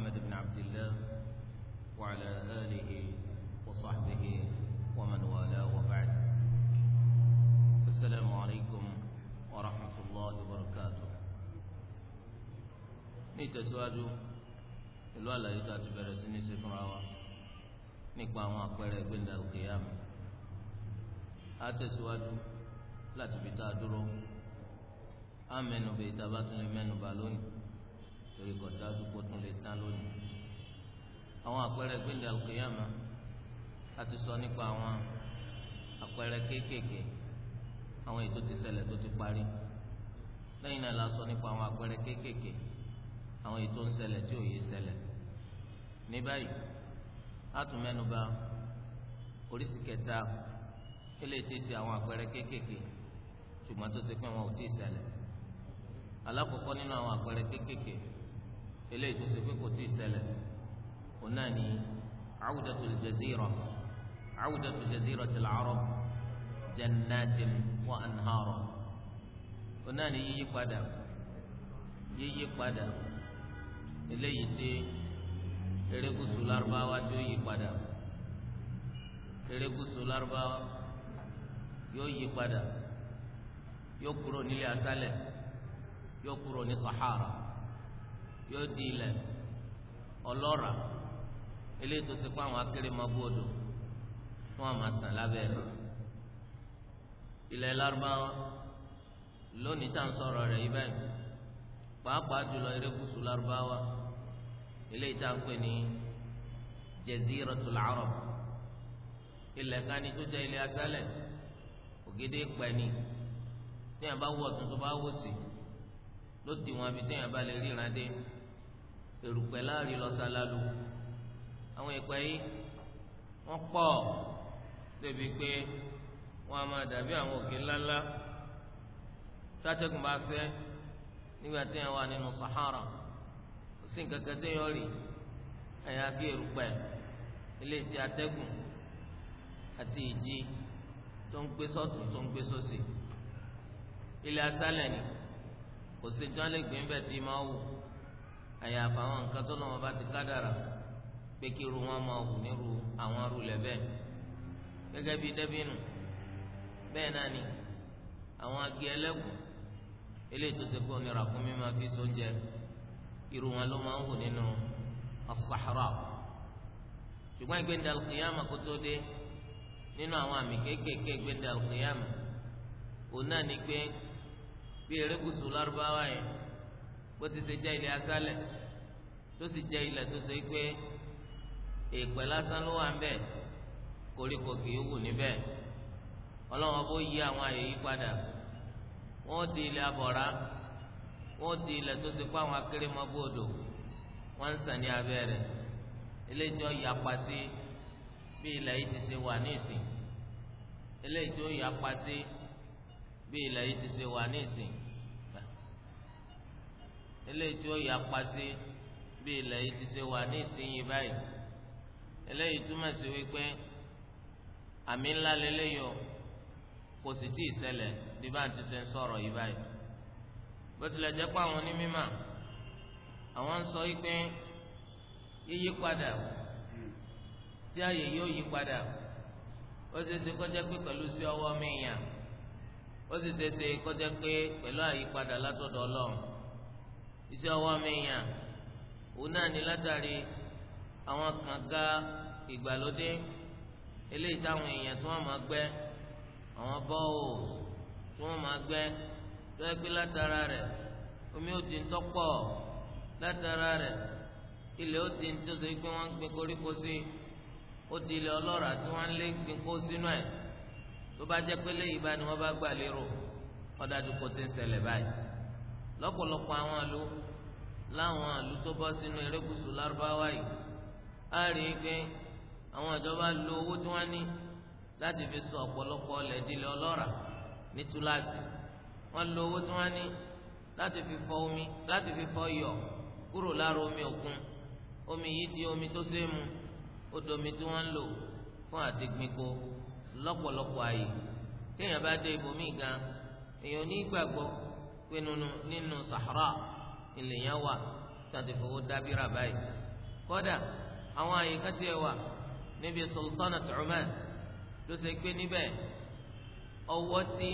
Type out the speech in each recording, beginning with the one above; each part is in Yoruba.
محمد بن عبد الله وعلى آله وصحبه ومن والاه وبعد السلام عليكم ورحمة الله وبركاته نيت أزواج الولا يتاتي برسيني سفر روا نيكبا ما أكبر يقول القيامة أتي أزواج لا تبتا درو أمنوا بيتاباتنا يمنوا بالوني torí kọjá dúpọ̀ tún lè tán lónìí. àwọn àpẹẹrẹ gbẹ̀ndẹ̀ àlùkìyàmà láti sọ nípa àwọn àpẹẹrẹ kéékèèké àwọn ètò ti ṣẹlẹ̀ tó ti parí lẹ́yìn náà la sọ nípa àwọn àpẹẹrẹ kéékèèké àwọn ètò ń ṣẹlẹ̀ tí ò yé ṣẹlẹ̀ ní báyìí a tún mẹ́nuba oríṣi kẹta eléyìí ti ṣe àwọn àpẹẹrẹ kéékèèké ṣùgbọ́n tó ti pẹ́ wọn ò tí ì ṣẹlẹ̀ alákọ̀ọ́kọ́ nínú àwọn àpẹẹrẹ kéékèèké eléyìí tó ṣe pé kò tí ì ṣẹlẹ̀ òun náà ni awudatu jazira awudatu jazira ti làárọ̀ jannatin wa anhara òun náà ni yíyí padà yíyí padà eléyìí tí erékùsù lárúbáwá tí ó yí padà erékùsù lárúbáwá yóò yí padà yóò kúrò nílé asálẹ̀ yóò kúrò ní sahara yóò di ilẹ̀ ọlọ́ra eléyìí tó ṣe pé àwọn akérèmọ́bù odò fún àwọn àṣàn lábẹ́ rẹ̀ ilẹ̀ lárúbáwá lónìí tá à ń sọ̀rọ̀ rẹ̀ yìí báyìí pàápàá jùlọ erékùṣù lárúbáwá eléyìí tá à ń pè ní Jaziratul Arab ilẹ̀ kani tó jẹ́ ilẹ̀ aṣálẹ̀ ògidì pẹ̀ni téèyàn bá wọ̀ tuntun bá wò sí ló wọn bí téèyàn bá lè ríran dé erùpẹ̀ láàrin lọ́sàlálù àwọn ìpẹ́ yìí wọ́n pọ̀ débi pé wọ́n á máa dàbí àwọn òkè ńláńlá tátẹ́gùn bá fẹ́ nígbà tí wọ́n wà nínú Sahara kò sí nǹkan kan téèyàn rì ẹ̀yà bí erùpẹ̀ ilé tí atẹ́gùn àti ìjì tó ń gbé sọ́tún tó ń gbé sósì ilé asálẹ̀ ni kò sí jọ́lẹ̀ gbé ń bẹ̀ tí máa wù àyàfà àwọn nǹkan tó lọ́wọ́ bá ti kádàrà pé kí irú wọn máa hù nírú àwọn arúlẹ̀ bẹ́ẹ̀ gẹ́gẹ́ bíi dẹ́bìnù bẹ́ẹ̀ náà ni àwọn agi ẹlẹ́gùn eléyìí tó ṣe kó nira fún mi máa fi sóúnjẹ irú wọn ló máa ń hù nínú as ṣùgbọ́n ìgbéǹda al kó tó dé nínú àwọn àmì kéékèèké ìgbéǹda al òun náà ni pé bí erékùsù lárúbáwá yẹn bó ti ṣe jẹ́ ilẹ̀ aṣálẹ̀ tó sì jẹ́ ilẹ̀ tó ṣe pé èèpẹ̀ lásán ló wà ń bẹ̀ koríko kì í wù níbẹ̀ ọlọ́wọ́n bó yí àwọn àyè yí padà wọ́n di ilẹ̀ abọ̀rá wọ́n di ilẹ̀ tó ṣe pé àwọn akérèmọ́gbòdò wọ́n ń sàn ní abẹ́ rẹ̀ eléyìí tó yapa sí bí ilẹ̀ yìí ti ṣe wà ní ìsìn eléyìí tó yapa sí bí ilẹ̀ yìí ti ṣe wà ní ìsìn eléyìí tí ó yà pàṣẹ bí ilẹ̀ yìí ti ṣe wà ní ìsinyìí báyìí eléyìí túmọ̀ sí wípé àmì ńlá lélẹ́yìí o kò sì tí ì ṣẹlẹ̀ bí bá ti ṣe ń sọ̀rọ̀ yìí báyìí bó tilẹ̀ jẹ́ pé àwọn onímọ̀ àwọn ń sọ wípé yíyí padà tí ààyè yóò yí ó ṣe é ṣe kọjá pé pẹ̀lú sí ọwọ́ mi yàn ó sì ṣe é ṣe kọjá pé pẹ̀lú àyípadà látọ̀dọ̀ ọlọ́run iṣẹ́ ọwọ́ mi yàn òun náà ní látàrí àwọn kànga ìgbàlódé eléyìí táwọn èèyàn tí wọ́n máa gbẹ́ àwọn bọ́ọ̀s tí wọ́n máa gbẹ́ lọ́wọ́ pé látara rẹ̀ omi ó di ń tọ́pọ̀ látara rẹ̀ ilẹ̀ ó di ń tó ṣe pé wọ́n ń gbin koríko sí ó di ilẹ̀ ọlọ́ràá tí wọ́n ń lé gbin kó sínú ẹ̀ tó bá jẹ́ pé léyìí bá ni wọ́n bá gbà lérò ọ̀dà ti ń ṣẹlẹ̀ báyìí lọ́pọ̀lọpọ̀ àwọn àlò láwọn àlò tó bọ́ sínú erékùsù lárúbáwá yìí á rí i pé àwọn ìjọba lo owó tí wọ́n ní láti fi sọ ọ̀pọ̀lọpọ̀ ọlẹ́dílẹ̀ ọlọ́rà ní túláàsì wọ́n lo owó tí wọ́n ní láti fi fọ omi láti fi fọ iyọ̀ kúrò lára omi òkun omi yìí di omi tó ṣe é mu ó di omi tí wọ́n ń lò fún àtìgbìnko lọ́pọ̀lọpọ̀ ààyè téèyàn bá dé ibòmíì gan èèyàn ò ní gbàgbọ́ pé nínú sahara ìlèyàn wà tàbí fowó dábìrà báyìí kódà àwọn àyíká tiẹ̀ wà níbi sultanat Oman ló ṣe pé níbẹ̀ ọwọ́ tí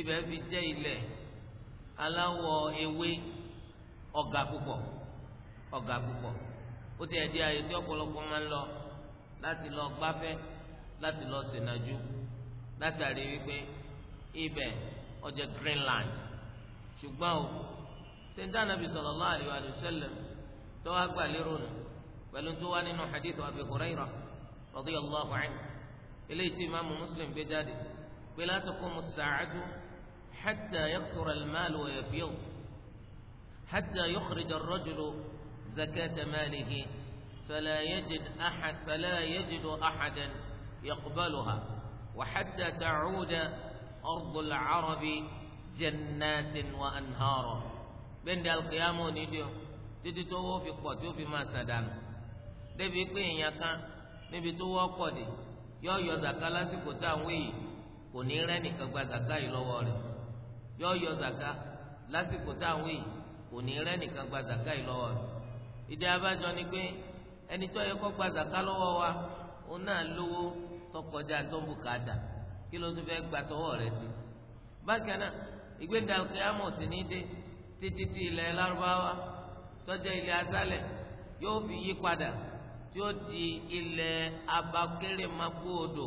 ibẹ̀ fi jẹ́ ilẹ̀ aláwọ̀ ewé ọ̀gá púpọ̀ ọ̀gá púpọ̀ ó ti ẹ̀dí ayé tí ọ̀pọ̀lọpọ̀ máa ń lọ láti lọ gbáfẹ́ láti lọ sìnàjú látàrí wípé ibẹ̀ ó Greenland ṣùgbọ́n o ṣe ń dá nàbì sọ̀rọ̀ lọ́wọ́ alaihi wa ṣẹlẹ̀ tó wá gbà lérò nù pẹ̀lú tó wá nínú hadith wa kúrẹ́ Abi Hurairah radiyallahu ẹ̀ eléyìí tí imaamu mùsùlùmí gbé jáde pé láti kó mu saatu hatta yakthura al-mal wa yafyadh fíyọ̀ yukhrija ar-rajulu zakata malihi fala yajid ahad fala yajidu ahadan يقبلها وحتى تعود أرض العرب jannatin wa anhara bẹ́ẹ̀ni alukiyama ò ní dí o títí tó wọ́ fi pọ̀ tí ó fi máa sàdánù débi pé èèyàn kan níbi tó wọ́ pọ̀ dé yọ yọ zaka lásìkò tá à ń wé yìí kò ní rẹ́ nìkan gba zaka yìí lọ́wọ́ rẹ̀ yọ yọ zaka lásìkò tá à ń wé yìí kò ní rẹ́ nìkan gba zaka yìí lọ́wọ́ rẹ̀ ìdí abájọ ni pé ẹni tó yẹ kó gba zaka lọ́wọ́ wa òun náà lówó tó tó ń bùkátà kí ló tún fẹ́ gbàtọ́wọ́ rẹ̀ sí bákan náà ìgbéga kíámù sì ní dé títí tí ilẹ̀ lárúbáwá tọ́jẹ́ ilẹ̀ asálẹ̀ yóò fi yí padà tí ó di ilẹ̀ abakérèmákú odò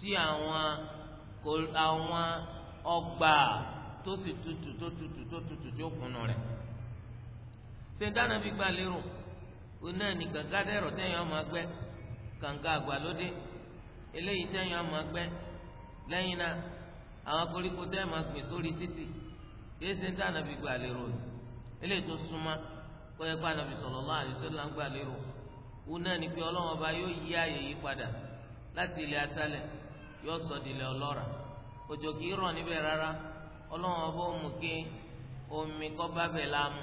tí àwọn àwọn ọgbà tó sì tutù tó tutù tó tutù tó kùnú rẹ̀ ṣe dáná bí gbà lérò òun ní kànga dẹ̀rọ tẹ́yìn ọmọ ẹgbẹ́ kànga àgbàlódé eléyìí tẹ́yìn ọmọ ẹgbẹ́ lẹ́yìn náà. àwọn koríko tẹ́ máa gbìn sórí títì kìí ṣe ń tẹ́ ànábì gbà lérò ni eléyìí tó súnmọ́ kó yẹ ànábì wù náà ni pé ọlọ́wọ́n yóò yí ààyè yí padà láti ilẹ̀ asálẹ̀ yóò sọ di ilẹ̀ ọlọ́ra òjò kìí rọ̀ níbẹ̀ rárá ọlọ́wọ́n ọba mú kí omi kọ́ bá bẹ̀ láàmú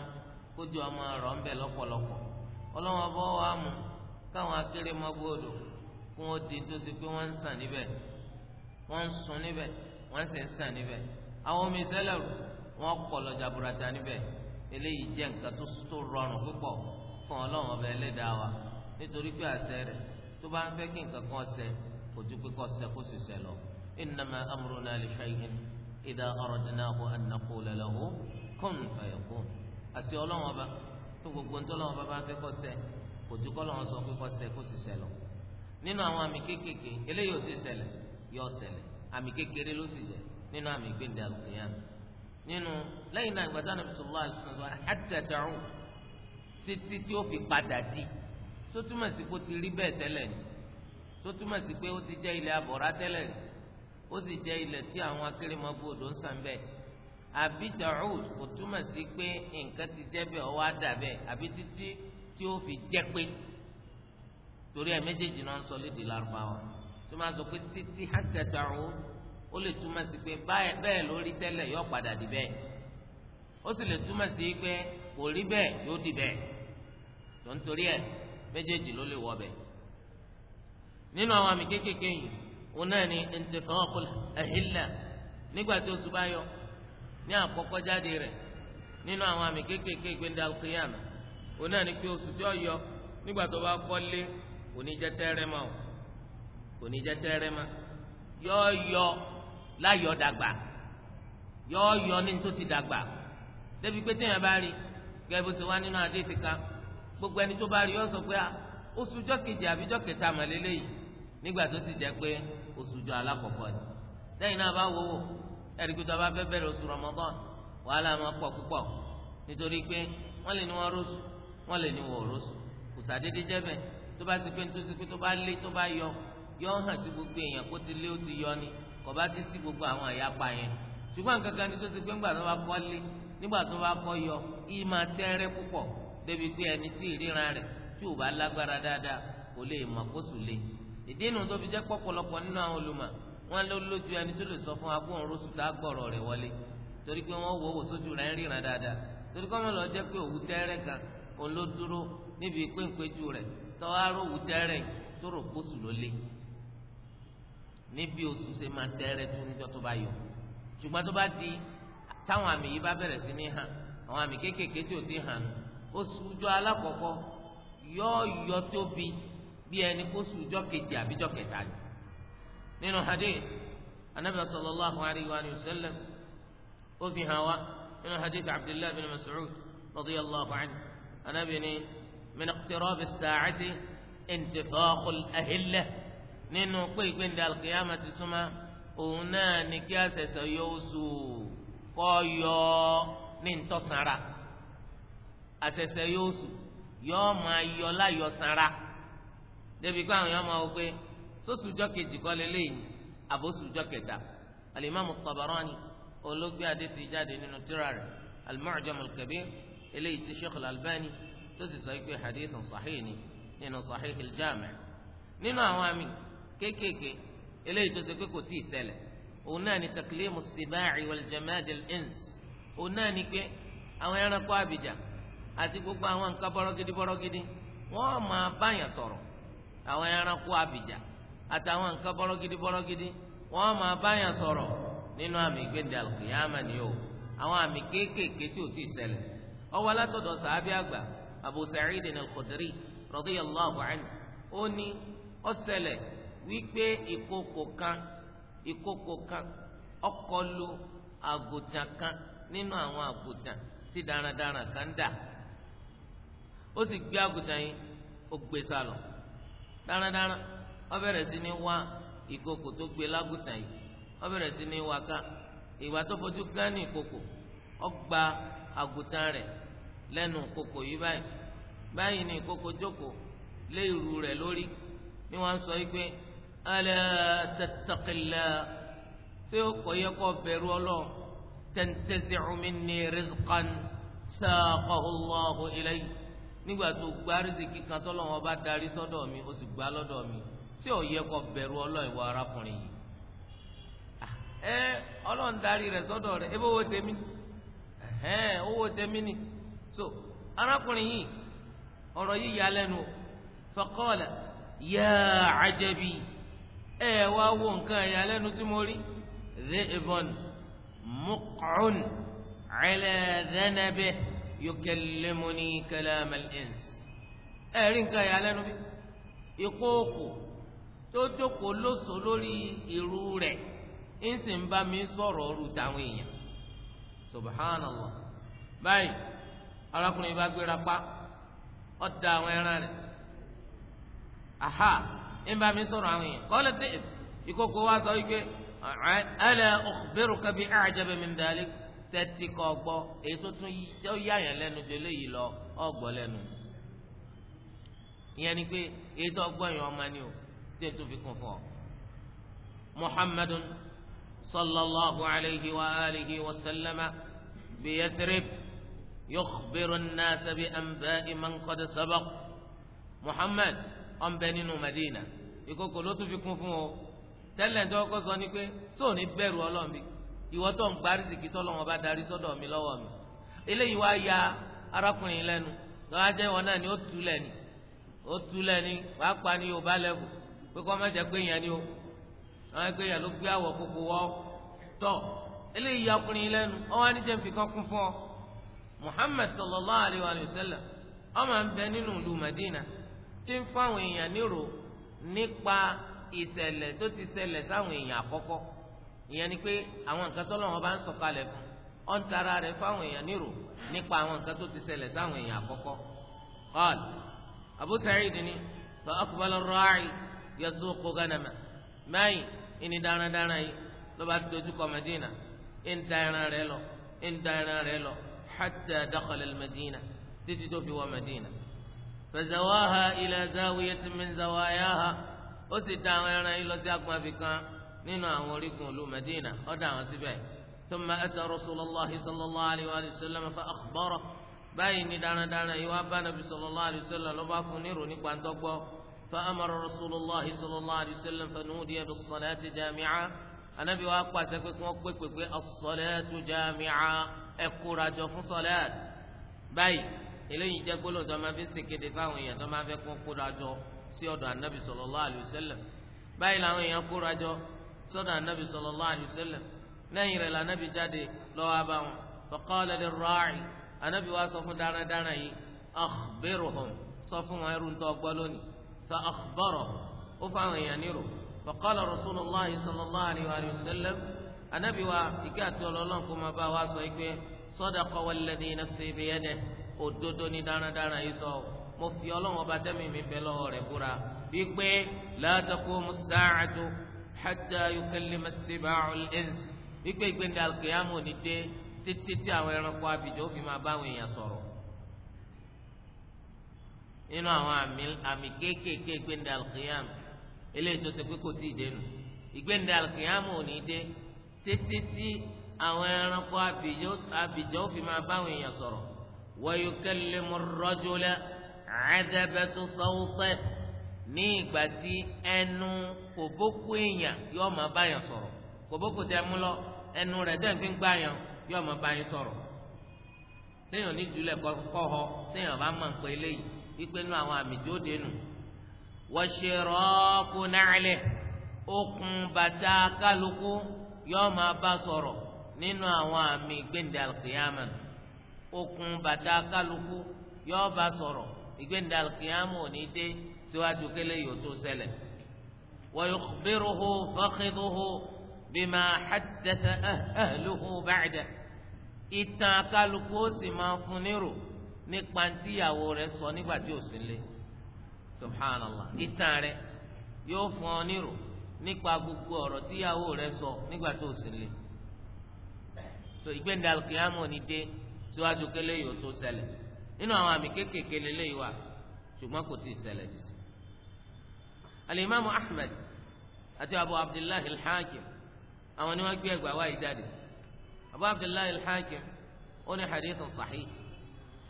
kójú ọmọ rọ̀ ń bẹ̀ lọ́pọ̀lọpọ̀ ọlọ́wọ́n wọ́n sì ń sàn níbẹ̀ àwọn omi sẹ́lẹ̀rù wọ́n pọ̀ lọ́jà burata níbẹ̀ eléyìí jẹ́ nǹkan tó tó rọrùn púpọ̀ fún ọlọ́run ọba ẹlẹ́dàá wa nítorí pé àṣẹ rẹ̀ tó bá ń fẹ́ kí nǹkan kan ṣẹ kò ju pé kó ṣẹ kó sì ṣẹ lọ innama amruna li shay'in idha aradnahu an naqula lahu kun fayakun àṣẹ ọlọ́run ọba tó gbogbo nítorí ọlọ́run ọba bá fẹ́ kó ṣẹ kò ju kọ́ lọ́run sọ pé kó ṣẹ kó sì ṣẹ lọ nínú àwọn àmì kéékèèké eléyìí ò ti ṣẹlẹ̀ yóò ṣẹlẹ̀ àmì kékeré ló sì jẹ nínú àmì gbẹndẹ àlùkìyàn nínú lẹ́yìn náà ìgbà táwọn ẹbùsùn lọ àìsàn lọ àtẹtẹrùn títí tí ó fi padà di tó túmọ̀ sí pé ó ti rí bẹ́ẹ̀ tẹ́lẹ̀ ni tó túmọ̀ sí pé ó ti jẹ́ ilẹ̀ àbọ̀rá tẹ́lẹ̀ ni ó sì jẹ́ ilẹ̀ tí àwọn akérèmọ́bù odò ń sàn bẹ́ẹ̀ àbí kò túmọ̀ sí pé nǹkan ti jẹ́ bẹ́ẹ̀ ọwọ́ á dà bẹ́ẹ̀ àbí títí tí ó fi jẹ́ pé torí ẹ̀ méjèèjì náà ń sọ lédè lárúbáwá tuma máa sọ pé títí hàtẹ́tà ó ó lè túmọ̀ sí pé bẹ́ẹ̀ ló rí tẹ́lẹ̀ yóò padà di bẹ́ẹ̀ ó sì lè túmọ̀ sí pé kò rí bẹ́ẹ̀ yóò di bẹ́ẹ̀ tó ń torí ẹ̀ méjèèjì ló lè wọ bẹ́ẹ̀ nínú àwọn àmì kéékèèké yìí òun náà ni intifaqul ahilla nígbà tí oṣù bá yọ ní àkọ́kọ́ jáde rẹ̀ nínú àwọn àmì kéékèèké gbẹ̀ndé alqiyama òun náà ni pé oṣù tí ó yọ nígbà tó bá kọ́lé kò jẹ́ tẹ́rẹ́ mọ́ o kò ní jẹ́ yọọ yọọ yọ yọ láyọ̀ dàgbà yọ yọ ní tó ti dàgbà débi pé téèyàn bá rí gẹ́gẹ́ bó ṣe wá nínú adé ti gbogbo ẹni tó bá rí yọ sọ pé oṣù jọ́ kejì àbí kẹta màlélẹ́ yìí nígbà tó sì jẹ́ pé oṣù jọ́ ni lẹ́yìn náà bá wò pé tó bá oṣù wàhálà máa nítorí pé yọ hàn sí gbogbo èèyàn kó ti lé ó ti yọ ni kò bá ti sí gbogbo àwọn àyàpá yẹn ṣùgbọ́n kankan ni tó ti pé ńgbà tó bá kọ́ lé nígbà tó bá kọ́ yọ yìí máa tẹ́rẹ́ púpọ̀ débi pé ẹni tí ìríran rẹ̀ tí ò bá lágbára dáadáa kò lè mọ̀ kó sùn lé ìdí inú tó fi jẹ́ pọ̀pọ̀lọpọ̀ nínú àwọn olùmọ̀ wọn ló lójú ẹni tó lè sọ fún agbóhùn rọ́ṣù tá a gbọ̀rọ̀ rẹ̀ wọlé torí pé wọ́n wò ó sójú rẹ̀ ń ríran dáadáa torí kọ́mọ́ lọ jẹ́ pé òwú tẹ́rẹ́ kan òun ló dúró níbi pínpéjú rẹ̀ tọ́wárò òwú tẹ́rẹ́ tó rò kó sùn ló níbi oṣù ṣe máa tẹ́rẹ́ tó níjọ́ tó bá yọ ṣùgbọ́n tó bá di táwọn àmì yìí bá bẹ̀rẹ̀ sí ní hàn àwọn àmì kéékèèké tí ò ti hàn oṣù ọjọ́ alákọ̀ọ́kọ́ yóò yọ tóbi bí ẹni kó oṣù ọjọ́ kejì àbíjọ́ kẹta ni nínú hadith anabi sallallahu alayhi wa sallam ó fi hàn wá nínú hadith abdullahi bin mas'ud radiyallahu anhu anabi ni min iqtirabi as-sa'ati intifakhul nínú pé ìgbéǹde alùkìyàmà ti súnmọ́ òun náà ni kí àṣẹṣẹ yọ oṣù kọ́ yọ ní ntọ́sára àṣẹṣẹ yọ oṣù yọ máa yọ láyọ sára débi kó àwọn yọ máa wọ pé sóṣùjọ́ kejì kọ́ lélẹ́yìn àbóṣùjọ́ kẹta alimami Tabarani olóògbé adéti jáde nínú tírà rẹ̀ al-Mu'jam eléyìí ti Sheikh al tó sì sọ pé hadith sahih ni nínú Sahih al nínú àwọn àmì. kéékèèké eléyìí tó ṣe pé kò tíì òun náà ni taklimu sibaaci wal jamaad ins òun náà ni pé àwọn ẹranko àbìjà àti gbogbo àwọn nǹkan bọ́rọ́gidi bọ́rọ́gidi wọ́n máa báyàn sọ̀rọ̀ àwọn ẹranko àbìjà àtàwọn nǹkan bọ́rọ́gidi bọ́rọ́gidi wọ́n máa báyàn sọ̀rọ̀ nínú àmì ìgbéǹde alùkìyàmà ni o àwọn àmì kéékèèké tí ò tí ì ọwọ́ alátọ̀dọ̀ àgbà ó ní wípé ìkòkò kan ìkòkò kan ọkọlù àgùntàn kan nínú àwọn àgùntàn tí darandaran kan dà ó sì gbé àgùntàn yìí ó gbé sálọ darandaran ó bẹ̀rẹ̀ sí ní wá ìkòkò tó gbé lágùntàn yìí ó bẹ̀rẹ̀ sí ní wá ká ìwà tó fojú gán ní ìkòkò ó gba àgùntàn rẹ lẹnu ìkòkò yìí báyìí báyìí ní ìkòkò jókòó lé ìrù rẹ̀ lórí ni wọ́n sọ yìí pé. ألا تتق الله سيوك ويقو بيرولو تنتزع مني رزقا ساقه الله إلي nígbà tó gba rìsíkì kan tó lọ́wọ́ bá darí sọ́dọ̀ mi ó sì gba lọ́dọ̀ mi tí ò yẹ kó bẹ̀rù ọlọ́ọ̀ ìwà arákùnrin yìí. ẹ ọlọ́run darí rẹ̀ sọ́dọ̀ rẹ̀ ẹ bó wo ni ẹ̀hẹ́n owó tèmi ni so arákùnrin yìí ọ̀rọ̀ yìí yà lẹ́nu faqala ya ajabi. ẹ wá wo nǹkan ẹ̀yà lẹ́nu tí mo rí dhibun muq'un ala dhanabi yukallimuni kalam al-ins ẹ rí nǹkan ẹ̀yà lẹ́nu bí ìkóòkò tó jókòó lóso lórí irú ń sì ń bá mi sọ̀rọ̀ táwọn èèyàn subhanallah báyìí arákùnrin pa da àwọn ẹran nígbà mi sọ̀rọ̀ àwọn èèyàn kọ́lẹ̀ tẹ̀ ìkókó wa sọ wípé ala ukhbiruka bi a'jaba min dhalik tẹ́tí kọ́ gbọ́ èyí tó tún tó yáyàn lẹ́nu ju eléyìí lọ ọ̀gbọ́ lẹ́nu ìyẹn ni pé èyí o tí o fi kún fún ọ. sallallahu alayhi wa alihi wa sallama bi yathrib yukhbiru an-nas bi muhammad ọ̀nbẹ madina ìkòkò ló tún fi kún fún o tẹ́lẹ̀ tó kọ́ sọ ni pé tó ní bẹ̀rù ọlọ́run bí ìwọ tó ń gba rìsìkì tó lọ́wọ́ bá darí sọ́dọ̀ mi lọ́wọ́ mi eléyìí wá ya arákùnrin lẹ́nu lọ́wọ́ jẹ́ ìwọ náà ni ó tu lẹ́ni ó tu lẹ́ni wàá pa ni yorùbá lẹ́bù pé kọ́ má jẹ́ pé yẹn ni o àwọn ẹgbẹ́ yẹn ló gbé àwọ̀ kókó wọ́ tọ́ eléyìí ya ọkùnrin lẹ́nu ọwọ́ ni jẹ́ ń fi kan kún fún ọ Muhammad sallallahu alayhi wa sallam ọmọ ń bẹ nínú ìlú Madina tí ń fáwọn èèyàn nírò nípa ìṣẹ̀lẹ̀ tó ti ṣẹlẹ̀ sáwọn èèyàn àkọ́kọ́ ìyẹn ni pé àwọn nǹkan tọ́lọ́run bá ń sọ̀kalẹ̀ fún ọ́n tara rẹ̀ fáwọn èèyàn nírò nípa àwọn nǹkan tó ti ṣẹlẹ̀ sáwọn èèyàn àkọ́kọ́ qal Abu ni fa aqbala ar-ra'i yasuqu ghanama mayi ìní darandaran yìí ló bá dojú kọ Madina ń da ẹran lọ ń da ẹran lọ hatta dakhala madina títí tó fi wọ Madina fẹsẹ̀wáha ilẹ̀ záwìyẹ ti mi zàwáyá ha ó sì da àwọn ẹran yìí lọ sí agbọ̀nàbì kan nínú àwọn orígun ìlú Medina ó da àwọn síbẹ̀ ثم أتى رسول الله صلى الله عليه وآله وسلم فأخبره báyìí ni darandaran yìí wá bá nàbì sallallahu alayhi wa sallam ló bá fún nírò nípa ntọ́gbọ́ fa amara rasulillahi sallallahu alayhi wa sallam fa nudiya bi salati jami'a anabi wa pàṣẹ pé kí wọ́n pé pé pé as-salatu jami'a ẹ̀kúrajọ fún sọlẹ́t báyìí eléyìí jẹ́ gbólóhùn tó máa fi ń ṣèkéde fáwọn èèyàn tó máa fẹ́ kó kórajọ sí ọ̀dọ̀ anabi sallallahu alaihi wasallam báyìí làwọn èèyàn kórajọ sọ́dọ̀ anabi sallallahu alaihi wasallam lẹ́yìn rẹ̀ lànàbì jáde lọ́wọ́ bá wọn faqala lir-ra'i anabi wa sọ fún dáradára yìí akhbirhum sọ fún wọn ẹrú ntọ́ gbọ́ lónìí fa òdodo ní dáradára yìí sọ mo fi ọlọ́run ọba tẹ́mi mi bẹ lọ́wọ́ rẹ̀ búra wípé la taqumu sa'atu hatta yukallima as-siba'u al-ins wípé ìgbéǹde al-qiyama ò ní dé títí tí àwọn ẹranko abìjọ́ fi máa bá àwọn èèyàn sọ̀rọ̀ nínú àwọn àmì kéékèèké ìgbéǹde al-qiyama eléyìí tó ṣe pé kò tíì dénú ìgbéǹde al-qiyama ò ní dé títí tí àwọn ẹranko abìjọ́ fi máa bá àwọn èèyàn sọ̀rọ̀ ويكلم الرجل عذبة صوته ní ìgbà tí ẹnu kòbókò èèyàn yóò ẹnu rẹ̀ dẹ́n fi ń gbáyàn yóò máa báyàn sọ̀rọ̀ téèyàn ní jùlẹ̀ bá máa ń pè eléyìí wípé inú àwọn àmì ó okùn bàtà kálukú yóò bá sọ̀rọ̀ ìgbéǹda kìámù ní dé síwájú kélé yóò tó ṣẹlẹ̀ wa yukhbiruhu fakhidhuhu bima haddatha ahluhu ba'da ìtàn kálukú ó sì máa fún nírò nípa tíyàwó rẹ̀ sọ nígbà tí ò sí lé subhanallah ìtàn rẹ̀ yóò fún ọ nírò nípa gbogbo ọ̀rọ̀ tíyàwó rẹ̀ sọ nígbà tó sì lé so kìámù ní dé síwájú kélé yìí ó tó ṣẹlẹ̀ nínú àwọn àmì kéékèèké lélẹ̀ yìí wà ṣùgbọ́n kò tí ì ṣẹlẹ̀ ti sí. alimami ahmed àti abu abdullahi alhakim àwọn ni wọ́n gbé ẹgbàá wáyé jáde abu abdullahi alhakim ó ní hadithun sahih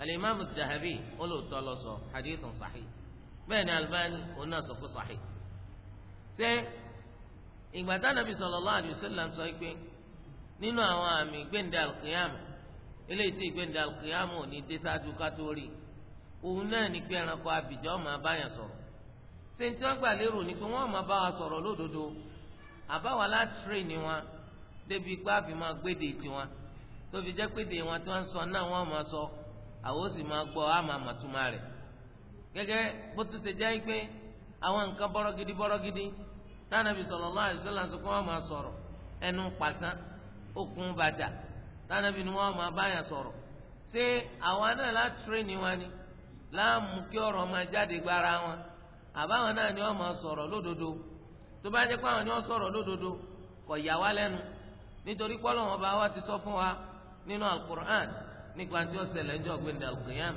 alimami dahabi ó lóòótọ́ lọ sọ hadithun sahih bẹ́ẹ̀ ni albani ó náà sọ pé ṣé ìgbà tá nàbì sallallahu alaihi wasallam sọ pé nínú àwọn àmì gbẹ̀ǹdà alqiyama eléyìí tí ìgbéǹde alkiyamu ní dé sáájú ká tó rí òun náà ní pé ẹranko abìjọ́ máa báyàn sọrọ. ṣé ní tí wọ́n gbà lérò ni pé wọ́n máa bá wa lódodo àbáwa látìrì ni wọn débi pé àfi máa gbéde tiwọn tó fi jẹ́ péde wọn tí sọ náà wọ́n máa sọ àwọn ó sì máa gbọ́ á máa màtúmá rẹ̀ bó tún ṣe jẹ́ pé àwọn nǹkan tánàbí ni wọ́n máa báyà sọ̀rọ̀ ṣé àwa náà látìrẹ́nì wọn ni láàmú kí ọ̀rọ̀ máa jáde gbára wọn àbáwọn náà ni wọ́n máa sọ̀rọ̀ lódodo tó bá jẹ́ pé àwọn ni wọ́n sọ̀rọ̀ lódodo kò yà wá lẹ́nu nítorí pọ́lọ́wọ́n bá wa ti sọ fún wa nínú alukur'an nípa tí ó ṣẹlẹ̀ ń jọ gbẹ̀ndẹ̀ alukiyam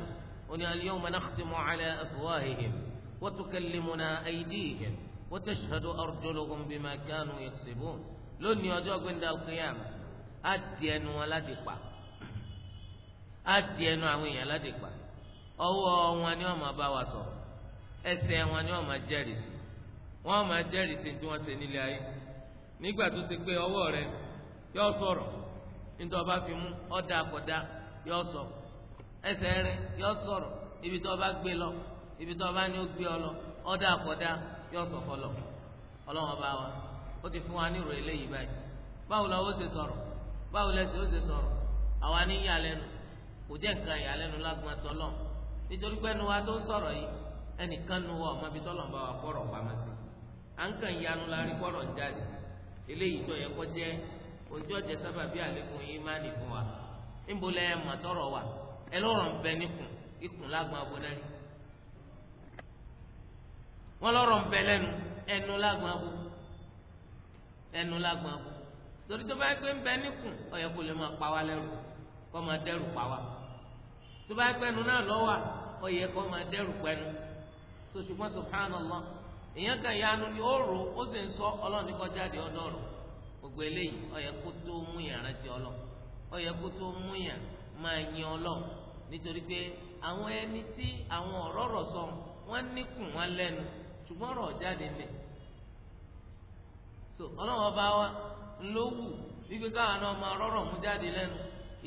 oní al-yawma nakhtimu ala afwahihim wa tukallimuna aydihim wa tashhadu arjuluhum bima kanu yaksibun lónìí ọjọ́ gbẹ̀ndẹ̀ alukiyam á di ẹnu wọn láti pa á di ẹnu àwọn èèyàn láti pa ọwọ́ wọn ni wọ́n máa bá wa sọ̀rọ̀ ẹsẹ̀ wọn ni wọ́n máa jẹ́rìí sí wọ́n máa jẹ́rìí sí tí wọ́n ṣe nílé ayé nígbà tó ṣe pé ọwọ́ rẹ yọ sọ̀rọ̀ nítorí ọba fi mú ọ̀dà àkọ́dá yọ sọ ẹsẹ̀ rẹ yọ sọ̀rọ̀ ibi tó ọba gbé lọ ibi tó ọba ní ó gbé ọ lọ ọ̀dà àkọ́dá yọ sọ fọlọ ọlọ́wọ́n bá wa ó ti fún wa ní ìròyìn eléyìí báyìí báwo la ó ti sọ̀rọ̀ báwo lẹsẹ̀ ó ṣe sọ̀rọ̀ àwa ní ìyàlẹ́nu kò jẹ́ nǹkan ìyàlẹ́nu lágbọ́n tọ́lọ̀ nítorí pé ẹnu wa tó ń sọ̀rọ̀ yìí ẹnìkan nu wa ọmọ ibi tọ́lọ̀ ń bá wa kọ́rọ̀ pamọ́ sí à ń kàn yanu la rí kọ́rọ̀ ń jáde eléyìí tó yẹ kó jẹ́ ojú ọ̀jẹ̀ sábà bí àlékún yìí nì fún wa níbo ẹ torí tó bá yẹ pé ń bẹ níkùn ó yẹ kó lè máa pa wá lẹ́rù kó máa dẹ́rù pa wá tó bá yẹ pé ẹnu náà lọ́wọ́ ó yẹ máa dẹ́rù pẹ́nu tó ṣùgbọ́n subhanallah èèyàn kan yanu ni ó rò ó sì ń sọ ọlọ́run ní kọjá di ọdọ rò gbogbo eléyìí ó kó tó mú yàn rántí ọlọ ó kó tó mú yàn máa yin ọlọ nítorí pé àwọn ẹni ńlọ wù wípé káwọn náà máa rọrọ mú jáde lẹ́nu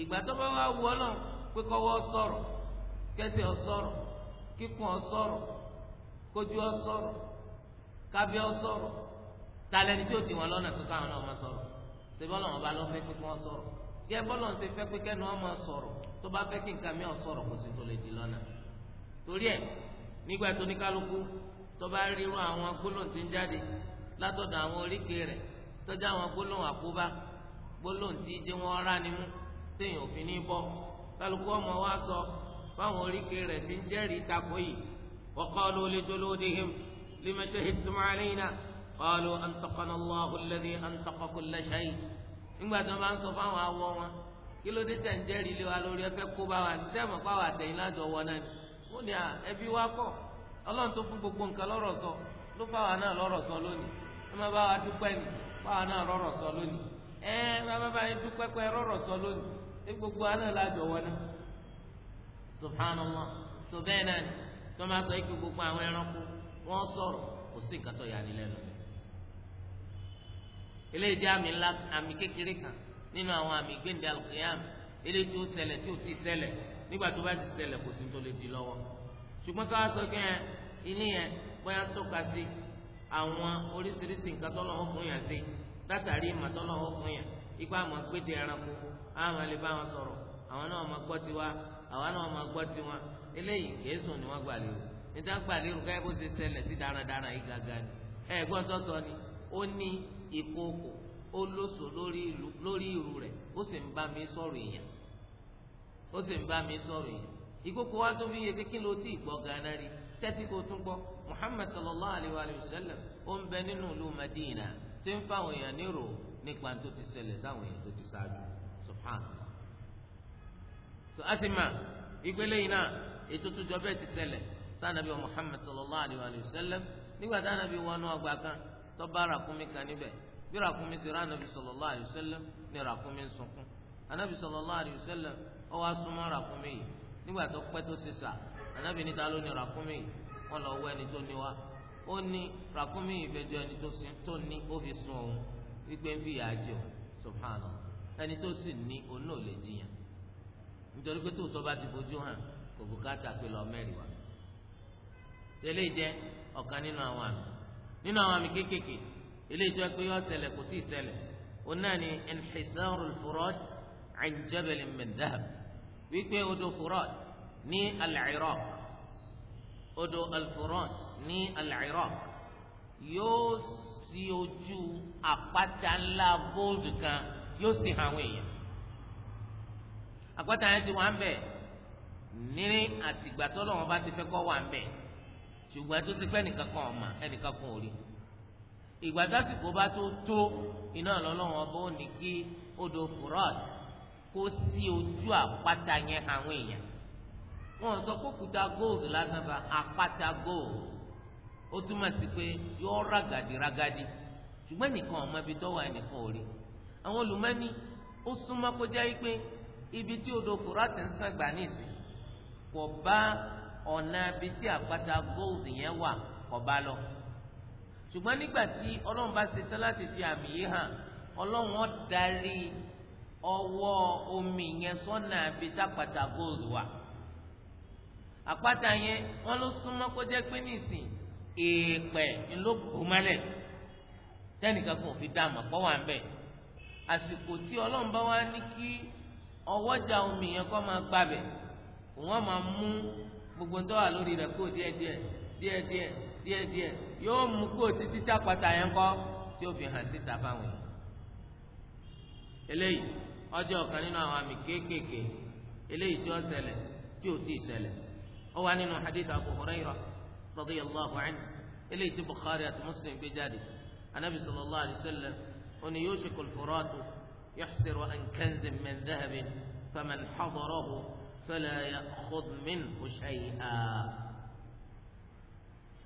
ìgbà tó bá wà wù ọ náà pé kọ́wọ́ sọ̀rọ̀ kẹsẹ̀ ọ sọ̀rọ̀ kíkùn ọ sọ̀rọ̀ kójú ọ sọ̀rọ̀ kábíà ọ sọ̀rọ̀ talẹni tí ó di wọn lọ́nà pé káwọn náà máa sọ̀rọ̀ sebọlọ wọn bá lọ fẹ́ pé kí wọn sọ̀rọ̀ kí ẹbọlọ ń ṣe fẹ́ pé kẹnu wọn máa sọ̀rọ̀ tó bá fẹ́ kí nǹkan mi sọ̀rọ̀ kò sì tó lè di lọ́nà torí ẹ nígbà tó ní kálukú tó bá ríru àwọn gbólóhùn tí ń jáde látọ̀dọ̀ àwọn oríkèé rẹ̀ tọ́jú àwọn gbólóhùn àkóbá gbólóhùn tí jẹ́ wọ́n rá ni mú téèyàn òfin ní bọ́ kálukú ọmọ wa sọ fáwọn oríkè rẹ̀ ti ń jẹ́rìí takò yìí wa qalu li juludihim lima shahidtum alayna qalu antaqana Allahu alladhi nígbà tí wọ́n bá ń sọ fáwọn awọ wọn kí ló dé tẹ̀ lé wa lórí ẹfẹ́ kó bá wa ní sẹ́mi pa wà tẹ̀yìn lájọ wọn náà ni ó ní ẹbí wa kọ́ ọlọ́run tó fún gbogbo nǹkan lọ́rọ̀ sọ ló fáwọn náà lọ́rọ̀ sọ lónìí ẹ má bá wa dúpẹ́ nìyí báwa náà rọrọ sọ lónìí ẹ bàbá báyìí dúpẹ́ pẹ́ rọrọ sọ lónìí ẹ gbogbo aná la jọ wọ́n náà subhanallah tó bẹ́ẹ̀ náà ni tó máa sọ ike gbogbo àwọn ẹranko wọ́n sọ̀rọ̀ kò sí nǹkan tó yàní lẹ́nu rẹ̀ eléyìí jẹ́ àmì ńlá àmì kékeré kan nínú àwọn àmì gbẹ̀ndẹ̀ alqiyam eléyìí tó ṣẹlẹ̀ tí ò tí ì nígbà tó bá ti ṣẹlẹ̀ kò sí tó lè di lọ́wọ́ ṣùgbọ́n ká sọ kí ẹ ilé yẹn bóyá tó ka sí àwọn oríṣiríṣi nǹkan tọ́lọ̀ ọkùnrin yàn sí látàrí ìmọ̀ tọ́lọ̀ ọkùnrin yàn ipá àwọn gbéde ẹranko àwọn àlè bá wọn sọ̀rọ̀ àwọn náà máa gbọ́ tiwa àwọn náà máa gbọ́ tiwọn eléyìí kèésùn ni wọ́n gbà lérò níta gbà lérò káyọ̀ bó ti ṣẹlẹ̀ sí dáradára yìí gàgà ni ẹ gbọ́n tó sọ ni ó ní ìkókò ó lóso lórí ìrù rẹ̀ ó sì ń bá mi sọ̀rọ̀ èèyàn ó sì ń bá mi sọ̀rọ̀ èèyàn ìkókò wa tó fi yẹ pé kí ló ti gbọ́ gan-an rí tẹ́tí kó tún gbọ́ muhammad sallallahu alayhi wa sallam ó ń bẹ nínú ìlú madina tí ń fáwọn èèyàn nírò nípa tó ti ṣẹlẹ̀ sáwọn èèyàn tó ti ṣáájú subhanallah so a sì mà ìgbélé yìí náà ètò tó jọ bẹ́ẹ̀ ti ṣẹlẹ̀ sànàbí wa muhammad sallallahu alayhi wa sallam nígbà sànàbí wọnú ọgbà kan tó bá ràkúnmí kan níbẹ̀ bí ràkúnmí sí rànàbí sallallahu alayhi wa sallam ní ràkúnmí sunkún anabi sallallahu alayhi wa sallam ó wá súnmọ́ yìí nígbà tó pẹ́ tó ṣe sà ànábì níta ló ní ràkúnmí wọn lọ wọ ẹni tó ní wa ó ní ràkúnmí ìfẹjọ ẹni tó ní ó fi sun òun wípé ń fi ìyà jẹ òun subhana ẹni tó sì ní òun náà lè jiyàn nítorí pé tóòtọ́ bá ti fojú hàn kò bùkátà pé lọ mẹ́rin wa eléyìí jẹ́ ọ̀kan nínú àwọn àmì nínú àwọn àmì kéékèèké eléyìí tó pé yọ ṣẹlẹ̀ kò tí ì òun náà ni inhisarul furat an jabalin min wípé odò furat ní al-Iraq odò al-Furat ní al-Iraq yóò ṣí ojú àpáta ńlá gold kan yóò sì hàn àwọn èèyàn àpáta yẹn ti wà ń bẹ níní àtìgbà tó lọ́wọ́ bá ti fẹ́ kọ́ wà ń bẹ ṣùgbọ́n tó ti pẹ́ nìkan kan ọ̀ma ẹnìkan kan ò rí ìgbà tásìkò bá tó tó iná lọ́lọ́wọ́ bó ní kí odò Furat kó ṣí ojú àpáta yẹn àwọn èèyàn wọn sọ pé òkúta gold lásán fa àpáta gold ó túmọ̀ sí pé yọ ragadi ragadi ṣùgbọ́n nìkan ọmọ ibi tọ́wọ́ ẹnìkan ò rí àwọn olùmọ́ni ó súnmọ́ kó jẹ́ pé ibi tí odò fúrátì ń sàn gbà nísìn kò bá ọ̀nà ibi tí àpáta gold yẹn wà kò bá lọ ṣùgbọ́n nígbà tí ọlọ́run bá ṣetán láti fi àmì yìí omi yẹn sọ́nà ibi gold wà. àpáta yẹn wọ́n ló súnmọ́ kó jẹ́ pé nìsín èèpẹ̀ ló bò kò fi dá àmọ́ wà ń àsìkò tí bá omi yẹn kọ máa gbabẹ̀ wọ́n máa mú gbogbo ń tọ́wà lórí die kó die díẹ̀díẹ̀ díẹ̀díẹ̀ yóò mú kó títí tápàtà yẹn kọ́ tí ó fi hàn síta fáwọn eléyìí nínú àwọn àmì kéékèèké eléyìí tí ó sẹlẹ, tí هو أن حديث أبو هريرة رضي الله عنه اللي تبخاري مسلم في بجاري النبي صلى الله عليه وسلم أن يوشك الفرات يحسر أن كنز من ذهب فمن حضره فلا يأخذ منه شيئا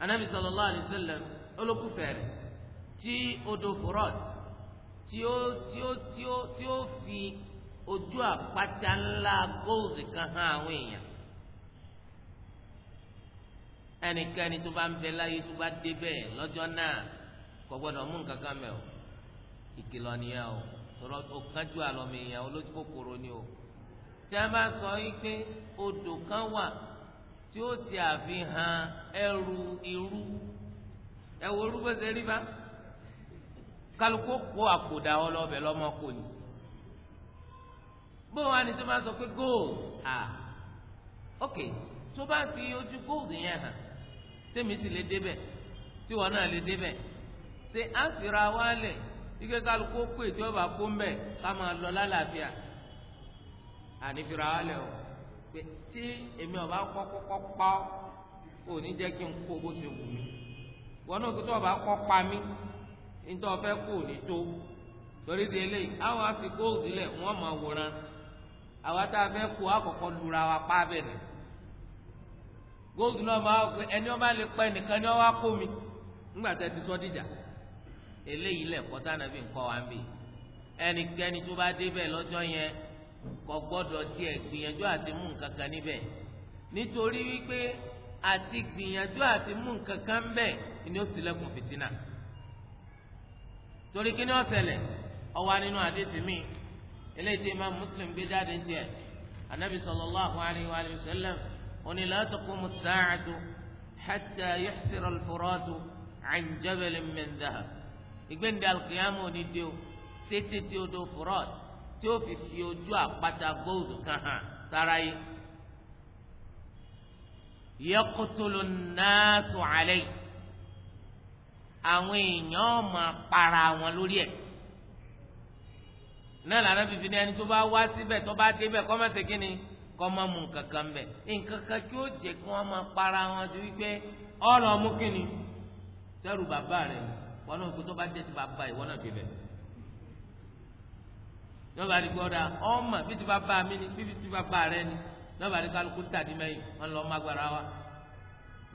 النبي صلى الله عليه وسلم قالوا كفاري تي أدو فرات تيو تيو تيو تيو في أجواء قتل لا قوز ẹnikẹ́ni tó bá ń bẹ láyé tó bá dé bẹ́ẹ̀ lọ́jọ́ náà kò gbọ́dọ̀ mú nǹkan kan mẹ́ o ìkìlọ̀ nìyẹn o tọ́lọ́ o kánjú àlọ́mọ èèyàn olójú kòkòrò ni o tí a bá sọ yín pé odò kan wà tí ó ṣe àfihàn ẹrù irú ẹwọ orúkọ rí bá kálukú kó àkòdà ọlọ́bẹ̀ lọ́mọkò ni bó wa ni tó bá sọ pé gold ah ok tó bá fi ojú gold yẹn hàn sẹ́mi sì lè débẹ̀ tí wọn náà lè débẹ̀ ṣé à ń fira wá lẹ̀ ike kálukó kó ètò ọba kó ń bẹ̀ ká máa lọ lálàáfíà àní fira wá o pé tí èmi ọba kọ́kọ́kọ́ pa ọ́ ò ní jẹ́ kí n kó bó ṣe wù mí wọn náà tó ọba kọ́ pa mí nítorí ọ̀fẹ́ kó ní tó torí di eléyìí àwọn afi góòlù lẹ̀ wọ́n máa wòran àwa tá a fẹ́ kó àkọ́kọ́ lura wa pa bẹ̀rẹ̀ góòdù náà máa wọ ẹni ọ lè pẹ nìkan ni ọwọ́ kó mi ti sọ dìjà eléyìí lẹ̀kọ́ tánàbí nǹkan wa ń bì ẹnikẹ́ni tó bá débẹ̀ lọ́jọ́ yẹn kò gbọ́dọ̀ tiẹ̀ gbìyànjú àti mú nǹkan kan níbẹ̀ nítorí wípé àti gbìyànjú àti mú nǹkan kan ni ó sì fìtínà torí kí ni ó nínú àdéhùn Muslim gbé jáde anabi òní la taqumu as-sa'atu hatta yuhsira al-furatu an jabalin min dhahab ìgbéǹde alùkìyàmù òní dé o tètè tí o do furat tí o fi fi ojú àpáta gold kan hàn sára yìí yaqtulu an-nasu alayhi àwọn èèyàn máa para wọn lórí ẹ̀ náà lànà fífi ní ẹni tó bá wá síbẹ̀ tó bá débẹ̀ kọ́ máa ṣe kí ni kọ́ má mu nǹkankan mbẹ̀ nǹkankan tí ó jẹ́ kí wọ́n máa para wọn ju wípé ọ̀rọ̀ mú kínni sẹ́rù bàbá rẹ̀ wọn náà kó tó bá dé ti bàbá ìwọ náà débẹ̀ lọ́ba àdìgbò ọ̀dà ọmọ bíi ti bàbá mi ni bíi ti bàbá rẹ ni lọ́ba àdìgbò alùpùpù tàdí mẹ́yìn wọn lọ́ọ́ má gbára wa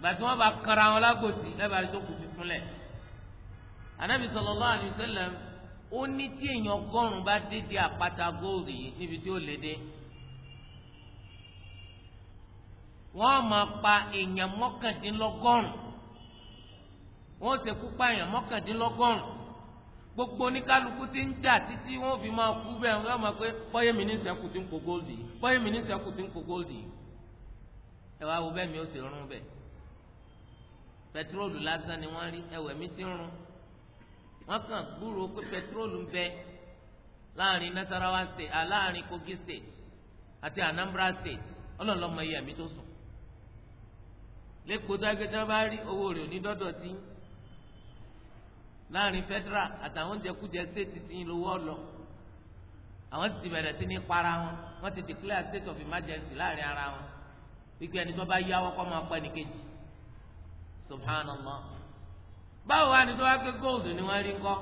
gbàtí wọn bá kara wọn lágòsí lọ́ba àdìgbò kù sí fúnlẹ̀ anabi sallallahu alaihi wasallam ó ní tí èèyàn ọgọ́rùn bá dédé àpáta góòlù yìí níbi tí ó léde wọ́n á máa pa èèyàn mọ́kàndínlọ́gọ́rùn wọ́n ṣe kú pa èèyàn mọ́kàndínlọ́gọ́rùn gbogbo oníkálukú ti ń jà títí wọ́n fi máa kú bẹ́ẹ̀ wọ́n máa pé bọ́yé mi ní sẹ́kù tí ń kó góòlì bọ́yé mi ní sẹ́kù tí ń kó góòlì ẹ wá wo bẹ́ẹ̀ mi ó sì rún bẹ́ẹ̀ pẹtrólù lásán ni wọ́n rí ẹwẹ̀ mi ti rún wọ́n kàn gbúròó pé pẹtrólù ń bẹ láàrin Nasarawa state láàrin Kogi state àti Anambra state ọlọ́ọ̀lọ́mọ iye ẹ̀mí tó sùn lẹ́kọ̀ọ́ dágbẹ́tà bá rí owó rẹ̀ òní dọ́dọ̀ tí láàrin federal àtàwọn jẹkújẹ state ti ń lówó lọ àwọn ti ti bẹ̀rẹ̀ sí ní para wọn wọ́n ti declare state of emergency láàrin ara wọn wípé ẹni tó bá yáwó kọ́ máa pẹ́ nìkejì subhanallah báwo wá ni tó wá pé gold ni wọ́n rí kọ́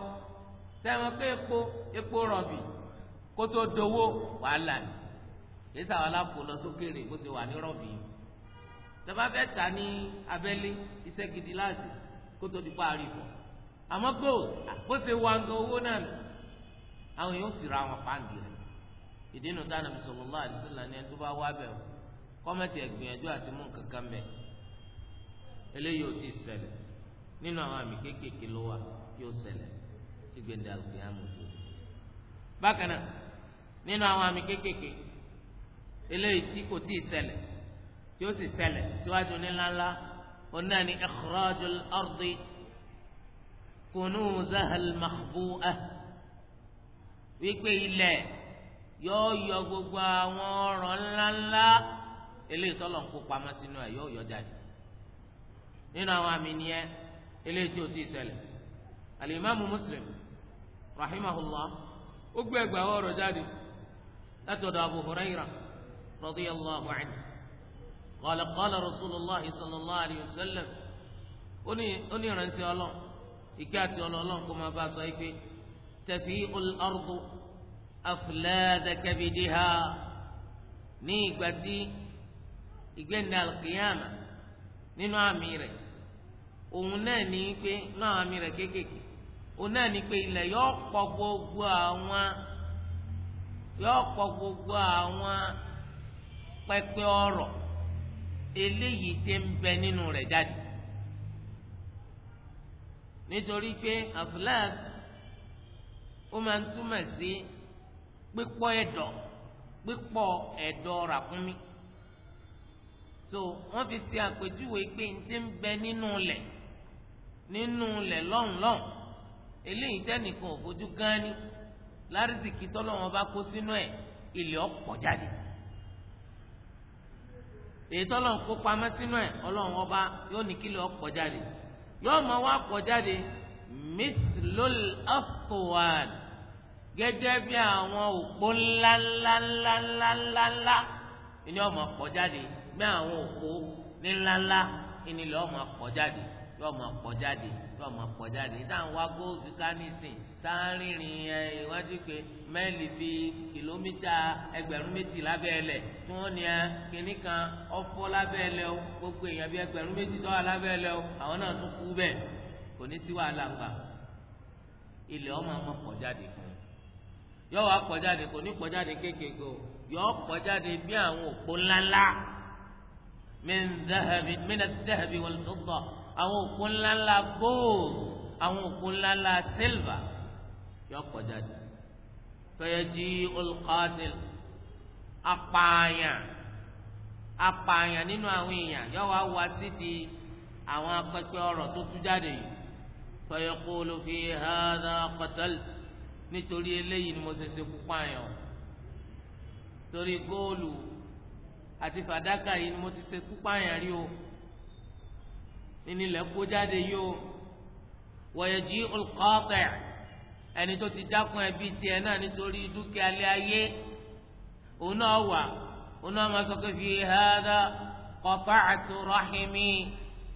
sẹ́wọ̀n pé epo epo rọ̀bì kó tó dowó wàhálà ni èyí sàwọn alápò lọ sókèrè bó ti wà ní rọ̀bì yìí tẹ́fà fẹ́ tà ní abẹ́lé iṣẹ́ gidi láti kótó di parí bọ̀ àmọ́ gold bó ṣe wà ń gan owó náà nù àwọn èèyàn sì ra àwọn pàǹdì rẹ̀ ìdínú tá Ànábì sallallahu alaihi wasallam ní ẹni tó bá wá bẹ̀ ọ́ kọ́mẹ́tì ẹ̀gbìyànjú àti mú nǹkan bẹ̀ eléyìí ò ti ṣẹlẹ̀ nínú àwọn àmì kéékèèké ló wà yóò ṣẹlẹ̀ ìgbéǹde àlùkìyàmù tó bákan náà nínú àwọn àmì kéékèèké eléyìí kò tíì ṣẹlẹ̀ tí ó sì ṣẹlẹ̀ síwájú níláńlá òun náà ni ikhrajul ardi kunuzahal makhbu'ah wípé ilẹ̀ yóò yọ gbogbo àwọn ọ̀rọ̀ ńláńlá eléyìí tọ́lọ̀ ń kó pamọ́ sínú ẹ̀ yóò yọ jáde nínú àwọn àmì nìyẹn eléyìí tí ti ṣẹlẹ̀ alimami muslim rahimahullah ó gbé ẹgbàá ọ̀rọ̀ jáde láti abu hurairah radiyallahu anhu qala qala rasulullah sallallahu alayhi wa sallam ó ní ìránṣẹ́ ọlọ́run ìkẹ́ àti ọlọ́run kó máa bá a sọ yìí pé tafi'ul ardu aflada kabidiha ní ìgbà tí ìgbẹ́ni alqiyama nínú àmì rẹ̀ òun náà ní pé nínú àwọn àmì rẹ̀ kéékèèké òun náà ní pé ilẹ̀ yóò pọ̀ gbogbo àwọn yóò pọ̀ gbogbo àwọn pẹpẹ ọrọ̀ eléyìí tí ń bẹ nínú rẹ̀ jáde nítorí pé afúláàg ó máa ń túmọ̀ sí pípọ̀ ẹ̀dọ̀ pípọ̀ ẹ̀dọ̀ ràkúnmí so wọ́n fi ṣe àpèjúwe pé n ti ń bẹ nínú lẹ̀ nínú lẹ̀ lọ́hùnlọ́hùn eléyìí tẹ́nìkan ò fojú gán ni lárísìkì tọ́lọ́wọ́n bá kó sínú ẹ̀ ilẹ̀ ọ̀pọ̀ jáde èyí tọ́lọ̀ ń kó pamọ́ sínú ẹ̀ ọlọ́run ọba yóò ní kílò ọ̀pọ̀ jáde yóò mọ wá pọ̀ jáde mithlul astuwan gẹ́gẹ́ bí àwọn òpó ńláńláńláńláńlá ni ọmọ pọ̀ jáde bí àwọn òpó ńláńlá ni lọ́ọ́ pọ̀ jáde yóò máa pọ̀ jáde yóò máa pọ̀ jáde ní táwọn wá góòlù ká nísìn tá a rìnrìn ẹ ìwádìí pé mẹ́ẹ̀lì bí kìlómítà ẹgbẹ̀rún méjì lábẹ́ ẹlẹ̀ tí wọ́n ní ẹ kínní kan ọ̀fọ́ lábẹ́ ẹlẹ̀ o gbogbo èèyàn bí ẹgbẹ̀rún méjì tó wà lábẹ́ ẹlẹ̀ o àwọn náà tún kú bẹ́ẹ̀ kò ní sí wàhálà gbà ilẹ̀ ọmọ ọmọ pọ̀ jáde fún un yóò wá pọ̀ jáde kò ní pọ̀ jáde kéékèèké o yóò pọ̀ àwọn òkú ńláńlá gold àwọn òkú ńláńlá silver yọ kọjá dé fẹyẹjì olùkọ́dìl apààyàn apààyàn nínú àwọn èèyàn yọ wá wá sí di àwọn akpẹkẹ ọ̀rọ̀ tó tú jáde yìí fẹyẹkọ olùfi hàdà kọtẹl nítorí eléyìí ni mo ṣe ṣe kú pààyàn torí góòlù àti fàdákà yìí ni mo ti ṣe kú pààyàn rí o nínú ilẹ̀ kó jáde yóò wọ̀yẹ̀jì olùkọ́ọ̀tẹ̀ ẹni tó ti dákun ẹbí tiẹ̀ náà nítorí dúkìá lé ayé òun náà wà òun náà máa sọ pé fi hàdá qata'tu rahimi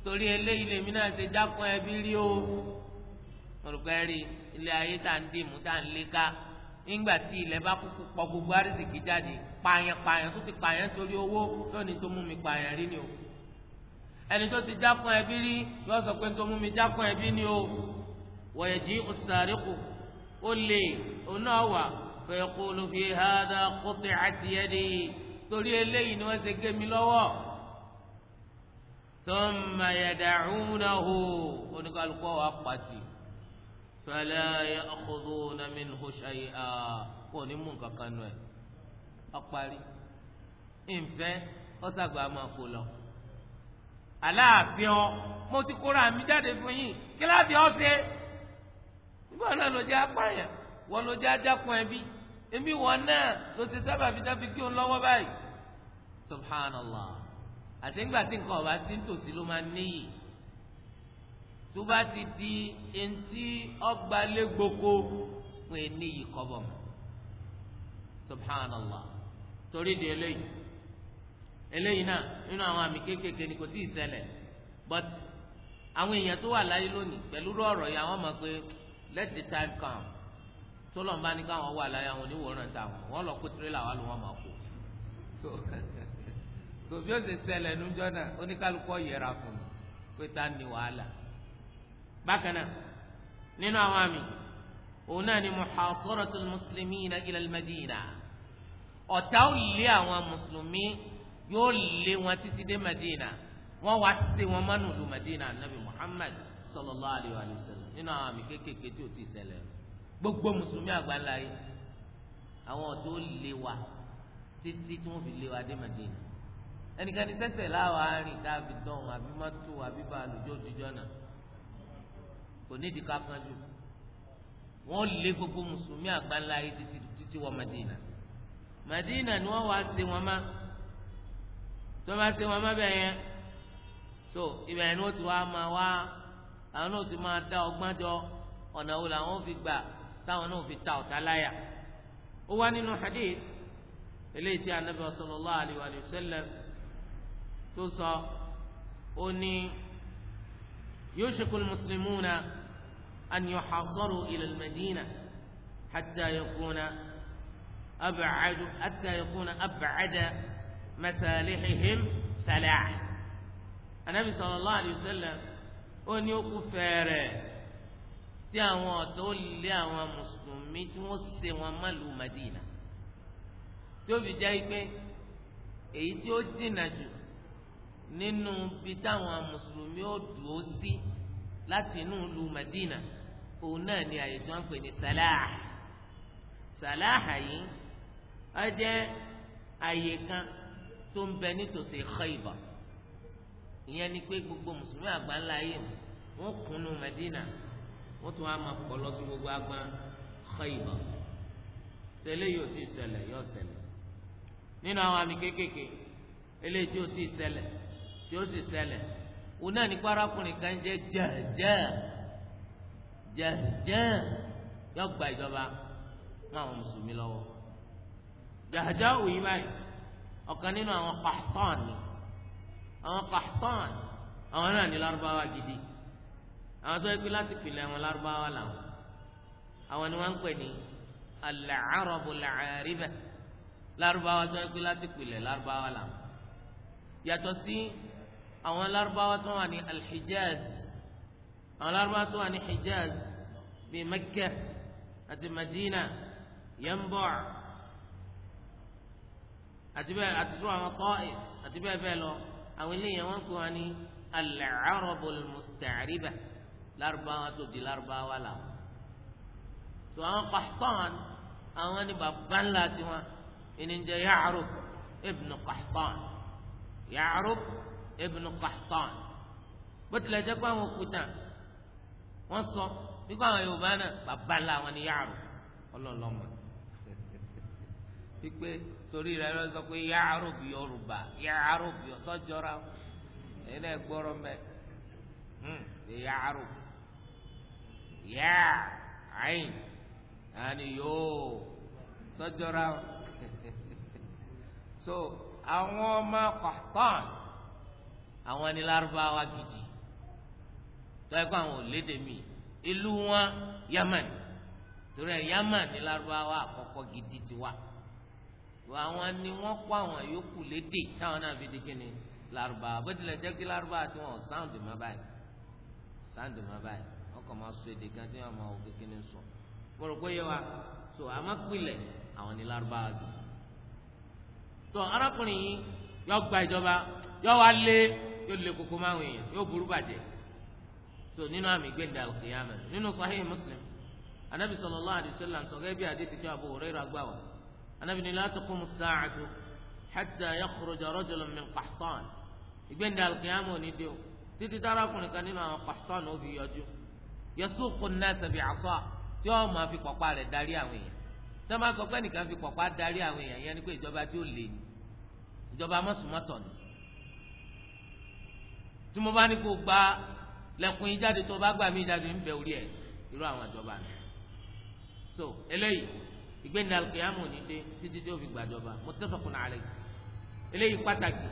torí eléyìí lèmi náà ṣe dákun ẹbí rí o olùkọ́ ẹ̀rí ilé ayé tá à ń dìmú tá à ń léka nígbà tí ilẹ̀ bá kúkú pọ gbogbo àrísìkí jáde pààyàn pààyàn tó ti pààyàn torí owó lónìí tó mú mi pààyàn rí ni o ẹni tó ti jákun ẹbí rí yóò sọ pé tó mú mi jákun ẹbí ni o wọ̀nyẹ̀ jí ọ̀sàríkù ó lè ọ̀nà wà fẹ̀kú ló fi hàdà kótó àti ẹ̀dí torí eléyìí ni wọ́n ṣe gé mi lọ́wọ́ tó ń ma yàdà cúnahu oníkàlùkọ́ wa pàtì fẹlẹ́ yẹ ọkọ̀dọ̀ nàmín hoṣayi à kò ní mú nǹkan kan nù ẹ̀ ọ parí ìfẹ́ máa kó lọ aláàfin ọ mo ti kóra mi jáde fún yín kíláàsì ọ̀sẹ̀ ìgbà náà ló jẹ́ apáyàn wọ́n ló jẹ́ ajákun ẹbí ẹbí wọn náà ló ti sábà fi dábì kí òun lọ́wọ́ báyìí subhanallah àti ńgbà tí nǹkan ọba sí nítòsí ló máa níyì tó bá ti di eŋti ọgbà lẹ́gbọ̀kọ pé níyì kọ́bọ̀ subhanallah torí de eléyìí eléyìí náà nínú àwọn àmì kéékèèké ni kò tí ì but àwọn èèyàn tó wà láyé lónìí pẹ̀lú ọ̀rọ̀ yìí àwọn mọ̀ pé let the time come tó lọ́n bá ní káwọn wà láyé àwọn oníwòran táwọn wọ́n lọ kó tirẹ́là wà ló máa kó so so bí ó ṣe ṣẹlẹ̀ nújọ́ náà oníkálukú yẹra fún un pé ta ni wàhálà bákan náà nínú àwọn àmì òun náà ni muhasaratul muslimina ila al-madina ọ̀tá ò lé àwọn mùsùlùmí yóò lé wọn títí dé Madina wọ́n wá ṣe wọn mọ́nù lu Madina anabi Muhammad sallallahu alayhi wa sallam nínú àwọn àmì kéékèèké tí ó ti ṣẹlẹ̀ gbogbo mùsùlùmí àgbáńlá yìí àwọn tó lé wa títí tí wọ́n fi lé wa dé Madina ẹnìkan ní sẹsẹ láwọn arìn káàbí dán àbí mọtò àbí bàálù yóò jíjọ náà kò nídìí kankan jù wọ́n lé gbogbo mùsùlùmí àgbáńlá yìí títí wọ Madina Madina ni wọ́n wá ṣe wọn máa. tó bá ṣe wọn bẹ̀ yẹn tó ibẹ̀ ni ó ti wá máa wá àwọn náà ti máa dá ọgbọ́n jọ ọ̀nà wo làwọn fi gbà táwọn náà fi ta ọ̀tá láyà ó wá nínú hadith eléyìí tí anabi sallallahu alayhi wa sallam tó sọ ó ní yushiku al-muslimuna an yuhasaru ila al-madina hatta yakuna ab'ad hatta yakuna ab'ada. masalihihim salah anabi sallallahu alayhi wa sallam ó ní okú fẹ́ẹ̀rẹ̀ tí àwọn ọ̀tọ́ lé àwọn mùsùlùmí tí wọ́n ṣe wọn mọ́lù madina tí ó fi jẹ́ pé èyí tí ó dìnnà jù nínú bí táwọn mùsùlùmí ó dùn sí láti inú ìlú madina òun náà ni àyè tí wọ́n pè ní salah salah yìí ó jẹ́ àyè kan tó ń bẹ nítòsí Khaybar ìyẹn ni pé gbogbo mùsùlùmí àgbáńlá yìí wọ́n kùnú Medina wọ́n tún á máa pọ̀ lọ sí gbogbo agbọn Khaybar tẹ́lẹ̀ yóò ti ṣẹlẹ̀ yóò ṣẹlẹ̀ nínú àwọn àmì kéékèèké eléyìí tí ó ti ṣẹlẹ̀ tí ó sì ṣẹlẹ̀ òun náà ní kpárakùnrin kan jẹ́ jẹ́ẹ̀jẹ́ jẹ́ẹ̀jẹ́ yọ ìjọba máa wọn mùsùlùmí lọ́wọ́ jẹ́ẹ̀jẹ́ òyìnbá yìí ọ̀kan nínú àwọn Qahtan ni àwọn Qahtan àwọn náà ní lárúbáwá gidi àwọn tó yẹ pé láti pìlẹ̀ àwọn lárúbáwá làwọn àwọn ni wọ́n ń pè ní al-Arabu al-Ariba lárúbáwá tó yẹ pé láti pìlẹ̀ lárúbáwá làwọn yàtọ̀ sí àwọn lárúbáwá tó wà ní al àwọn lárúbáwá tó wà ní Hijaz bíi Mẹ́kẹ́ àti Madina Yanbu' àti bẹ́ẹ̀ àti tó àwọn Taif àti bẹ́ẹ̀ bẹ́ẹ̀ lọ àwọn eléyàn wọn kó wa ní al-Arabul Musta'riba lárúbáwá tó di lárúbáwá làwọn tó àwọn Qahtan àwọn ní bàbá ńlá tiwọn ẹni jẹ Ya'rub ibn Qahtan Ya'rub ibn Qahtan bó tilẹ̀ jẹ́ pé àwọn òkúta wọ́n sọ bí àwọn Yorùbá náà bàbá ńlá wọn ni Ya'rub ọlọ́ọ̀lọ́mọ torí rẹ̀ lọ sọ pé yà arúbì yorùbá yà arúbì sọjọra ẹ̀yin náà gbọ́rọ̀ mẹ́ hmm, yà arúbì yà àyìn àni yóò sọjọra so àwọn ọmọ Qahtan àwọn ni lárúbáwá gidi tó ẹ kó àwọn òlédè mi ìlú wọn Yaman torí ẹ Yaman ni àkọ́kọ́ gidi ti wá. àwọn ni wọn kó àwọn yòókù lédè táwọn náà fi di kíni larubá bó tilẹ̀ jẹ́ kí larubá tí wọ́n sáǹdì má báyìí sáǹdì má báyìí máa sọ èdè kan tí wọ́n máa wọ sọ mo yẹ wa so àmọ́ pilẹ̀ àwọn ni larubá dùn tó arákùnrin yìí yọ gba ìjọba yọ wa lé yóò lé koko máa yóò burú bàjẹ́ nínú àmì gbẹ̀dẹ̀ nínú Muslim anabi sọ̀rọ̀ anabi ni la taqumu as-sa'atu hatta yakhruja rajulun min Qahtan ìgbẹ́ndé alùkìyàmù òní dé o títí tárakùnrin kan nínú àwọn Qahtan ó fi yọjú yasuqu an-nasa bi'asa tí ó máa fi pọ̀pá rẹ̀ darí àwọn èèyàn tí wọ́n bá sọ pé nìkan fi pọ̀pá darí àwọn èèyàn yẹn ni pé ìjọba tí ó lè ní ìjọba ni tí gba lẹ́kùn yín jáde tó bá gbà mí jáde bẹ orí ẹ̀ irú àwọn ìjọba ni so eléyìí ìgbẹ́ni alukóyàmù ní dé títí tí ó fi gbàjọba muttafaqun alayhi eléyìí pàtàkì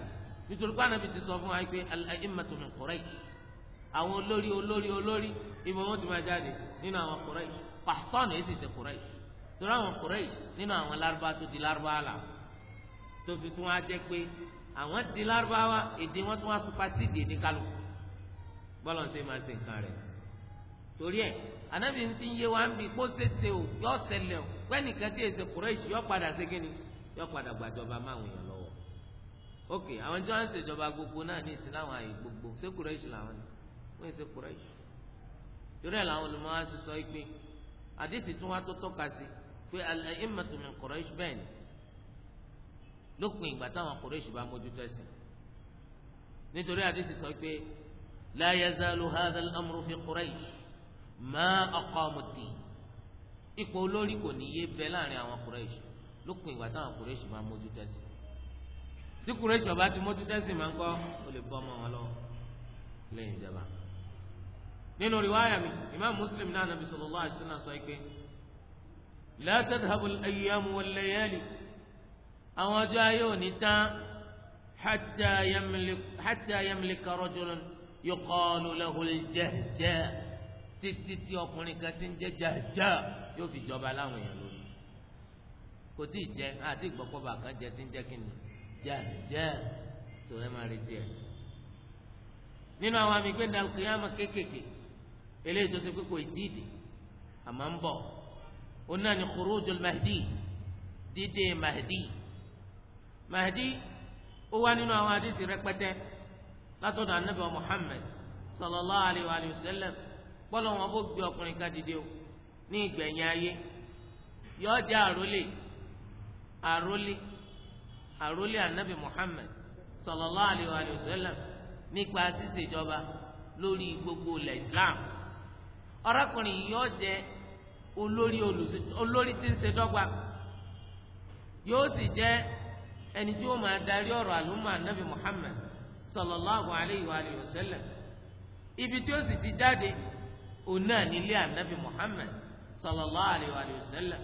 nítorí pé Ànábì ti sọ fún wa pé al-a'immatu min Quraysh àwọn olórí olórí olórí ìmọ̀ wọn ti máa jáde nínú àwọn Quraysh pàtọ́nù èsì ṣe Quraysh torí àwọn Quraysh nínú àwọn lárúbá tó di lárúbá là tó fi tún wá jẹ́ pé àwọn di lárúbá wa èdè wọn tún wá supasídì ní kálukú bọ́lọ̀ ṣe máa ṣe nǹkan rẹ̀ torí ẹ̀ Ànábì ń yé wa ń bi kó ṣe ṣe o yọ ọ pé nìkan tí èsì kúrẹ́ṣì yọ padà sí kínní yọ padà gbàjọba máwùn yàn lọ́wọ́ ok àwọn tí wọ́n ń ṣèjọba gbogbo náà ní ìsìn láwọn àyè gbogbo ṣé kúrẹ́ṣì làwọn ni wọ́n ń ṣe kúrẹ́ṣì torí ẹ̀ làwọn olùmọ̀ wá sọ pé àdìsí tí wọ́n tó tọ́ka sí pé al-a'immatu kúrẹ́ṣì bẹ́ẹ̀ ni lópin ìgbà táwọn kúrẹ́ṣì bá mójútó ẹ̀sìn nítorí àdìsí sọ pé la yazalu hadha kúrẹ́ṣì ma aqamu ad ipò olórí kò ní yé bẹ láàrin àwọn kùrẹ́ṣì lópin ìgbà táwọn kùrẹ́ṣì máa mójú tẹ́sí tí kùrẹ́ṣì ọba ti mójú tẹ́sí máa ń kọ́ ó lè bọ́ ọmọ wọn lọ lẹ́yìn ìjọba. nínú riwaya mi imam muslim náà nàbí sallallahu alaihi wasallam sọ pé la tadhhabu al-ayyamu wal-layali àwọn ọjọ́ ayé òní tán hatta yamlika rajulun yuqalu lahu al-jahjah títí tí ọkùnrin kan ti ń jẹ́ jàjà yóò fi jọba láwọn èèyàn lónìí kò tí ì jẹ àti ìgbọ́kọ̀bà kan jẹ ti ń jẹ́ kí ni jàjà tó ẹ máa retí ẹ. nínú àwọn àmì gbé dàlùkìyàmù kéékèèké eléyìí tó ti pé kò tí ì dì àmọ́ ń bọ̀ ó náà ní khurujul mahdi dídé mahdi mahdi ó wá nínú àwọn àdìsí rẹpẹtẹ látọ̀dọ̀ anábẹ́ muhammad sallallahu alayhi wa sallam. bọ́lọ̀ wọn bó gbé ọkùnrin ká dìde o ní ìgbẹ̀yìn ayé yọ jẹ́ àrólé àrólé àrólé anabi Muhammad sallallahu alayhi wa sallam nípa ṣíṣe ìjọba lórí gbogbo ilẹ̀ Islam ọ̀rọ̀kùnrin yọ jẹ́ olórí olórí tí ń ṣe dọ́gba yóò sì jẹ́ ẹni tí ó máa darí ọ̀rọ̀ àlùmọ́ anabi Muhammad sallallahu alayhi wa sallam ibi tí ó sì ti jáde. ona nílé anabi muhammed sallallahu alayhi wa sallam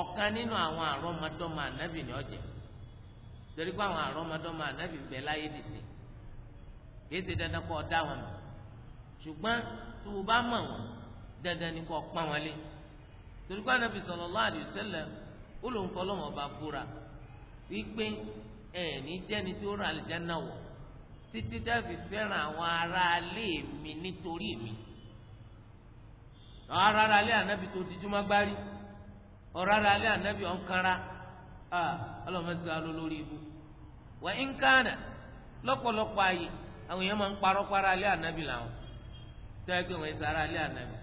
ọ̀kan nínú àwọn àrọ́mọdọ́mọ anabi ni ọ̀jẹ̀ torí pé àwọn àrọ́mọdọ́mọ anabi bẹ̀ láyé dìsí kìí ṣe dandan wọn ṣùgbọ́n tó o bá mọ̀ wọn dandan ni kó pọ́n wọn lé torí pé anabi sallallahu alayhi wa sallam ó lóun búra wípé jẹ́ni rà rárá alẹ́ ànábì tó di jùmọ̀ ọ ọ̀rárá alẹ́ ànábì ọ̀nkara ọlọ́mọdé sá ló lórí ibu wà ń kánà lọ́pọ̀lọpọ̀ ayé àwọn èèyàn máa ń parọ́ para alẹ́ ànábì làwọn sẹ́yìn pé wọ́n ń sara alẹ́ ànábì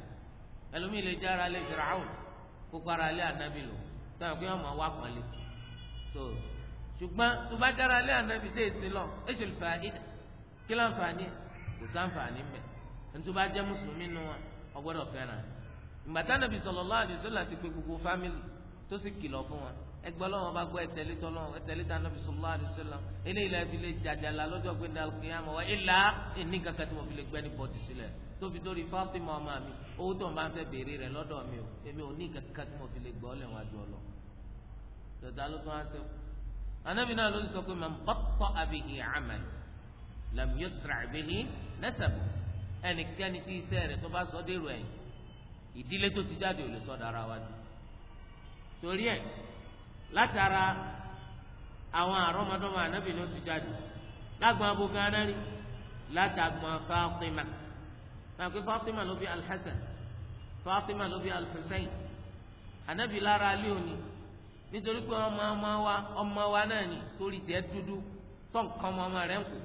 ẹlòmíì lè jára alẹ́ kó para alẹ́ ànábì lò sẹ́yìn pé wọ́n máa wá pọ̀lẹ́ tó ṣùgbọ́n tó bá jára alẹ́ ànábì dé èsì lọ èsì lè fà á ìdá kí láǹfààní kò sáǹfààní mẹ́ ẹni tó bá jẹ́ mùsùlùmí nù ọgbọ́dọ̀ fẹ́ràn ìgbàtà nàbì sallallahu alaihi wasallam ti pé gbogbo fámìlì tó sì kìlọ̀ fún wọn ẹgbẹ́ ọlọ́wọ́n bá gbọ́ ẹtẹ̀lé tọ́lọ́ ẹtẹ̀lé tá nàbì sallallahu alaihi wasallam eléyìí la fi lè jàjàlá lọ́jọ́ pé ní al-qiyamah wa ilà ní kankan tí mo fi lè gbẹ́ ní bọ́ọ̀tì sílẹ̀ tó fi dórí Fátímà ọmọ mi owó tó ń bá ń fẹ́ béèrè rẹ̀ lọ́dọ̀ mi o èmi ò ní kankan tí mo fi lè gbọ́ lẹ́wọ̀n àjọ lọ. dọ̀tà ló tún á sẹ́wọ̀ anabi náà ló sọ pé man batta'a bihi ẹnikẹ́ni tí iṣẹ́ rẹ̀ tó bá sọ dèrò ẹ̀yìn ìdílé tó ti jáde ò lè sọ dára wa ni torí ẹ̀ látara àwọn àrọ́mọdọ́mọ ànábì ló ti jáde lágbọn abo gánárì látàgbọn Fatima náà pé Fatima ló bí Al-Hasan Fatima ló bí Al-Husayn ànábì lára alẹ́ òní nítorí pé ọmọ ọmọ wa ọmọ wa náà ni torí tiẹ̀ dúdú tó ọmọ ọmọ ń kù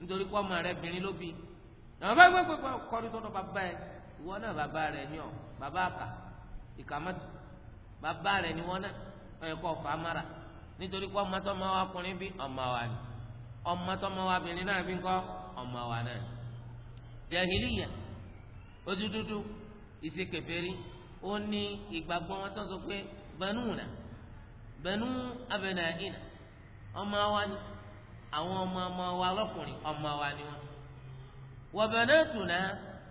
nítorí pé ọmọ rẹ̀ bìnrin ló bí i. àwọn bá wíwé gbogbo kọrí tọdọ bàbá ẹ ìwọ náà bàbá rẹ ni ọ bàbá àkà ìkàmọtò bàbá rẹ ni wọn náà kọ nítorí ọmọ ni náà bí nkọ ọmọ wa náà ó ní ìgbàgbọ́ wọn tó sọ pé bẹnú ọmọ wa ni àwọn ọmọ ọmọ wa lọkùnrin wa banatuna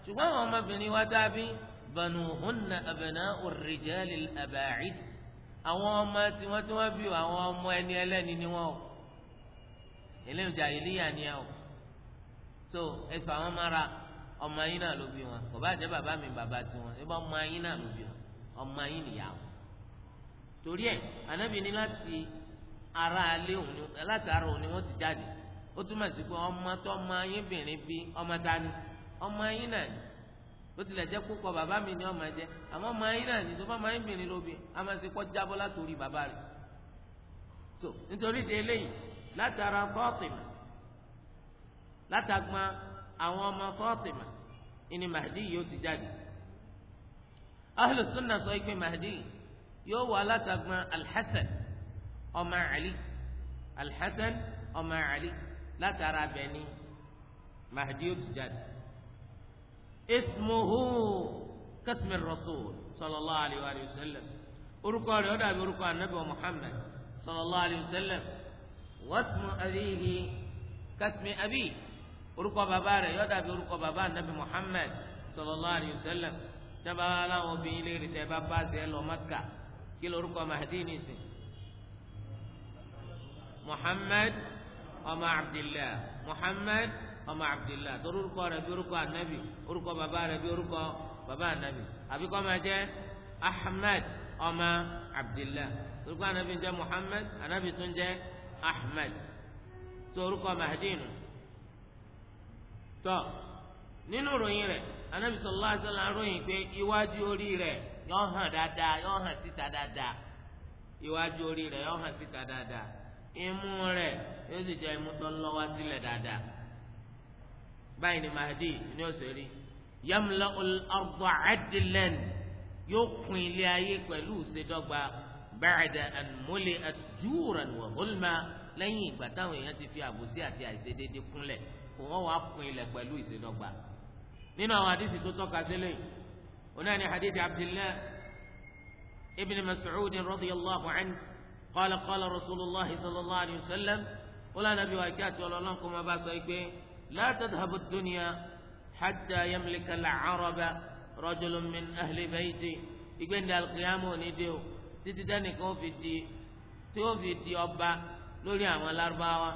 ṣùgbọ́n àwọn ọmọbìnrin wa dábí banuhunna abna'ur rijalil aba'id àwọn ọmọ tí wọ́n tí wọ́n bí àwọn ọmọ ẹni ẹlẹ́ni ni wọ́n o eléyìí jàhílíyà ni ẹ o so ẹfọ àwọn mara ọmọ yín náà ló bí wọn kò bá jẹ bàbá mi bàbá tiwọn ẹbí ọmọ yín náà ló bí wọn ọmọ yín nìyá wọn torí ẹ anábì láti ara alẹ́ òun láti ara òun ni ti jáde ó túmọ̀ sí pé ọmọ tó ọmọ yín bìnrin bí ọmọ dání ọmọ yín náà ni ó tilẹ̀ jẹ́ kókọ bàbá mi ni ọmọ jẹ́ àmọ́ ọmọ yín náà ni tó bá ọmọ yín bìnrin lóbi a máa kọ́ jábọ́ látòrí bàbá rẹ̀ so nítorí di eléyìí látara Fátímà látàgbọ́n àwọn ọmọ Fátímà ìní Mahdi yóò ti jáde Ahlu Sunna sọ pé Mahdi yóò wà látàgbọ́n Al-Hasan ọmọ Ali Al-Hasan ọmọ Ali. al ọmọ ali látara abẹ ní mahdi ó ti jáde ismuhu kasmi rasul sallallahu alayhi wa sallam orúkọ rẹ̀ ó dàbí orúkọ anabi wa muhammad sallallahu alayhi wa sallam wasmu abiyihi kasmi abi orúkọ bàbá rẹ̀ yó dàbí orúkọ bàbá anabi muhammad sallallahu alayhi wa sallam tẹ́bà aláwọ̀ obìnrin lè rí tẹ́bà paasi ẹ lọ maka kí lórúkọ mahdi nìsín muhammad ọmọ abdillah muhammad ọmọ abdillah torí orúkọ rẹ̀ bí orúkọ anabi orúkọ bàbá rẹ̀ bí orúkọ bàbá anabi àbí kó máa jẹ́ ahmed ọmọ abdillah torí orúkọ anabi ń jẹ́ muhammad anabi tún jẹ́ ahmed tó orúkọ mahadinu tọ́ nínú ìròyìn rẹ̀ anabi sallallahu alaihi ròyìn pé iwájú orí rẹ̀ yọ hàn dáadáa yọ hàn síta dáadáa iwájú orí rẹ̀ yọ hàn síta dáadáa imú rẹ̀ yóò sì jẹ́ imú tó ń lọ wá sílẹ̀ dáadáa báyìí ni mahdi ni ó sì rí yamla al-arda adlan yóò kún ilé ayé pẹ̀lú ìṣèdọ́gba ba'da an muli'at juran wa hulma lẹ́yìn ìgbà táwọn èèyàn ti fi àbòsí àti àìṣedéédé kúnlẹ̀ kò wọ́n wàá kún ilẹ̀ pẹ̀lú ìṣèdọ́gba nínú àwọn àdìsí tó tọ́ka sílẹ̀ onáà ni hadithi abdillah ibn mas'ud radiyallahu anhu qala qala rasulillah sallallahu alayhi wa sallam ó lànà bí wàá kí àti ọlọ́lọ́n kó máa bá sọ pé la tadhhabu dunya hatta yamlika al-araba rajulun min ahli bayti ìgbéǹde al-qiyamah òní dé o títí dánìkan ó fi di tí ó fi di ọba lórí àwọn lárúbáwá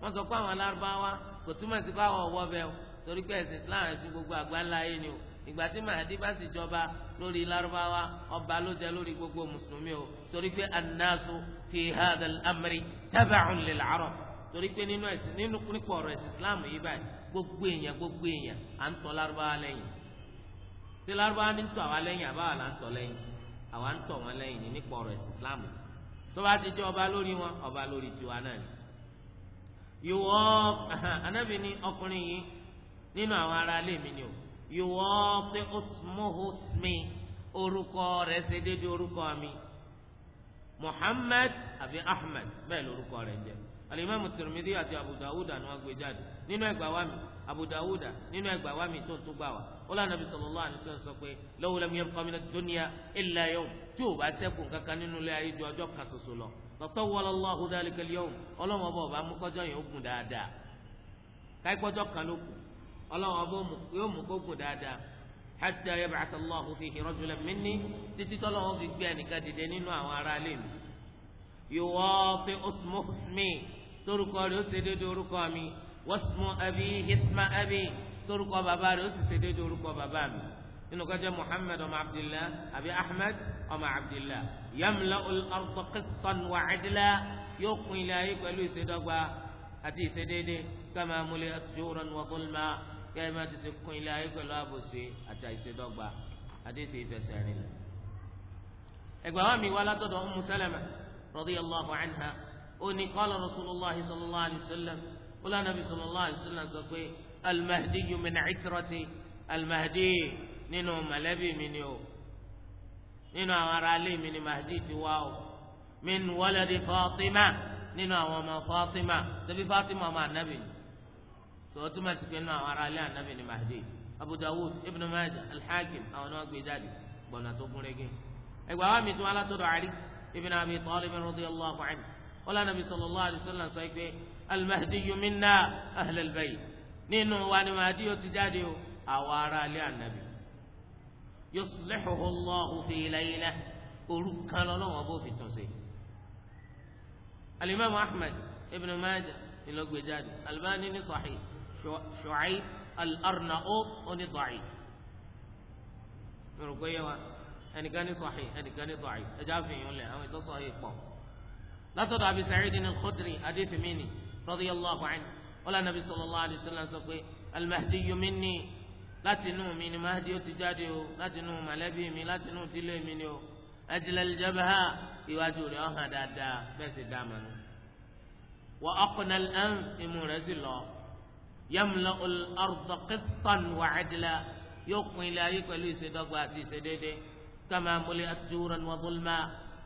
wọ́n sọ pé àwọn lárúbáwá kò túmọ̀ sí fáwọn ọ̀wọ́ bẹ́ẹ̀ o torí pé ẹ̀sìn Islam ẹ̀sìn gbogbo àgbáńlá yìí ni o ìgbà tí mahadi bá sì jọba lórí lárúbáwá ọba ló jẹ lórí gbogbo mùsùlùmí o torí pé annasu fi hadha al-amri tab'un lil-arab torí pé nínú ẹ̀sìn nínú nípa ọ̀rọ̀ ẹ̀sìn islam yìí báyìí gbogbo èèyàn gbogbo èèyàn à ń tọ́ lárúbáwá lẹ́yìn tí lárúbáwá ní tọ́ àwa lẹ́yìn àbáwá là ń tọ́ lẹ́yìn àwa ń tọ́ wọn lẹ́yìn ní nípa ọ̀rọ̀ ẹ̀sìn islam yìí tó bá ti jẹ́ ọba lórí wọn ọba lórí tiwa náà ni. ìwọ anábì ni ọkùnrin yìí nínú àwọn ará ilé mi ni o ìwọ pé osmohosmi orúkọ rẹ̀ ṣe déédéé orúkọ mi Muhammad àbí Ahmed bẹ́ẹ̀ lórúkọ rẹ̀ jẹ́ alimami tirimidi àti abudawuda ni wọ́n gbé jáde nínú ẹgbàá wa mi abudawuda nínú ẹgbàá wa mi tó ń tó gbà wá wọ́n lànà bí sallallahu alaihi wasallam sọ pé law lam yabqa min ad-dunya illa tí o bá ṣẹ́kùn kankan nínú ilé ayé ju ọjọ́ kan ṣoṣo lọ latawwala Allahu dhalika al-yawm ọlọ́wọ́n bá ọba mọ́kọ́jọ́ yẹn ó dáadáa káyipọ́jọ́ kan ló kù ọlọ́wọ́n bá yóò mú kó gùn dáadáa hatta yab'ath Allahu fihi rajulan minni títí tọ́lọ́wọ́n yòwọ́ọ̀tì osmo smi torúkọ rẹ̀ ó ṣe déédéé orúkọ mi wọ́smọ abi hisma abi torúkọ bàbá rẹ̀ ó sì ṣe déédéé orúkọ bàbá mi nínú kájá muhammed ọmọ abdillah àbí ahmed ọmọ abdillah yamla al-ardu qistan wa adla yóò kún ilé ayé pẹ̀lú ìṣèdọ́gba àti ìṣedéédé kama muliat juran wa zulma kẹ́hìn máa ti ṣe kún ilé ayé pẹ̀lú àbòsí àti ìṣedọ́gba àti ìṣèfẹsẹ̀rin ẹgbẹ́ wa mi wá látọ̀dọ̀ Ummu Salama radiyallahu anha ó ní qala rasulillah sallallahu alayhi wa sallam ó lànà bí sallallahu alayhi wa sallam sọ pé almahdi yu min itrati almahdi nínú mọ̀lẹ́bí mi ni o nínú àwọn ará ilé mi ni mahdi ti wá o min waladi fatima nínú àwọn ọmọ fatima tẹbi fatima ọmọ anabi tòun túmọ̀ sí pé nínú àwọn ará ilé anabi ni mahdi abu dawud ibn majah alhakim àwọn náà gbé jáde gbọ̀nà tó gún régé ẹgbàá wa mi tún alátọ́dọ̀ àrí ibn abi talib radiyallahu anhu wala nabi sallallahu alayhi wa sallam sọ pé al-mahdi minna ahlal bayt nínú wa ni mahdi yóò ti jáde o àwa ará ilé ànábì yuslihuhu allahu fi layla òru kan lọ́wọ́ bó fi tún ṣe. alimami ahmed ibn maja ìlọgbẹ jáde albani ní sahih shu'aib al-arnaut oní da'if. yorùbá yẹ wa ẹnìkan ní sahih ẹnìkan ní da'if ẹjá fìyàn lẹ̀ àwọn ìtọ́sọ yìí pọ̀ látọ̀dọ̀ Abi Sa'id al-Khudri adéfìmínì radiyallahu anhu wala nabi sallallahu alayhi wa sallam sọ pé al-Mahdi minni láti inú mi ni Mahdi ó ti jáde o láti inú mọ̀lẹ́bí mi láti inú ìdílé mi ni o ajla al-jabha iwájú rẹ̀ ọ̀hàn dáadáa bẹ́ẹ̀ sì dá àmàlú wa aqna al imú rẹ̀ sì lọ yamla al-arda qistan wa yóò kún ilé ayé pẹ̀lú ìṣedọ́gba àti ìṣedéédéé kama múlẹ àtúwúrọ ni wọn bó lmá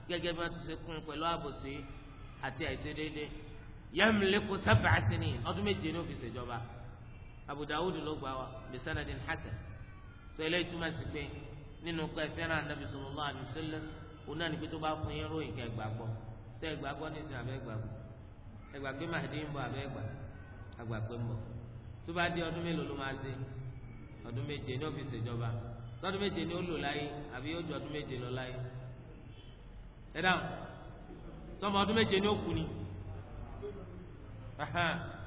gẹ́gẹ́ bí wọn ti ṣe kún pẹ̀lú àbòsí àti àìṣedéédé yamliku sab'a sinin ọdún méje ní òfin ṣèjọba Abu Dawud ló gbà wá bisanadin hasan tó eléyìí sí pé nínú kọ́ ẹ̀fẹ́ràn anabi sallallahu alaihi wasallam ní pé bá fún yín ròyìn kẹ́ gbàgbọ́ tó gbàgbọ́ ní ìsìn abẹ́ gbàgbọ́ ẹ gbàgbé ń bọ̀ abẹ́ gbà àgbàgbé ń bọ̀ tó bá dé ọdún mélòó ló máa ṣe ọdún méje ní òfin ṣèjọba tọdún méje ni ó lò láyé àbí yóò ju ọdún méje lọ láyé ẹ dáhùn sọmọ ọdún méje ni ó kú ni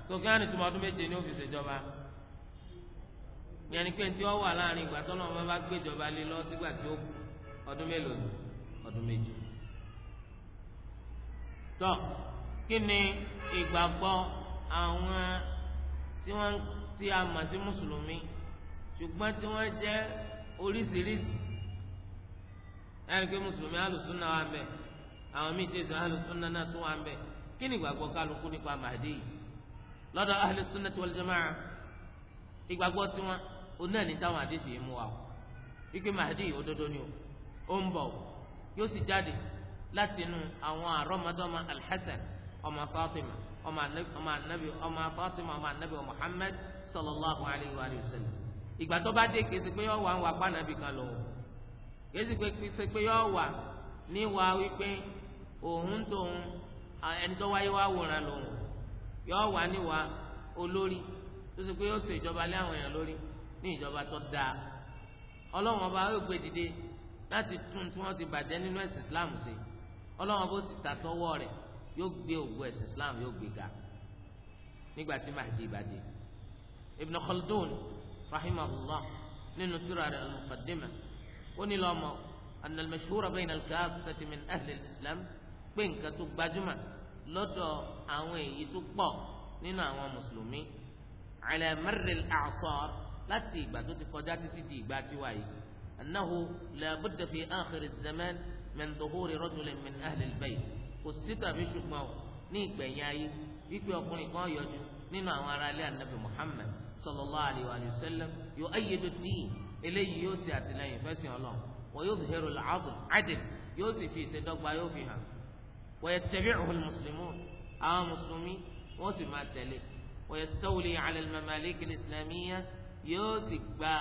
tó kí á ní tọmọ ọdún méje ni ó fi ṣèjọba yẹn ni pé tí wọ́n wà láàrin ìgbà tó náà wọ́n bá gbéjọba lé lọ sígbà tí ó kú ọdún mélòó ni ọdún méje tọ kí ni ìgbàgbọ́ àwọn tí wọ́n ti a mọ̀ sí mùsùlùmí ṣùgbọ́n tí wọ́n jẹ́ oríṣiríṣi ẹni pé mùsùlùmí alùsùnà wà mbẹ àwọn míì tẹsán alùsùnà náà tún wà mbẹ kí ni ìgbàgbọ́ kálukú nípa màdé yìí lọ́dọ̀ alùsùnà tí wọ́n lè jẹ́mọ́ ìgbàgbọ́ tiwọn òun náà ní táwọn àdéhùn yìí mú wa o ike màdé yìí òdodo ni o ó ń bọ̀ o yóò sì jáde láti inú àwọn àrọ́mọdọ́mọ alḥasan ọmọ fatima ọmọ anabi ọmọ fatima ọmọ anabi muhammad sallallahu alayhi wa sallam ìgbà tó bá dé kesi pé yọ wà ń wà pànàbì kan lọ kesi pé kesi pé yọ wà ní wà wípé òun tóun ẹni tó wáyé wá wòran lòun yọ wà ní wà olórí tó ṣe pé yóò ṣe ìjọba lé àwọn èèyàn lórí ní ìjọba tó dáa ọlọ́wọ́n ọba yóò gbé dìde láti tún tí wọ́n ti bàjẹ́ nínú ẹ̀sìn Islam ṣe ọlọ́wọ́n bó sì tàtọ́wọ́ rẹ̀ yóò gbé òwú ẹ̀sìn Islam yóò gbé ga nígbà tí Mahdi bá dé Ibn Khaldun rahimahullah nínú tírà rẹ̀ al-muqaddimah ó ní lọ́mọ anna al-mashhura bayna al-kaffati min ahli al-islam pé nǹkan tó gbajúmọ̀ lọ́dọ̀ àwọn èyí tó pọ̀ nínú àwọn mùsùlùmí ala marri al-a'sar láti ìgbà tó ti kọjá títí di ìgbà tiwa yìí annahu la budda fi akhir az-zaman min min ahli al kò sí tàbí ṣùgbọ́n ní ìgbẹ̀yìn ayé wípé ọkùnrin kan yọjú nínú àwọn aráalé anabi muhammad sallallahu alayhi wa sallam yu'ayyidu ad-din eléyìí yóò ṣe àtìlẹ́yìn fẹsẹ̀ Ọlọ́run wa yudhiru al-'adl 'adl yóò sì fi ìṣèdọ́gba yóò fi hàn wa yattabi'uhu al-muslimun àwọn mùsùlùmí wọ́n sì máa tẹ̀lé wa yastawli 'ala al-mamalik al-islamiyya yóò sì gba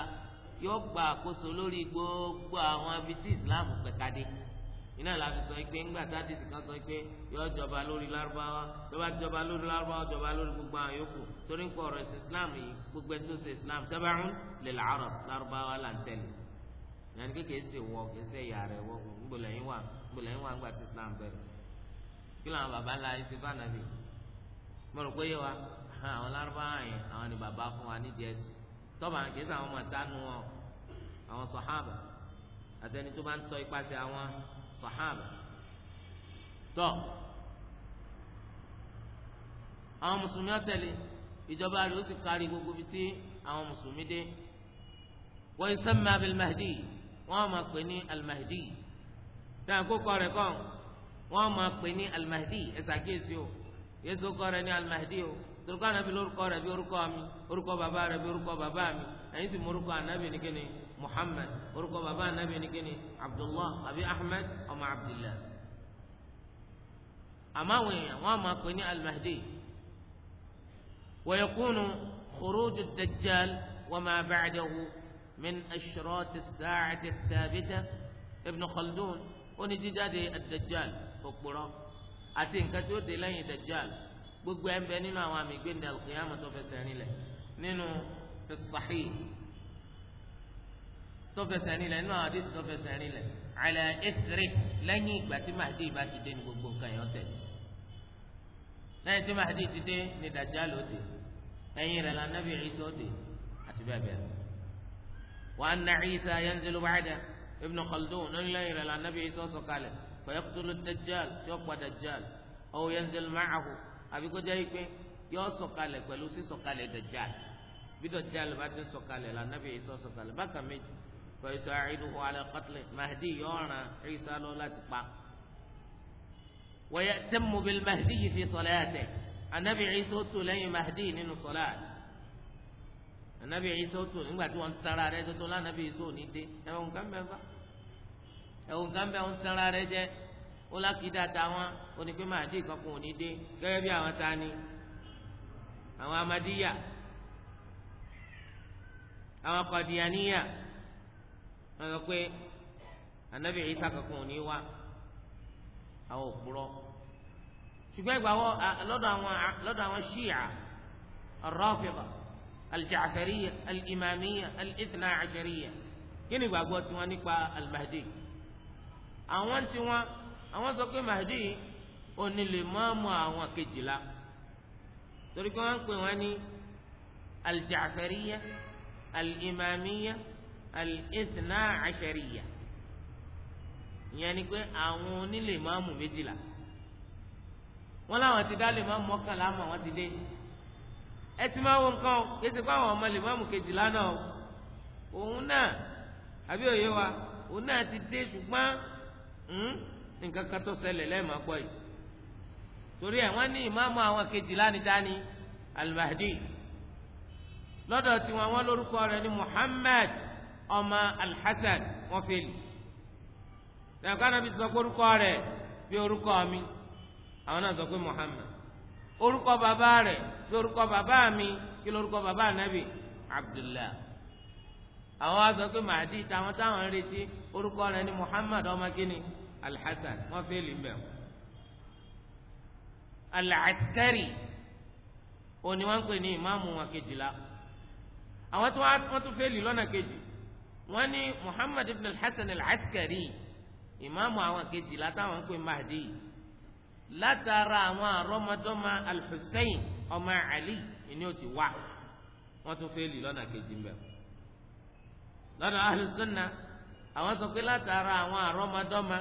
yóò gba àkóso lórí gbogbo àwọn abití islam pẹ̀kadé iná la sọ pé ńgbà tá a ti sìkan sọ pé yóò jọba lórí lárúbáwá jọba jọba lórí lárúbáwá jọba lórí gbogbo àwọn yòókù torí nǹkan ọ̀rọ̀ ẹ̀sìn islam yìí gbogbo ẹni tó ṣe islam tabaun lil arab lárúbáwá là ń tẹ̀lé yàrá kékeré ṣe wọ kẹsẹ̀ ìyá rẹ̀ wọ ńgbọ̀lẹ̀ yín wà ńgbọ̀lẹ̀ yín wà ńgbà tí islam bẹ̀rẹ̀ kí làwọn bàbá ńlá yìí ṣe fún ànábì mo rò pé yé wa àwọn lárúbáwá yẹn àwọn ni bàbá fún wa nídìí ẹ̀sìn tọ́ba kìí sàwọn ọmọ ìtànù wọn àwọn sàhábà àtẹni tó bá ń tọ́ ipasẹ̀ àwọn sàhábà tọ́ àwọn mùsùlùmí ọ̀tẹ̀lẹ̀ ìjọba rẹ̀ ó sì kárí gbogbo ibi tí àwọn mùsùlùmí dé wọ́n ń sẹ́mi abilmahdi wọ́n á máa pè ní alimahdi sẹ́yìn àkókò rẹ̀ kàn wọ́n á máa pè ní alimahdi ẹ̀sà kíyèsí o yéésù kọ́ rẹ̀ ní alimahdi o torúkọ anabi lórúkọ rẹ̀ bí orúkọ mi orúkọ bàbá rẹ̀ bí orúkọ bàbá mi ẹ̀yin sì mú orúkọ anabi ní kíni muhammad orúkọ bàbá anabi ní kíni abdullah àbí ahmed ọmọ abdullah àmọ́ àwọn èèyàn wọ́n á máa pè ní alimahdi. ويكون خروج الدجال وما بعده من أشراط الساعة الثابتة ابن خلدون onídídáde adajal òpùrọ́ àti nǹkan tó dé lẹ́yìn adajal gbogbo ẹ̀ ń bẹ nínú àwọn àmì gbẹ̀ndẹ̀ alqiyama tó fẹsẹ̀ rinlẹ̀ nínú as-sahih tó fẹsẹ̀ rinlẹ̀ nínú àwọn àdìsí tó fẹsẹ̀ rinlẹ̀ ala ithri lẹ́yìn ìgbà tí màdé ìbá ti dé ní gbogbo nǹkan yẹn tẹ̀lé lẹ́yìn tí mahadi ti dé ní dajalo dé lẹ́yìn rẹ̀ la nabi Isa dé àti bẹ́ẹ̀ bẹ́ẹ̀ wa anna Isa yanzilu ba'da ibn Khaldun ní lẹ́yìn rẹ̀ la nabi Isa sọ̀kalẹ̀ fa yaqtulu dajal tí ó pa dajal aw yanzilu ma'ahu àbí kó jẹ́ ikpe yọ sọ̀kalẹ̀ pẹ̀lú sí sọ̀kalẹ̀ dajal bí dajal bá ti sọ̀kalẹ̀ la nabi Isa sọ̀kalẹ̀ bákan méjì fa yusa'iduhu ala qatli mahadi yọ ọ̀ràn Isa lọ láti pa. ويأتم بالمهدي في صلاته النبي عيسى ó tò lẹ́yìn mahdi nínú صلاة النبي عيسى ó tò nígbà tí wọ́n ń tara rẹ̀ tó tó lánàá bí Ìsá òní dé ẹ̀wọ̀n kan bẹ́ẹ̀ fa ẹ̀wọ̀n kan bẹ́ẹ̀ ń tara rẹ̀ jẹ́ ó lákìdá táwọn onípẹ́ mahdi kankan òní dé gẹ́gẹ́ bí àwọn tani àwọn amadiya àwọn kọ̀dìyàníyà wọ́n sọ pé ànábì Ìsá kankan òní wá àwọn òpùrọ́ ṣùgbọ́n ìgbà wọ lọ́dọ̀ àwọn lọ́dọ̀ àwọn ṣíà rọ́fìbà aljàfẹ̀ríyà alimamiya alìtìnà àṣẹríyà kí ni ìgbàgbọ́ tiwọn nípa almahdi àwọn tiwọn àwọn sọ pé mahdi òní lè mọ́ọ́mù àwọn kejìlá torí pé wọ́n ń pè wọ́n ní aljàfẹ̀ríyà alimamiya alìtìnà àṣẹríyà ìyẹn ni pé àwọn onílè méjìlá wọn làwọn ti dá lè má mọ́kànlá mọ̀ wọ́n ti dé ẹ ti máa wo nǹkan o kí ẹ ti kó àwọn ọmọ lè má mú kejìlá náà o òun náà àbí òye wa òun náà ti dé ṣùgbọ́n hmm, nǹkan kan tó ṣẹlẹ̀ lẹ́ẹ̀ma gbọ́ yìí torí ẹ̀ wọ́n ní ìmáàmù àwọn kejìlá ni dání al-Mahdi tiwọn wọ́n lórúkọ rẹ̀ ní Muhammad ọmọ al-Hasan wọ́n fẹ́lẹ̀ nàìjíríà nàbí sọ pé orúkọ rẹ̀ bí orúkọ mi àwọn náà sọ pé Muhammad orúkọ bàbá rẹ̀ kí orúkọ bàbá mi kí lórúkọ bàbá anabi Abdullah àwọn wa sọ pé Mahdi táwọn táwọn ń retí orúkọ rẹ̀ ni Muhammad ọmọ kínní Al-Hasan wọn fẹẹ lè bẹ Al-Askari òní wọn ń pè ní ìmáàmù wọn kejìlá àwọn tí wọn tún fẹẹ lè lọnà kejì wọn ní Muhammad ibn Al-Hasan al àwọn kejìlá táwọn ń pè Mahdi. látara àwọn àrọ́mọdọ́mọ alḥusain ọmọ ali ni ó ti wá wọ́n tún fẹ́ẹ́ lì lọ́nà kejì mbẹ́ lọ́nà alùsùnà àwọn sọ pé látara àwọn àrọ́mọdọ́mọ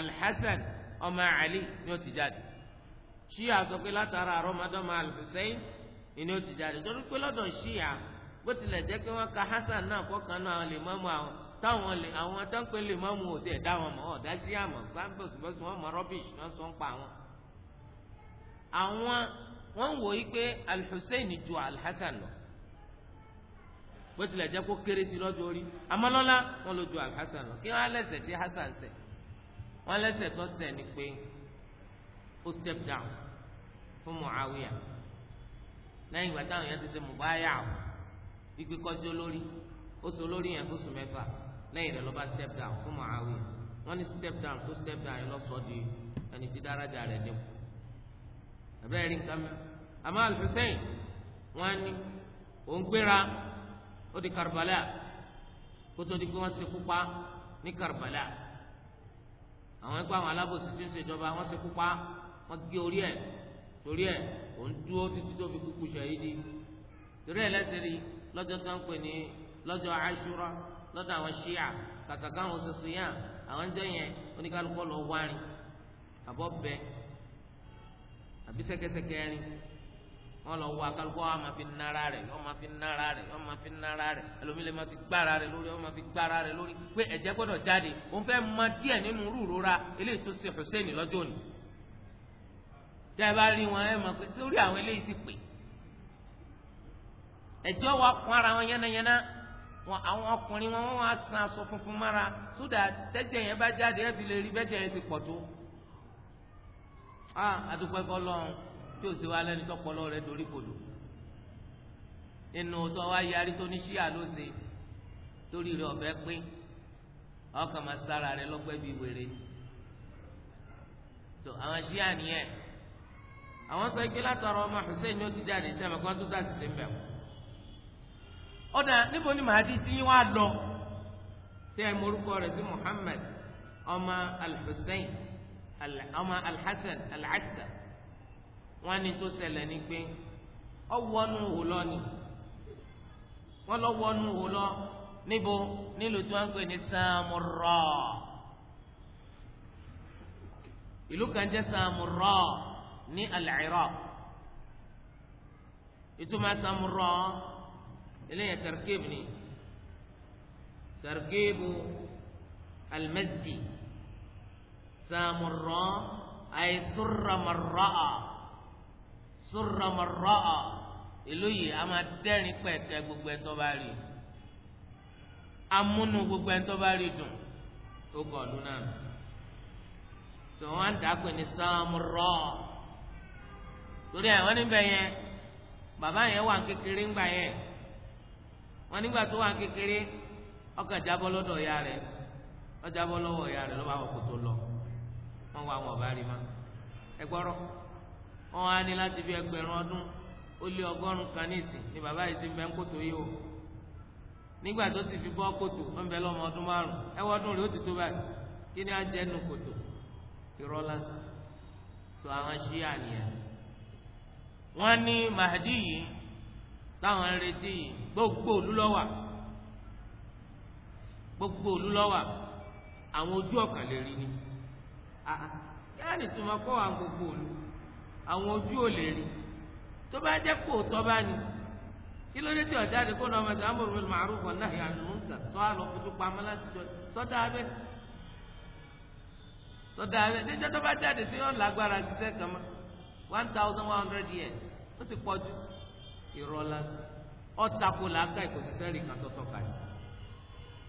alḥasan ọmọ ali ni shia jáde ṣíà sọ pé látara àrọ́mọdọ́mọ alḥusain ti jáde torí pé lọ́dọ̀ ṣíà bó tilẹ̀ ka Hassan náà kọ́ kan náà táwọn lè àwọn atáǹpẹ lè má mu òsì ẹ̀dá wọn mọ̀ ọ̀dá sí àmọ̀ gbàǹbọ̀sibọ̀sì wọn mọ̀ rọ́bìṣì wọn sọ ń pa wọn. àwọn wọn wò yí pé alhussein ju alhassan lọ bó tilẹ̀ jẹ́ kó kéré sí lọ́jọ́ orí amọ́lọ́lá wọn ló ju alhassan lọ kí wọ́n á tí hassan ṣẹ̀ wọ́n lẹ́sẹ̀ tó ṣẹ̀ ni pé ó step down fún muawiya lẹ́yìn ìgbà táwọn yẹn ti ṣe mubaya o ikú kọjú olórí ó so olórí yẹn fún sùn lẹ́yìn rẹ̀ ló bá step down fún Muawiya wọ́n ní step down tó step down yẹn lọ sọ di ẹni tí dáradà rẹ̀ dín kù àbẹ́rẹ́ rí nǹkan mẹ́ àmọ́ Al-Husayn wọ́n ní òun gbéra ó di Karbala kótó di pé wọ́n ṣekú pa ní Karbala àwọn ẹgbẹ́ àwọn alábòsí tí ń ṣèjọba wọ́n ṣekú pa wọ́n gé orí ẹ̀ torí ẹ̀ òun dúró títí tó fi kúkú ṣàyídì torí ẹ̀ lẹ́sẹ̀ rí lọ́jọ́ tó ń pè ní lọ́jọ́ Àṣúrà lọ́dọ̀ àwọn ṣíà kàkà káwọn ṣoṣo yàn àwọn jọ yẹn oníkálukú lọ wárin àbọ̀ bẹ àbí sẹ́kẹ́sẹ́kẹ́ rin wọn lọ wá kálukú wọn máa fi nára rẹ wọn máa fi nára rẹ wọn máa fi nára rẹ ẹlòmílẹ máa fi gbára rẹ lórí wọn máa fi gbára rẹ lórí pé ẹ̀jẹ̀ gbọ́dọ̀ jáde òun fẹ́ẹ́ mọ díẹ̀ nínú rúurora eléyìí tó ṣe Hussein lọ́jọ́ òní tẹ́ ẹ bá rí wọn ẹ mọ̀ pé sórí àwọn eléyìí sì pè ẹ̀jẹ̀ wa kún ara wọn yánnayànna wọn àwọn ọkùnrin wọn wọn wá san aṣọ funfun mára sódà tẹjẹ yẹn bá jáde ẹ fi lè rí bẹjẹ yẹn ti pọ̀ tó ah, a àdúgbò ẹkọ lọrun tí o sì wá lẹni tọpọlọ rẹ dorí kodò inú tó wá yarí tó ní ṣíà ló ṣe torí rẹ ọbẹ pé ọkàn máa sára rẹ lọgbẹ bíi wèrè tó àwọn ṣíà nìyẹn àwọn sọ ike látọrọ ọmọ Hussein ní ó ti jáde sí ẹmẹkọ tó sàṣìṣe ń bẹ wọn ọ̀dà níbo ni màdí tí yín wá lọ tẹ́ ẹ morúkọ rẹ̀ sí Muhammad ọmọ al-Hussein ọmọ al-Hassan al-Askari wọ́n ní tó ṣẹlẹ̀ ní pé ọwọ́nu òlọ́ ni wọ́n lọ wọ́nu òlọ́ níbo nílùú tí wọ́n ń pè ní Samurra ìlú kan jẹ́ Samurra ní al-Iraq ìtumọ̀ Samurra eléyà tarkéèbù ni tarkéèbù almazji sàmùrọ̀ àyè sùràmùrọ̀ sùràmùrọ̀ èló yìí a máa dẹ́rìn pẹ̀kẹ́ gbogbo ẹ̀ tó bá rí amúnú gbogbo ẹ̀ tó bá rí dùn ó kọ̀ ọ̀dún náà tó wọn ń dàpọ̀ ní sàmùrọ̀ torí ẹ̀ wọ́n níbẹ̀ yẹn bàbá yẹn wà kékeré ńgbà yẹn wọn nígbà tó wà kékeré ọkàn jábọ́ lọ́dọ̀ ìyá rẹ̀ ó jábọ́ lọ́wọ́ ìyá rẹ̀ lọ́wọ́ àwọn kòtò lọ wọn wà wọn ọba rí ma ẹ gbọ́rọ̀ wọn á ní láti fi ẹgbẹ̀rún ọdún ó lé ọgọ́rùn kan níìsín ni bàbá yìí ti bẹ́ ń kòtò yìí o nígbà tó sì fi bọ́ kòtò ó ń bẹ lọ́mọ ọdún márùn ẹ wọ́dún rẹ̀ ó ti tó báyìí kí ni á nu kòtò irọ́ lásán àwọn ṣíyà nìyẹn wọ́n ní Mahdi yìí táwọn ń retí yìí gbogbo òlu lọ́wà gbogbo òlu lọ́wà àwọn ojú ọ̀kan lè rí ni yára ni tuma kọ́ wa gbogbo òlu àwọn ojú ò lè rí tó bá jẹ́ kó tọ́ bá ní kí ló dé tí ọ̀dà àti kó lọ́mọ sí amúrú bil ma'ruf wan nahyi 'anil munkar tó a lọ fojú pamọ́ láti jọ sọ́dà abẹ́ sọ́dà abẹ́ níjẹ́ tó bá jáde sí ọ̀ lágbára ṣiṣẹ́ kan mọ́ one thousand one hundred years ó ti pọ̀ jù irọ́ lásán ọ̀tako làákà ìkòsíṣẹ́ rì kan tó tọ́ka sí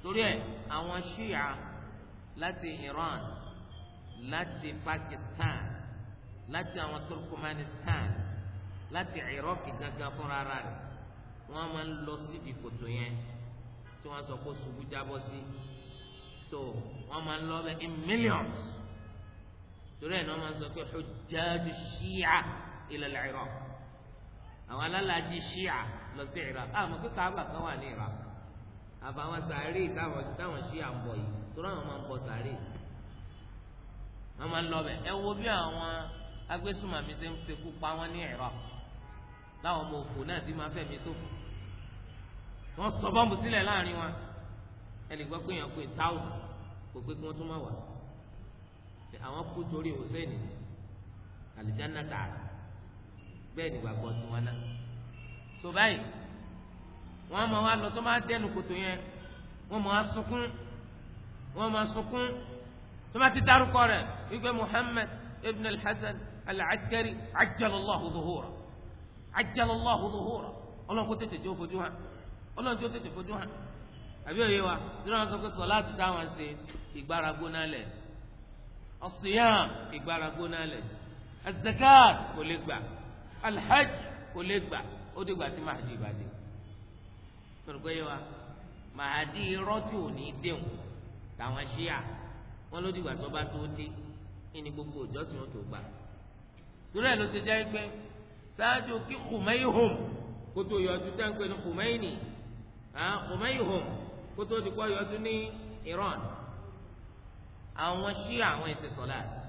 torí ẹ̀ àwọn ṣíà láti Iran láti Pakistan láti àwọn Turkmenistan láti Iraq gángan fúnra rẹ̀ wọ́n máa ń lọ síbi kòtò yẹn tí wọ́n sọ pé ṣubú jábọ́ sí so wọ́n máa ń lọ bẹ́ẹ̀ in millions torí ẹ̀ náà wọ́n máa ń sọ pé hujjaj ṣíà ila iraq àwọn alálàájì ṣíà lọ sí iraq àmọ́ pé káàbà kan wà ní iraq àbáwọn sàárè táwọn táwọn ṣíà ń bọ yìí torí àwọn máa ń bọ sàárè wọn máa ń lọ bẹ ẹ wo bí àwọn agbésùmàmí ṣe ń ṣekú pa wọn ní iraq láwọn ọmọ òfò náà ti máa fẹ̀mí ṣòfò wọn sọ bọ́ǹbù sílẹ̀ láàrin wọn ẹnì gbọ́ pé èèyàn pé thousand kò pé kí wọ́n tún máa wà àwọn kú torí hussein alijanna tààrà bẹ́ẹ̀ ni gbàgbọ́ tiwọn náà tó báyìí wọn a máa wá lọ tó máa dẹnu kòtò yẹn wọn máa sunkún wọn máa sunkún tó máa ti dárúkọ rẹ̀ wípé Muhammad ibn al-Hasan al-Askari ajjalallahu zuhura ajjalallahu zuhura ọlọ́run kó tètè jó fojú hàn ọlọ́run tó fojú hàn àbí òye wa tí wọn sọ pé sọlá ti táwọn ṣe ìgbára gbóná lẹ ọsùnyàn ìgbára gbóná lẹ azakat kò lè gbà alhaj kò lè gbà ó dé gbà tí mahadi bá dé tòlùkọ́ yẹ wa mahadi irọ́ tí ò ní déhùn táwọn ṣíà wọn ló dìgbà tó bá tó dé ẹni gbogbo ìjọsìn wọn tó gbà torí ẹ̀ ló ṣe jẹ́ pé ṣáájú kí kùmẹ́yìhùn kótó yọjú tẹ́ǹpẹ́ ní kùmẹ́yìnì kùmẹ́yìhùn kótó dìpọ̀ yọjú ní Iran àwọn ṣíà àwọn ẹ̀sìn sọ́láàtì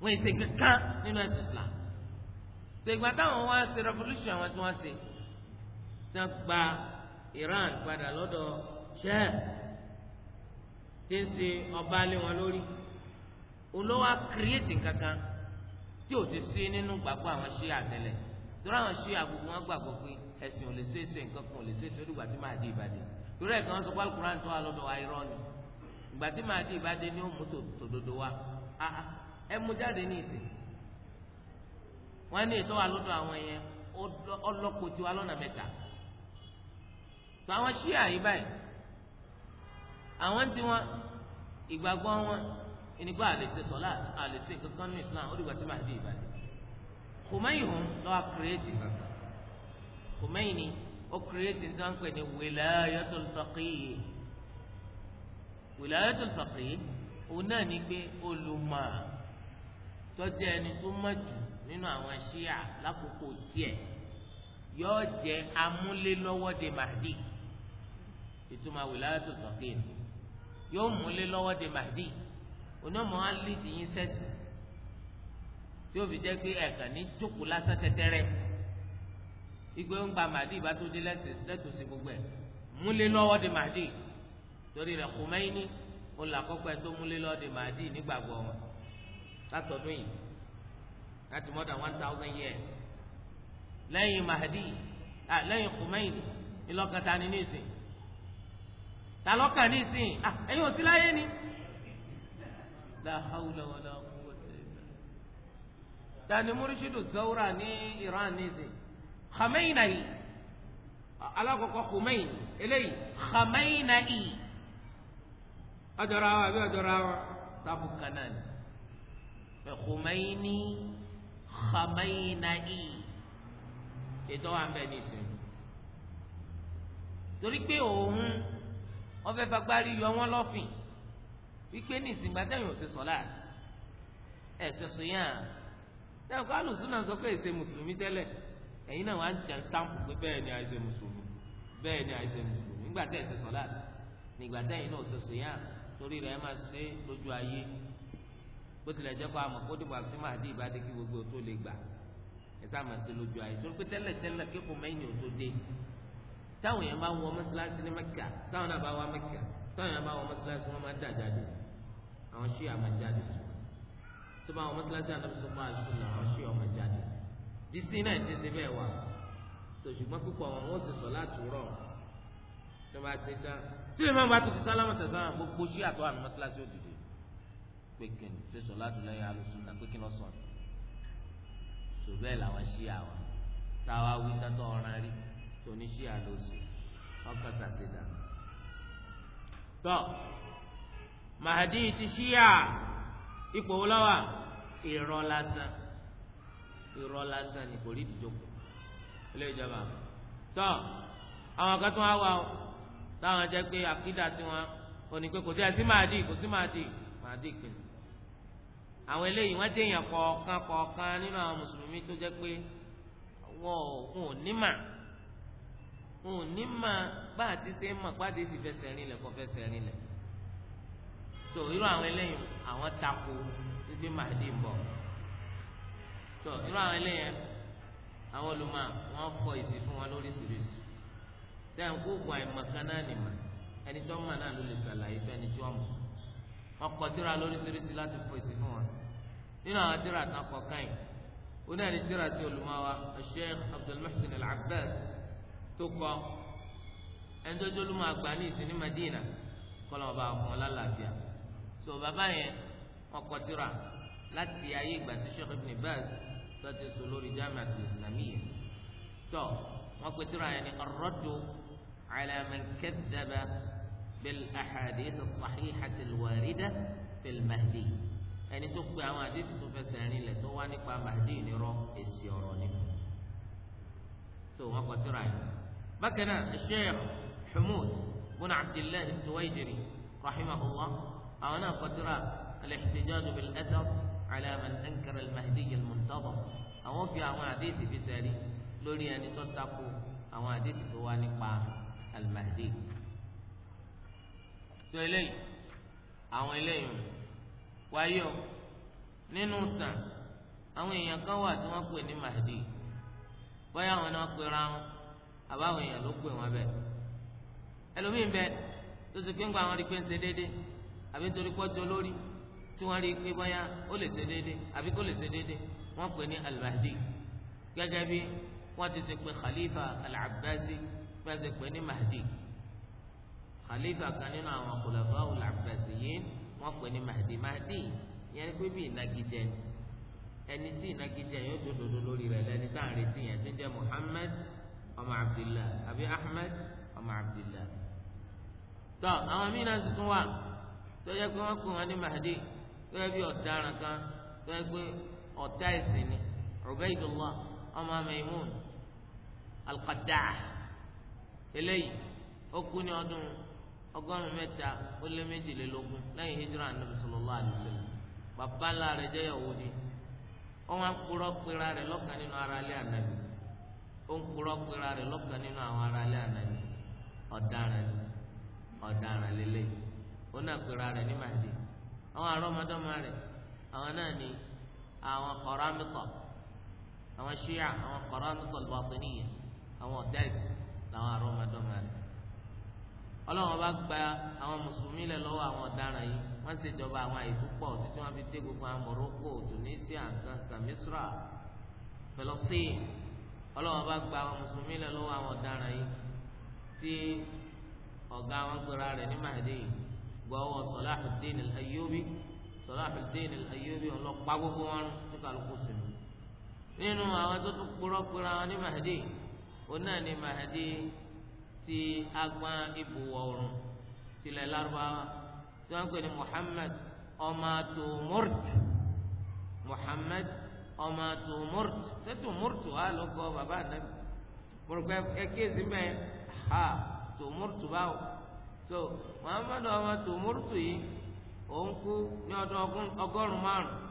wọ́n ẹ̀sìn kankan nínú ẹ̀sìn Islam so ìgbà táwọn wá ṣe revolution àwọn tí wọ́n ṣe tí wọ́n gba Iran padà lọ́dọ̀ Shah tí ń ṣe ọba lé wọn lórí olówó á create kankan tí ò ti sí nínú gbàgbọ́ àwọn Shia tẹ́lẹ̀ torí àwọn Shia gbogbo wọn gbàgbọ́ pé ẹ̀sìn ò lè ṣe é ṣe nǹkan kan ò lè ṣe é ṣe olùgbà tí màá di ìbàdí torí ẹ̀ kan sọ pé alukuran tó wà lọ́dọ̀ wa irọ́ ni ìgbà tí màá di ìbàdí ni ó mú tòdodo wa ẹ mú jáde ní ìsìn wọ́n ní ètò wa lọ́dọ̀ àwọn yẹn ọlọ́kọ̀ tiwa lọ́nà mẹ́ta tó àwọn ṣíà yìí báyìí àwọn tí wọn ìgbàgbọ́ wọn ìnigbà àlèṣe sọlá àlèṣe kankan ní Islam ó dìgbà tí màá di ìbàdí Khomeini hùn lọ́wọ́ kírẹ́ẹ̀tì kankan Khomeini ni ó kírẹ́ẹ̀tì nǹkan pè ní wilayatul faqih wilayatul faqih òun náà ní pé olùmọ̀ tọ́jú ẹni tó mọ̀ jù nínú àwọn ṣíà lákòókò tiẹ̀ yóò jẹ́ amúlélọ́wọ́de mahdi ìtumọ̀ wìláyàtò tọ̀kìn yóò múlélọ́wọ́de mahdi onímọ̀ á lé ti yín sẹ́sì tí ó fi jẹ́ pé ẹ̀kan ní jókòó lásán tẹ́tẹ́rẹ́ ìgbé ń gba mahdi ìbá tó dé lẹ́tọ̀ọ́sí gbogbo ẹ̀ múlélọ́wọ́de mahdi torí rẹ̀ Khomeini ó là kọ́kọ́ ẹ̀ tó múlélọ́wọ́de mahdi nígbàgbọ́ wọn látọ̀dún yìí láti more than one thousand years lẹ́yìn mahadi ah lẹ́yìn kumaini ìlọ́kàn ta ni nísìn ta lọ́kàn nísìn ah ẹ̀yin ò sí láyé ni la hawla wala quwwata illa ta ni Iran nísìn khamenei alakoko kumaini eléyìí khamenei ọjọ́ra wa àbí ọjọ́ra wa sábùkánná ni khumaini xamẹ́yìnàì ètò wa ń bẹ ní ìsìn torí pé òun wọn fẹ́ fagbárí yọ wọn lọ́fìn wípé ní ìsìn gbàdéyìn ò ṣe sọ́láàtì ẹ̀ ṣe sùnyàn dáhùn kálù súnà sọ pé èsè mùsùlùmí tẹ́lẹ̀ ẹ̀yin náà wàá jà sítáǹpù pé bẹ́ẹ̀ ni àìsè mùsùlùmí bẹ́ẹ̀ ni àìsè mùsùlùmí nígbà tẹ́ ẹ̀ ṣe sọ́láàtì nígbà tẹ́yìn náà ò ṣe sùnyàn torí rẹ̀ ẹ máa ṣe lójú ayé bó tilẹ̀ jẹ́ kó àmọ̀ kó dìbò àti màdì ìbàdí kí gbogbo tó lè gbà ẹ̀sà màsí lójú ayé torí pé tẹ́lẹ̀ tẹ́lẹ̀ kíkù mẹ́yìn ò tó dé táwọn yẹn máa ń wọ mọ́sálásí ní mẹ́kà táwọn náà bá wá mẹ́kà táwọn yẹn máa wọ mọ́sálásí wọn máa dà jáde àwọn ṣí àmà jáde tó tó máa wọ mọ́sálásí àdàbísọ máa ṣù lọ àwọn ṣí ọmọ bá ṣe sálámà tẹ̀sán gbogbo ṣí àtọ́ àmì mọ́sálásí òdì pé kí ni pé sọláàtù lẹ́yìn alùsùnà pé kí ni ọ̀sán tó bẹ́ẹ̀ làwọn ṣíà wa táwa wí tátọ́ ọ̀ràn rí tó ní ṣíà ló ṣe ọkọ̀ ṣàṣedà. tọ́ Mahdi ti ṣíà ipò wọlọ́wà irọ́ lásán irọ́ lásán ni kò rí ìdíjókòó ilé ìjọba tọ́ àwọn kan tó wá wà ó táwọn jẹ́ pé àkídà tiwọn kò pé kò sí ẹ̀ sí kò sí Mahdi Mahdi kìnnì. àwọn eléyìí wọ́n déyàn kọ̀ọ̀kan kọ̀ọ̀kan nínú àwọn mùsùlùmí tó jẹ́ pé wọ́n ò ní mà wọn ò ní mà bá àti ṣe mà pàdé ti fẹsẹ̀ rinlẹ̀ kọ́ fẹsẹ̀ tó irú àwọn eléyìí àwọn tako gbígbé màdí ń bọ̀ tó irú àwọn eléyìí àwọn olùmọ̀ wọn kọ fún wọn tẹ̀ ń kó gbọ́ àìmọ̀kan náà nìmọ̀ ẹni tó mọ̀ náà ló lè ṣàlàyé mọ̀. ọkọ̀ tíra lóríṣiríṣi láti fèsì fún wa nínú àwọn tíra tán kọ káyìn oní àti tíra tí olùmọ̀wá Sheikh Abdul Muhsin Al-Abbad tó kọ ẹnjọ́jọ́ ló máa gbà ní ìsìn ní Madina kọ́lọ́ ọba àwọn ọlálàáfíà tó bàbá yẹn ọkọ̀ tíra láti ayé ìgbà tí Sheikh Ibn Baz tó ti sọ lórí Jami'at al-Islamiyya tó wọ́n pe tíra yẹn ní ar-raddu بالاحاديث الصحيحة الواردة في المهدي يعني تبقى واجب تفسرني لتواني قام مهدي نرو السيوروني ثم قلت رأي بكنا الشيخ حمود بن عبد الله التويجري رحمه الله أنا قدر الاحتجاج بالأثر على من أنكر المهدي المنتظر أو في أواديث في سالي لولي أن تتقوا أواديث المهدي tó eléyìí àwọn eléyìí wáyé o nínú tàn àwọn èèyàn kan wà tí wọ́n pè ní Mahdi bóyá àwọn náà pera wọn àbáwọn èèyàn ló pè wọn bẹ́ẹ̀ ẹlòmíín bẹ́ẹ̀ tó ti kéńgbà àwọn rí pé ń ṣe déédéé àbí torí pọ́jọ lórí tí wọ́n rí pé bóyá ó lè ṣe déédéé àbí kó lè ṣe déédéé wọ́n pè ní Al-Mahdi bí wọ́n ti ṣe pé Khalifa Al-Abbasi ti ṣe pé ní Mahdi khalifa kan nínú àwọn khulafa al-abbasiyyin wọ́n pè ní mahdi mahdi yẹn pé bí ìnagijẹ ẹni tí ìnagijẹ yóò dòdòdò lórí rẹ̀ lẹ́ni tá à ń retí yẹn ti jẹ́ muhammed ọmọ abdillah àbí ahmed ọmọ abdillah tọ àwọn míín náà sì tún wà tó yẹ pé wọ́n pè wọ́n ní mahdi tó yẹ bí ọ̀daràn kan tó pé ọ̀tá ẹ̀sìn ni ubaydullah ọmọ maimun al eléyìí ó kú ní ọdún ọgọ́rùn mẹ́ta ó lé méjìlélógún lẹ́yìn hijira anabi sallallahu alaihi wasallam bàbá ńlá rẹ̀ jẹ́ Yahudi wọn wá ń kúrọ pera rẹ̀ lọ́kàn nínú ara ilé anabi ó ń kúrọ pera rẹ̀ lọ́kàn nínú àwọn ara ilé anabi ọ̀daràn ni ọ̀daràn lélẹ̀ ó náà pera rẹ̀ ní màdì àwọn arọmọdọ́mọ rẹ̀ àwọn náà ni àwọn Qaramita àwọn Shia àwọn Qaramita al-Batiniyya àwọn ọ̀dẹ́sì làwọn arọmọdọ́mọ rẹ̀ ọlọ́run bá gba àwọn mùsùlùmí lẹ̀ lọ́wọ́ àwọn ọ̀daràn yìí wọ́n sì jọba àwọn àyètú pọ̀ títí wọ́n fi dé gbogbo àwọn Morocco Tunisia kankan Misra Palestine ọlọ́run bá gba àwọn mùsùlùmí lẹ̀ lọ́wọ́ àwọn ọ̀daràn yìí tí ọ̀gá wọn gbéra rẹ̀ ní Mahdi yìí gbọ́wọ́ Salahuddin al-Ayyubi Salahuddin al-Ayyubi ọlọ́pàá gbogbo wọn ní kálukú sinmi nínú àwọn tó tún kúrọ́ kúrọ́ àwọn ní Mahdi òun ní Mahdi ti agbọn ibùwọ̀ ọ̀run tilẹ̀ lárúbáwá tí wọ́n ń pè ní Muhammad ọmọ Tumurt Muhammad ọmọ Tumurt ṣé Tumurt wà ló kọ bàbá àdàbí mọ̀rùkọ ẹ̀kẹ́sì bẹ́ẹ̀ ha Tumurt báwò so Muhammad ọmọ Tumurt yìí òun kú ní ọdún ọgọ́rùn-ún márùn-ún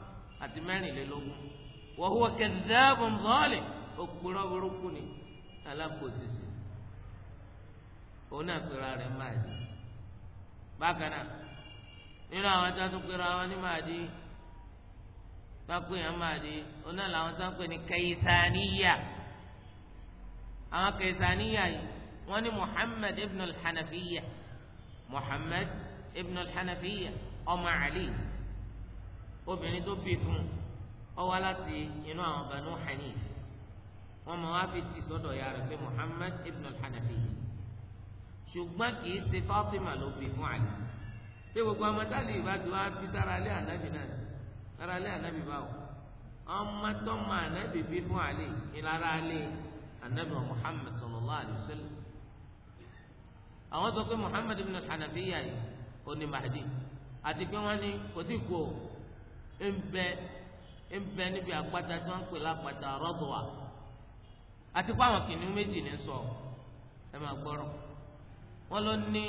àti mẹ́rìnlélógún wa huwa kadhabun zalim òkúrọ́ burúkú ni alákòóso òun náà pera rẹ̀ Mahdi bákan náà nínú àwọn tó ń tún pera wọn ní Mahdi tọ́pẹ́ yẹn Mahdi òun náà làwọn tó ń pè ní Kaisaniya àwọn Kaisaniya yìí wọ́n ní Muhammad ibn al-Hanafiya Muhammad ibn al-Hanafiya ọmọ Ali obìnrin tó bí fún ọ wá láti inú àwọn Banu Hanif wọ́n mọ̀ wá fi tì sọ́dọ̀ ya rẹ̀ pé Muhammad ibn al-Hanafiya. ṣùgbọ́n kì í ṣe Fatima ló bí fún àlè ṣé gbogbo ọmọ táàlì ìbá bí sára alẹ́ ànábì náà sára alẹ́ ànábì báwo ọmọ tó wa àwọn sọ pé Muhammad ibn al-Hanafiya yìí ó Mahdi àti pé wọ́n ní kò tí kú o ń níbi àpáta tí wọ́n ń pè àti pé àwọn wọ́n ló ní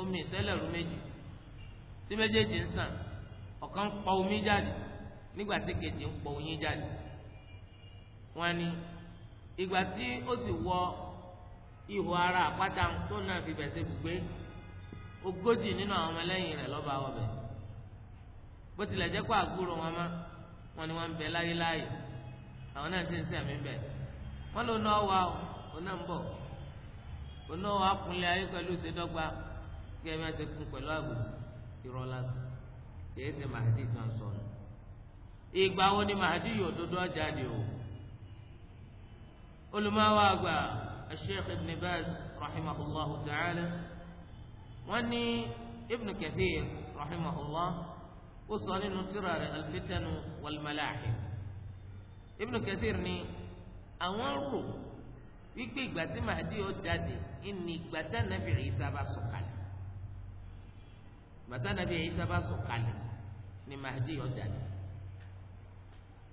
omi ìsẹ́lẹ̀rú méjì tí méjèèjì ń sàn ọ̀kan ń pọ omi jáde nígbà tí kejì ń pọ oyin jáde wọ́n ni ìgbà tí ó sì wọ ihò ara àpáta tó náà fi bẹ̀sẹ̀ gbùgbé ogójì nínú àwọn ẹlẹ́yìn rẹ̀ lọ́ba ọbẹ̀ bó tilẹ̀ jẹ́ kó wọn mọ́ wọn ni wọ́n ń bẹ láyé àwọn náà bẹ̀ wọ́n onáwó akunlé ayé pẹ̀lú ìṣèdọ́gba kí ẹ máa ṣe kún pẹ̀lú àgùsì irọ́ lásán kìí ṣe màhádì tó ń sọnù ìgbà wo ni màhádì yóò dodo ọjàde o olùmọ̀wá àgbà sheikh ibn baz rahimahullah ta'ala wọ́n ní ibn kathir rahimahullah ó sọ nínú tírà rẹ̀ alfitanu walmalaahi ibn kathir ni àwọn rò. wípé ìgbà tí màdí ó jáde ìní ìgbà tá nàbì bá ìgbà tá nàbì bá ni màdí ó jáde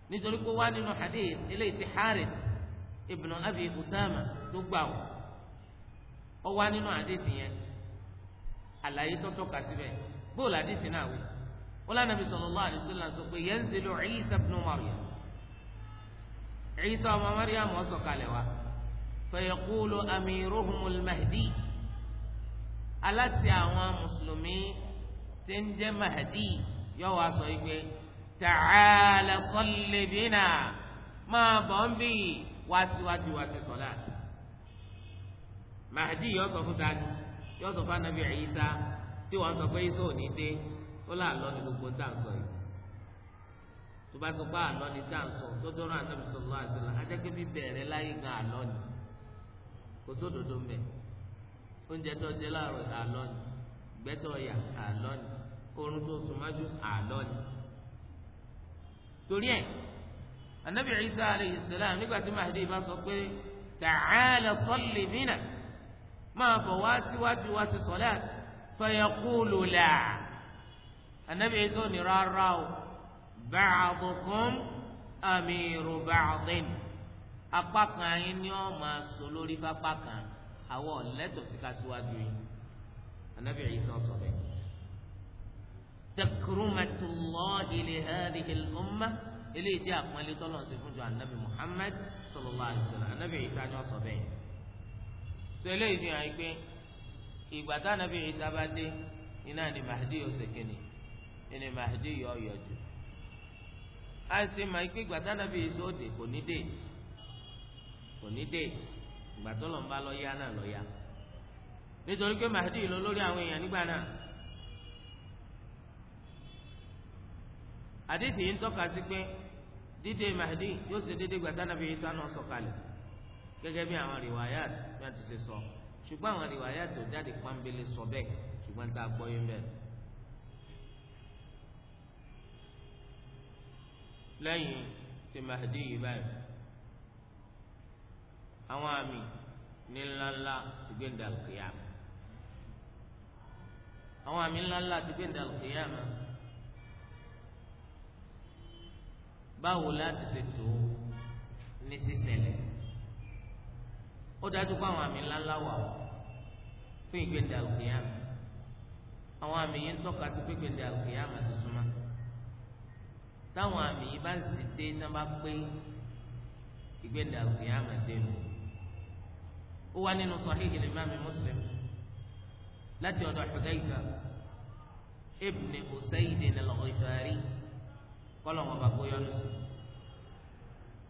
nítorí pé wá nínú hadith eléyìí ti ibn Abi Usama tó gbà wọ́n ó wá nínú hadith yẹn àlàyé tó tọ́ka síbẹ̀ bóòlù hadith náà wí wọ́n lánàá bí sallallahu alaihi wasallam sọ pé fẹ̀yẹ̀kúlù amírùhùmùl mahdi aláṣẹ àwọn mùsùlùmí tí ń jẹ́ mahdi yóò wá sọ yìí pé tàcálà sọ́lẹ̀bínà máa bọ̀ ń bì wá síwájú wá sí sọ́láàtì mahdi yóò sọ fún dání yóò sọ fún anabi Isa tí wọ́n sọ pé Isa ò ní dé ó là lọ ní gbogbo tá à ń sọ yìí tó bá sọ pé àlọ́ ni tá à ń sọ tó dọ́rọ̀ anabi sallallahu alaihi wasallam ajẹ́kẹ́ bí bẹ̀rẹ̀ láyé gan àlọ́ ni kò sódodo mbẹ oúnjẹ tó jẹ láàárọ̀ àlọ ni gbẹtọ ya àlọ ni oorun tó sùnmájú àlọ ni torí ẹ anabi isa aleyhi salam nígbà tí mahdi bá sọ pé ta'ala salli bina máa bọ̀ wá síwájú wá sí sọlát fayaqulu la anabi isa ò ní rárá o ba'dukum amiru ba'din apá kan yín ni ọ́ máa sọ lórí pápá kan àwọ̀ lẹ́tọ̀ sí ká síwájú yín anabi Isa sọ bẹ́ẹ̀. takurumatullahi li hadhihi al-umma eléyìí jẹ́ àpọ́nlé tọ́lọ̀ sí fún jọ anabi Muhammad sallallahu alayhi wa sallam anabi Isa ni wọ́n sọ bẹ́ẹ̀. sọ eléyìí fi hàn pé ìgbà tá anabi Isa bá dé iná ni Mahdi yóò ṣe kíni ẹni Mahdi yóò yọjú. a sì máa ń pé ìgbà tá anabi Isa ó dé kò ní déètì kò ní déètì ìgbà tó lọ́n bá lọ yá náà lọ yá nítorí pé Mahdi ló lórí àwọn èèyàn nígbà náà àdìsí yìí ń tọ́ka sí pé dídé Mahdi yóò ṣe déédéé gbàtà nàbí Isa náà sọ̀kalẹ̀ gẹ́gẹ́ bí àwọn rìwáyàt bí wọ́n ti ṣe sọ ṣùgbọ́n àwọn rìwáyàt ò jáde pọ́nbélé sọ bẹ́ẹ̀ ṣùgbọ́n tá a gbọ́ yín bẹ́ẹ̀. lẹ́yìn ti Mahdi yìí báyìí àwọn àmì ní ńláńlá ti gbé ní al-qiyama àwọn àmì ńláńlá ti gbé ní al-qiyama báwo láti ṣètò ní sísẹ̀lẹ̀ ó dájú pé àwọn àmì ńláńlá wà ó fún ìgbéǹde al-qiyama àwọn àmì yìí ń tọ́ka sí pé ìgbéǹde al-qiyama súnmọ́ táwọn àmì yìí bá ń sì dé tí wọ́n bá pé ìgbéǹde al-qiyama dé lò ó wá nínú sahih alimami muslim láti ọ̀dọ̀ Hudayfa ibn Usayd al-Ghifari kọ́lọ̀ wọn bá bóyá lọ sí.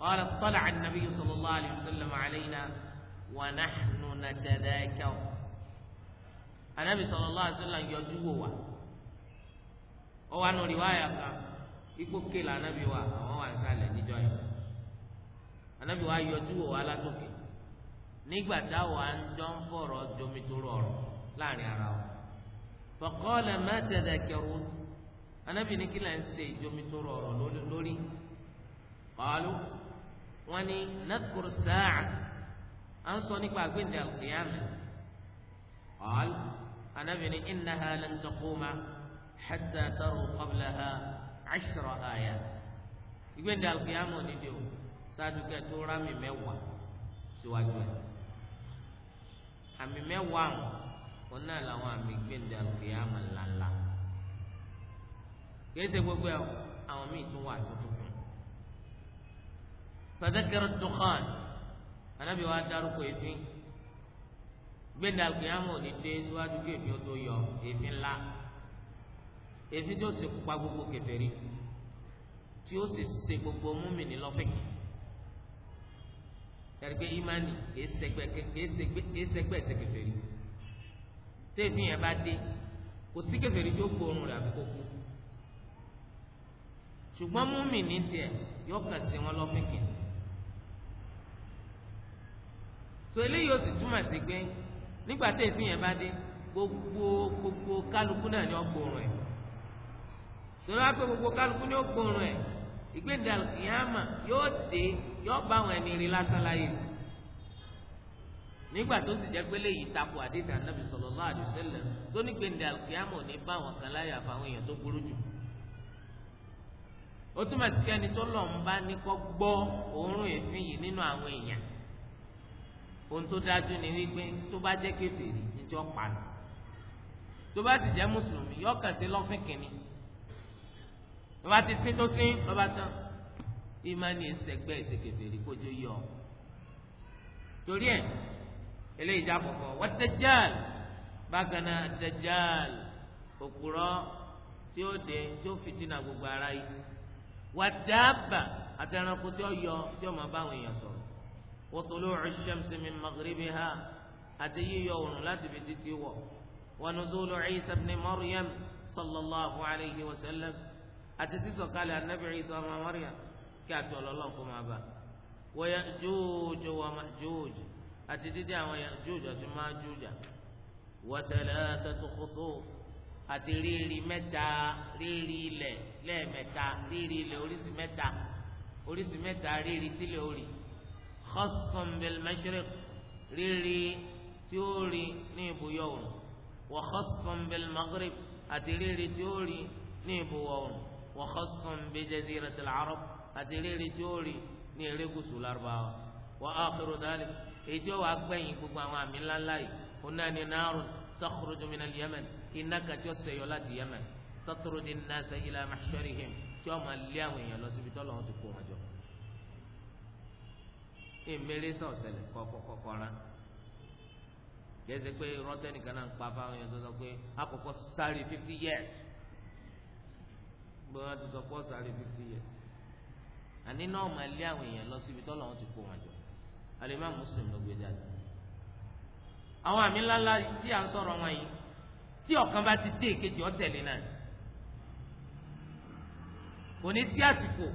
قال اطلع النبي صلى الله عليه وسلم علينا ونحن نتذاكر النبي صلى الله عليه وسلم yọjú wò wá ó wá nù rìwáyà kan ikú kéèlà anabi wa àwọn wà ń sálẹ̀ níjọ́ yẹn anabi wa yọjú wò wá látòkè nígbà táwa ń jọ ń fọ̀rọ̀ jomitoro ọ̀rọ̀ láàrin ara wa faqala ma tadhakkarun anábì ní kí là ń ṣe jomitoro ọ̀rọ̀ lórí qalu wọn ni nadhkur sa'a à ń sọ nípa àgbéǹde al-qiyamah qal anábì ní innaha lan taquma hatta taru qablaha ashra ayat ìgbéǹde al-qiyamah o sáájú kẹ́ẹ̀ rámì mẹ́wàá síwájú ẹ̀ àmì mẹ́wàá òun náà làwọn àmì gbẹ̀ndẹ̀ àlùkìyàmà ńláńlá kìí ṣe gbogbo àwọn míì tún wà tuntun kù fàdákẹ́rẹ́ dùkán anábì wa dárúkọ etí gbẹ̀ndẹ̀ àlùkìyàmà ò ní dé síwájú kí èmi ó tó yọ èéfín ńlá èéfín tí ó sì pa gbogbo kèfèrí tí ó sì ṣe gbogbo múmi ní kẹrìgbẹ imani kẹsẹgbẹ ẹsẹkẹfẹri tẹbi yẹn bá dé kò sí tó rẹ̀ àbí kó kú ṣùgbọ́n múmi ní tiẹ̀ yóò kàn sí wọn lọ́fíìkì tó eléyìí ó sì túmọ̀ sí pé nígbà tí yẹn bá dé gbogbo gbogbo kálukú náà ni ó tó lọ́wọ́ pé gbogbo kálukú ni ó ìgbéǹda yóò dé yọ bá àwọn ẹni rí lásán láyé nígbà tó sì jẹ́ pé léyìí takò àdéhùn anábì sallallahu alaihi wasallam tó ní gbèndé àkíyàmọ̀ ní bá àwọn kan láyé àfàwọn èèyàn tó burú jù ó túmọ̀ sí kẹ́ni tó lọ́n bá ní kọ́ gbọ́ òórùn èéfín yìí nínú àwọn èèyàn ohun tó dájú ni wípé tó bá jẹ́ kèfèrí níjọ́ pàánù tó bá ti jẹ́ mùsùlùmí yọ kàn sí lọ́fín kìíní tó bá ti sín tó sín lọ́ba tán ìmánì ẹsẹ̀gbẹ́ ìsèkèfèrè kójú yọ. torí ẹ̀ eléyìí já kọ̀kọ́ wọ́n Dajjal bákan náà Dajjal òpùrọ́ tí ó dé tí ó fìtínà gbogbo ara yìí wà dáàbà àtẹnukù tí ó yọ tí ó máa bá àwọn èèyàn sọ̀rọ̀ wa tulu'u shamsi min maghribiha àti yíyọ oòrùn láti fi títí wọ̀ wa nuzulu Isa ibn Maryam sallallahu alayhi wa sallam àti sísọ̀kalẹ̀ anabi Isa ọmọ Maryam. kí ọlọlọ ọlọ́lọ́n kó máa bá wa Ya'juj wa Ma'juj àti dídí àwọn yà Ya'juj àti Ma'juj wa thalathatu khusuf àti rírì mẹ́ta rírì ilẹ̀ lẹ́ẹ̀mẹ́ta rírì ilẹ̀ oríṣi mẹ́ta oríṣi mẹ́ta rírì tílẹ̀ orì khassun bil mashriq rírì tí ó rí ní ibùyọ̀ òun wa khassun bil maghrib àti rírì tí ó rí ní ibu ibùwọ̀ òun wa khassun bi jaziratil arọpù. àti rere tí ó rí ní erékùsù lárúbáwá wa akhiru dhalik èyí tí ó wàá gbẹ̀yìn gbogbo àwọn àmì ńláńlá yìí ó náà ní narun takhruju minal yemen iná kan tí ó ṣẹ́yọ láti yemen tatrudi nnasa ila mahsharihim tí ó máa lé àwọn èèyàn lọ síbi tó lọ́wọ́ ti kó wọn jọ. ìmẹ́lẹ́ sàn ṣẹlẹ̀ kọ́kọ́kọ́ra jẹ́sẹ̀ pé rọ́tẹ́nìkan náà ń pa fáwọn èèyàn tó sọ pé àkọ́kọ́ sáré fifty years gbọ́dọ̀ tó sọ pé ó sáré fifty years àní náà máa lé àwọn èèyàn lọ síbi tọ́lọ̀ wọn ti kó wọn jọ alimá muslim ló gbé jáde àwọn àmì ńláńlá tí à ń sọ̀rọ̀ wọn yìí tí ọ̀kan bá ti dé èkejì ó tẹ̀lé náà kò ní sí àsìkò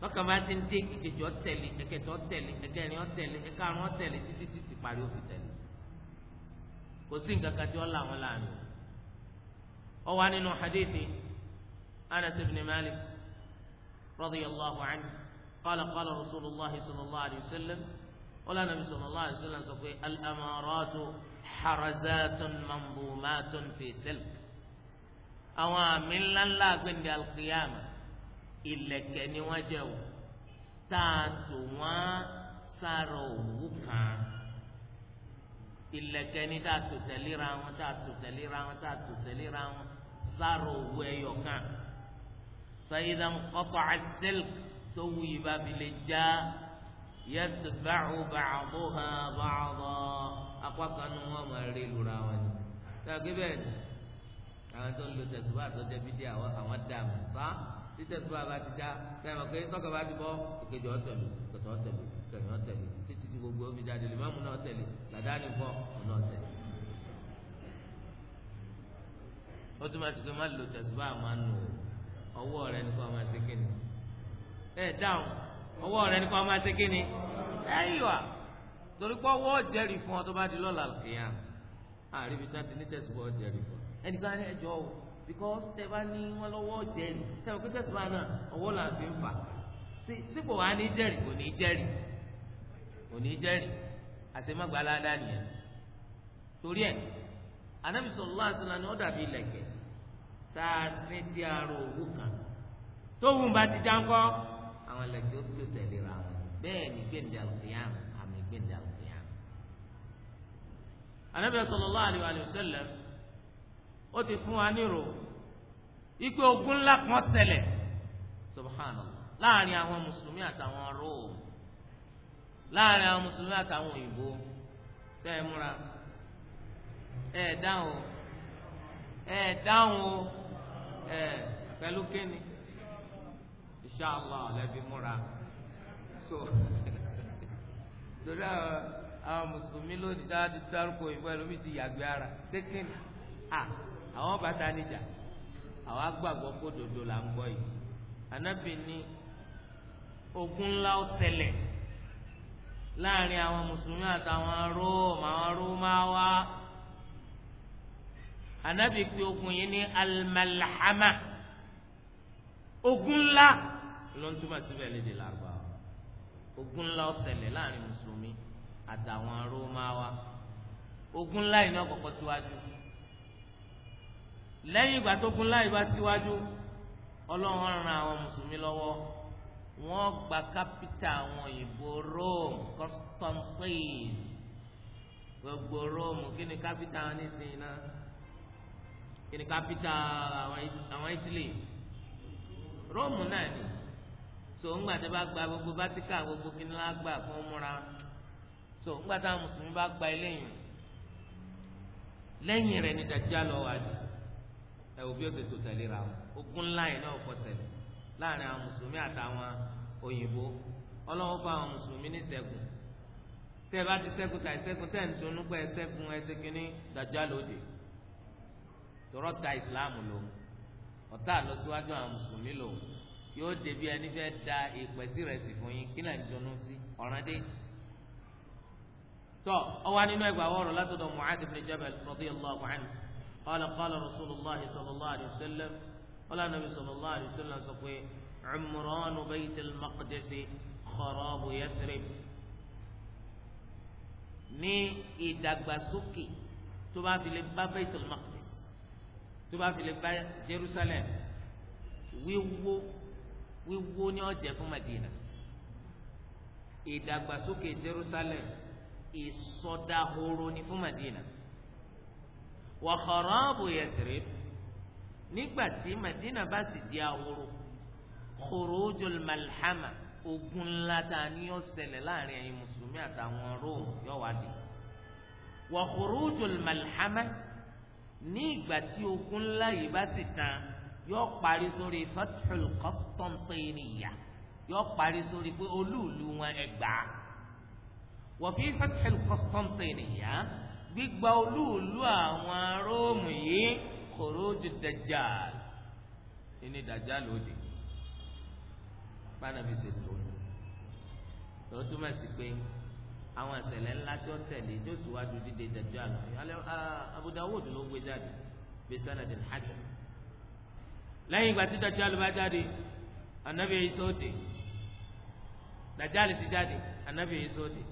tọkàn bá ti ń dé èkejì ó tẹ̀lé ẹ̀kẹtọ̀ ó tẹ̀lé ẹ̀kẹrin ó tẹ̀lé ẹ̀karùn ó títí títí parí ó fi kò sí nǹkan kan tí ó là wọn láàánú ó wà nínú hadithi Anas ibn Malik. رضي الله عنه قال قال رسول الله صلى الله عليه وسلم ولا النبي صلى الله عليه وسلم الأمارات حرزات منظومات في سلك أوامر لا عند القيامة إلا كان وجو تاتوا سروكا ìlẹ̀kẹ̀ كان tá a tò tẹ̀léra wọn tá a tò tẹ̀léra wọn tá a tò فإذا انقطع السلك توي باب لجا يتبع بعضها بعضا أقوى كانوا وما ريلوا راواني تاكبين àwọn tó ń lo tẹ̀sùbá tó jẹ́ bídíà àwọn dààmú sá tí tẹ̀sùbá bá ti dá tẹ̀mọ̀ pé tọ́ka bá ti bọ́ òkèjọ́ ọ̀tẹ̀lẹ̀ kẹtọ́ ọ̀tẹ̀lẹ̀ kẹyìn ọ̀tẹ̀lẹ̀ títí tí gbogbo omi jáde lè má mú náà tẹ̀lẹ̀ làdáni bọ́ ọ̀nà ọ̀tẹ̀lẹ̀. ó tún bá ti pé má lo tẹ̀sùbá máa ń nù o ọwọ́ rẹ ní kó máa ṣe kíni ẹ dáhùn ọwọ́ rẹ ní kó máa ṣe kíni ẹ yíwa torí pé ọwọ́ jẹ́rìí fún ọ tó bá di lọ́la kìíyàn àríbi tá ti ní tẹ̀síwọ́ jẹ́rìí fún ọ ẹnìkan ẹ jọ o because tẹ bá ní wọn lọ́wọ́ jẹ́rìí sẹ́wọ̀n pé tẹ̀síwọ́ náà ọwọ́ là ń fi ń fà sípò wa ní jẹ́rìí kò ní jẹ́rìí kò ní jẹ́rìí àṣemágbá aládàá nìyẹn torí ẹ anábìsọ̀ lọ́wọ́ àṣọ lànà ó dàbí ilẹ̀kẹ̀ tá a sin sí ara òwú kan bá ti jáńkọ́ àwọn ẹlẹ́jọ́ tó tẹ̀lé ra wọn bẹ́ẹ̀ ni gbẹ̀ǹdà òkèèyàn àmì gbẹ̀ǹdà òkèèyàn. Ànábì sallallahu alaihi wa sallam ó ogun ńlá kan ṣẹlẹ̀ láàrin àwọn mùsùlùmí àtàwọn róòmù láàrin àwọn mùsùlùmí àtàwọn òyìnbó tẹ́ ẹ múra ẹ ẹ pẹ̀lú kíni inṣàlá ọ̀lẹ́bí múra so torí àwọn mùsùlùmí lónìí dáadé dárúkọ ìbọn ẹlòmíì ti yàgbé ara tékìnì à àwọn bàtà níjà àwọn agbàgbọ́ kó dodo là ń gbọ́ yìí anábì ní ogun ńlá ó ṣẹlẹ̀ láàrin àwọn mùsùlùmí àtàwọn róòmù àwọn róòmù àwa anabi pe ogun yìí ní alimalahama ogun ńlá ló ń túmọ̀ síbẹ̀ lédè làgbà ogun ńlá ọ̀sẹ̀lẹ̀ láàrin mùsùlùmí àtàwọn rómáwa ogun ńlá yìí náà kọ́kọ́ síwájú lẹ́yìn ìgbà tó ogun ńlá yìí bá síwájú ọlọ́run ran àwọn mùsùlùmí lọ́wọ́ wọ́n gba kápítà àwọn òyìnbó Rome Constantine gbogbo Rome kí ni kápítà wọn ní sìn náà kíni kápítà àwọn Italy Rome náà ni so ńgbà tí a bá gba gbogbo Vatican gbogbo kíni la gbà fún múra so ńgbà tí àwọn mùsùlùmí bá gba eléyìí lẹ́yìn rẹ̀ ni dàjà lọ wá ní ẹ wò bí ó ṣe tó tẹ̀lé ra wọn ogun ńlá yìí náà kọ́ ṣẹlẹ̀ láàrin àwọn mùsùlùmí àtàwọn òyìnbó ọlọ́wọ́ bá àwọn mùsùlùmí ní ṣẹ́gun tẹ́ ẹ bá ti ṣẹ́gun tàì ṣẹ́gun tẹ́ ẹ̀ ń dunnú pé ẹ ṣẹ́gun ẹ ṣe kínní dàjà lóde tọrọ ta ìsìláàmù lò ọ̀tá àlọ́síwájú àwọn mùsùlùmí lò yóò débi ẹni fẹ́ da ìpẹ́sí rẹ̀ sì fún yín kí náà dunu sí ọ̀ràn dé. tọ́ ọwọ́ nínú ẹgbàá wọ̀rọ̀ látọ̀dọ̀ Mu'adh ibn Jabal radiyallahu anhu qala qala rasulullah sallallahu alayhi wa sallam qala nabi sallallahu alayhi wa sallam sọ pé umranu bayt al-maqdis kharabu yathrib ní ìdàgbàsókè tó bá fi lè bá bayt al tó bá fi lè bá Jerusalem wíwó wíwó ni ọ̀jẹ̀ fún Madina ìdàgbàsókè Jerusalem ìsọdahoro ni fún Madina wa kharabu Yathrib nígbà tí Madina bá sì di ahoro khurujul malhama ogun ńlá tá a yóò ṣẹlẹ̀ láàrin ẹ̀yin mùsùlùmí àtàwọn Róòmù yóò wá di wa khurujul malhama ní ìgbà tí ogun ńlá yìí bá sì tán yóò parí sórí fathul Qastantiniya yóò parí sórí pé olúùlú wọn Ẹ̀gbá wa fi fathul Qastantiniya gbígba olúùlú àwọn róòmù yìí kòrójú Dajjal ní Dajjal òde bá nàbí ṣètò lò tó túmọ̀ sí pé àwọn ìṣẹ̀lẹ̀ ńlá tó tẹ̀lé tó síwájú dídé Dajjal alẹ́ Abu Dawud ló ń gbé jáde bí sanadin hasan lẹ́yìn ìgbà tí Dajjal bá jáde anabi Isa ó dé Dajjal ti jáde anabi Isa ó dé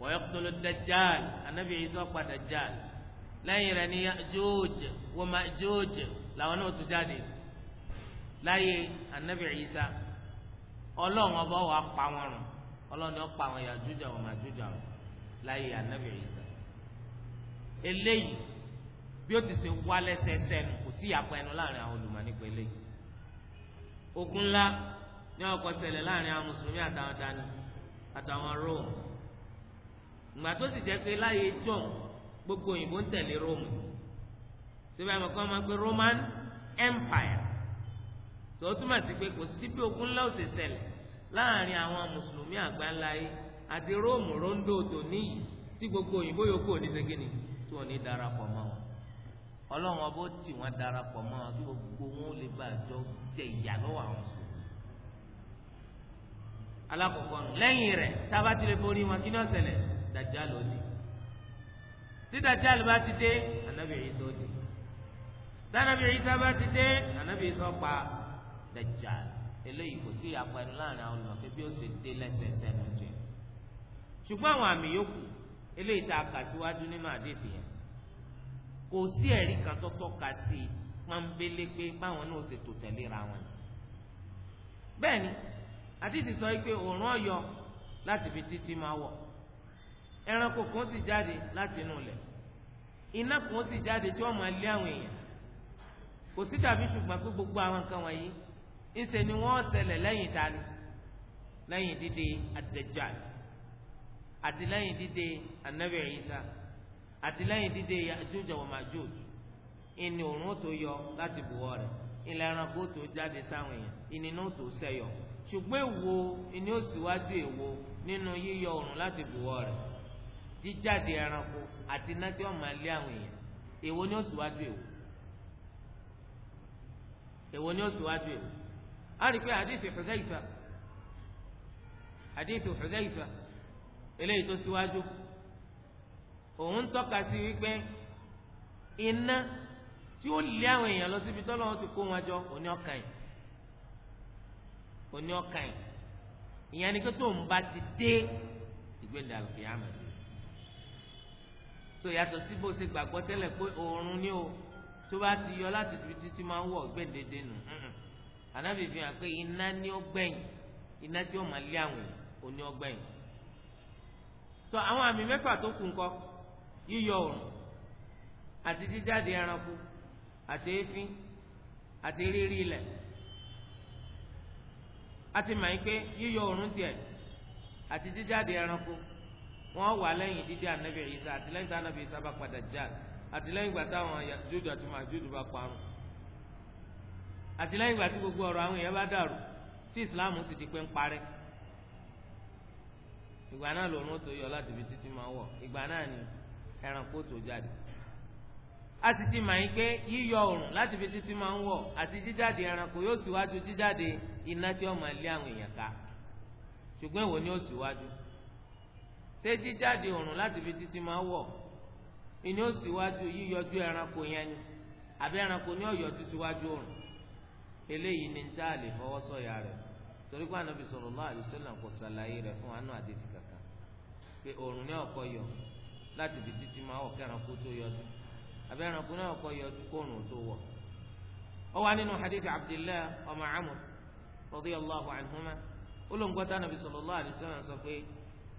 wa yaqtulu Dajjal anabi Isa ó pa Dajjal lẹ́yìn rẹ̀ ni Ya'juj wa Ma'juj làwọn náà tún jáde láyé anabi Isa ọlọ́run ọba wa pa wọn rùn ọlọ́ni ọ̀pọ̀ àwọn Yàjúj àwọn Màjúj àwọn láyé ànábì Ìsá eléyìí bí ó ti ṣe wá lẹ́sẹẹsẹ nù kò sí ìyàpọ̀ ẹnu láàrin àwọn olùmọ̀ nípa eléyìí ogun ńlá ní ọkọ̀ ṣẹlẹ̀ láàrin àwọn mùsùlùmí àtàwọn dání àtàwọn Róòmù ìgbà tó sì jẹ́ pé láyé jọ̀ọ́ gbogbo òyìnbó ń tẹ̀lé Róòmù síbẹ̀ àwọn kan máa ń pe Roman Empire tó túmọ̀ sí pé kò sí bí ogun ńlá ò ṣe ṣẹlẹ̀ láàrin àwọn mùsùlùmí àgbáńlá yìí àti róòmù róńdó tòní yìí tí gbogbo òyìnbó yòókù ò ní ṣe kíni tí ò ní darapọ̀ mọ́ wọn ọlọ́run ọbọ̀ tí wọ́n darapọ̀ mọ́ wọn kí gbogbo wọn ó lè bá àjọ jẹ ìyà lọ́wọ́ àwọn mùsùlùmí. alákọ̀ọ́kọ́ nù lẹ́yìn rẹ̀ tába ti lè borí wọn kí ní ọ̀sẹ̀lẹ̀ dàjà ló dé tí dàjà ló bá ti dé ànábì Ìsá ó dé tànábì Ìsá bá ti dé ànábì Ìsá pa dàjà lọ eléyìí kò sí ìyàpọ̀ ẹnu láàrin àwọn olùmọ̀kẹ́ bí ó ṣe dé lẹ́sẹẹsẹ ló jẹ ṣùgbọ́n àwọn àmì yòókù eléyìí tá a kà síwájú nínú àdéhùn yẹn kò sí ẹ̀rí kan tó tọ́ka sí pọ́nbélé pé báwọn náà ṣe tò tẹ̀léra wọn bẹ́ẹ̀ ni àdéhùn sọ pé òòrùn ọ̀yọ́ láti fi títí máa wọ̀ ẹranko kan sì jáde láti inú ilẹ̀ iná kan sì jáde tí wọ́n máa lé àwọn èèyàn kò sí tàbí ṣùgbọ́n pé gbogbo àwọn nǹkan wọ̀nyí ìṣe ni wọ́n ṣẹlẹ̀ lẹ́yìn tani lẹ́yìn dídé ad-Dajjal àti lẹ́yìn dídé anabi Isa àti lẹ́yìn dídé Ya'juj wa Ma'juj ìní òórùn tó yọ láti bùwọ́ rẹ̀ ilẹ̀ ẹranko tó jáde sáwọn èèyàn ìnínú tó sẹ́yọ ṣùgbọ́n èwo ni ó síwájú èwo nínú yíyọ òórùn láti bùwọ́ rẹ̀ jíjáde ẹranko àti iná tí wọ́n máa lé àwọn èèyàn èwo ni ó síwájú èwo èwo ni ó síwájú èwo ari pé hadithi Hudhayfa hadithi Hudhayfa eléyìí tó síwájú òun tọ́ka sí wípé iná tí ó lé àwọn èèyàn lọ síbi tọ́lọ́wọ́ ti kó wọn jọ òní ọkàn yìí òní ọkàn yìí ìyẹn ni kótó ń bá ti dé ìgbéǹde àlùkìyàmù so yàtọ̀ sí bó ṣe gbàgbọ́ tẹ́lẹ̀ pé oòrùn ni o tó bá ti yọ láti ibi títí máa ń wọ̀ gbéǹde dénú. Mm -mm anabi fi hàn pé iná ní ọgbẹ̀yìn iná tí ó máa lé àwọn oní ọgbẹ̀yìn tó àwọn àmì mẹ́fà tó kù ńkọ́ yíyọ òòrùn àti jíjáde ẹranko àti èéfín àti rírí ilẹ̀ àti mà yín pé yíyọ òòrùn tiẹ̀ àti jíjáde ẹranko wọ́n wà lẹ́yìn dídí anabi Isa àti lẹ́yìn tí anabi Isa bá padà jà àti lẹ́yìn gbàtà àwọn Yajudu àti Majudu bá parun àti lẹ́yìn ìgbà tí gbogbo ọ̀rọ̀ àwọn èèyàn bá dàrú tí ìsìláàmù sì di pé ń parẹ́ ìgbà náà lòun tó yọ láti ibi títí máa wọ̀ ìgbà náà ni ẹranko tó jáde a sì ti màá yín pé yíyọ oòrùn láti ibi títí máa ń wọ̀ àti jíjáde ẹranko yóò síwájú jíjáde iná tí ó máa lé àwọn èèyàn ká ṣùgbọ́n èwo ni ó síwájú ṣé jíjáde oòrùn láti ibi títí máa wọ̀ ni ó síwájú yíyọjú ẹranko yẹn ni àbí ẹranko ni ó yọjú síwájú oòrùn eléyìí ni tá a lè fọwọ́ sọ̀yà rẹ̀ torí pé ànábì sallallahu alaihi wasallam kò ṣàlàyé rẹ̀ fún anú àdéhùn kankan pé òòrùn ní ọ̀kọ́ yọ láti ibi títí máa wọ̀ kẹ́ranko tó yọdú àbí ẹranko ní ọ̀kọ́ yọdú kóòrùn tó wọ̀. ó wá nínú hadith abdillah ọmọ amr radiyallahu anhuma olóńgbọ́tà ànábì sallallahu alaihi wasallam sọ pé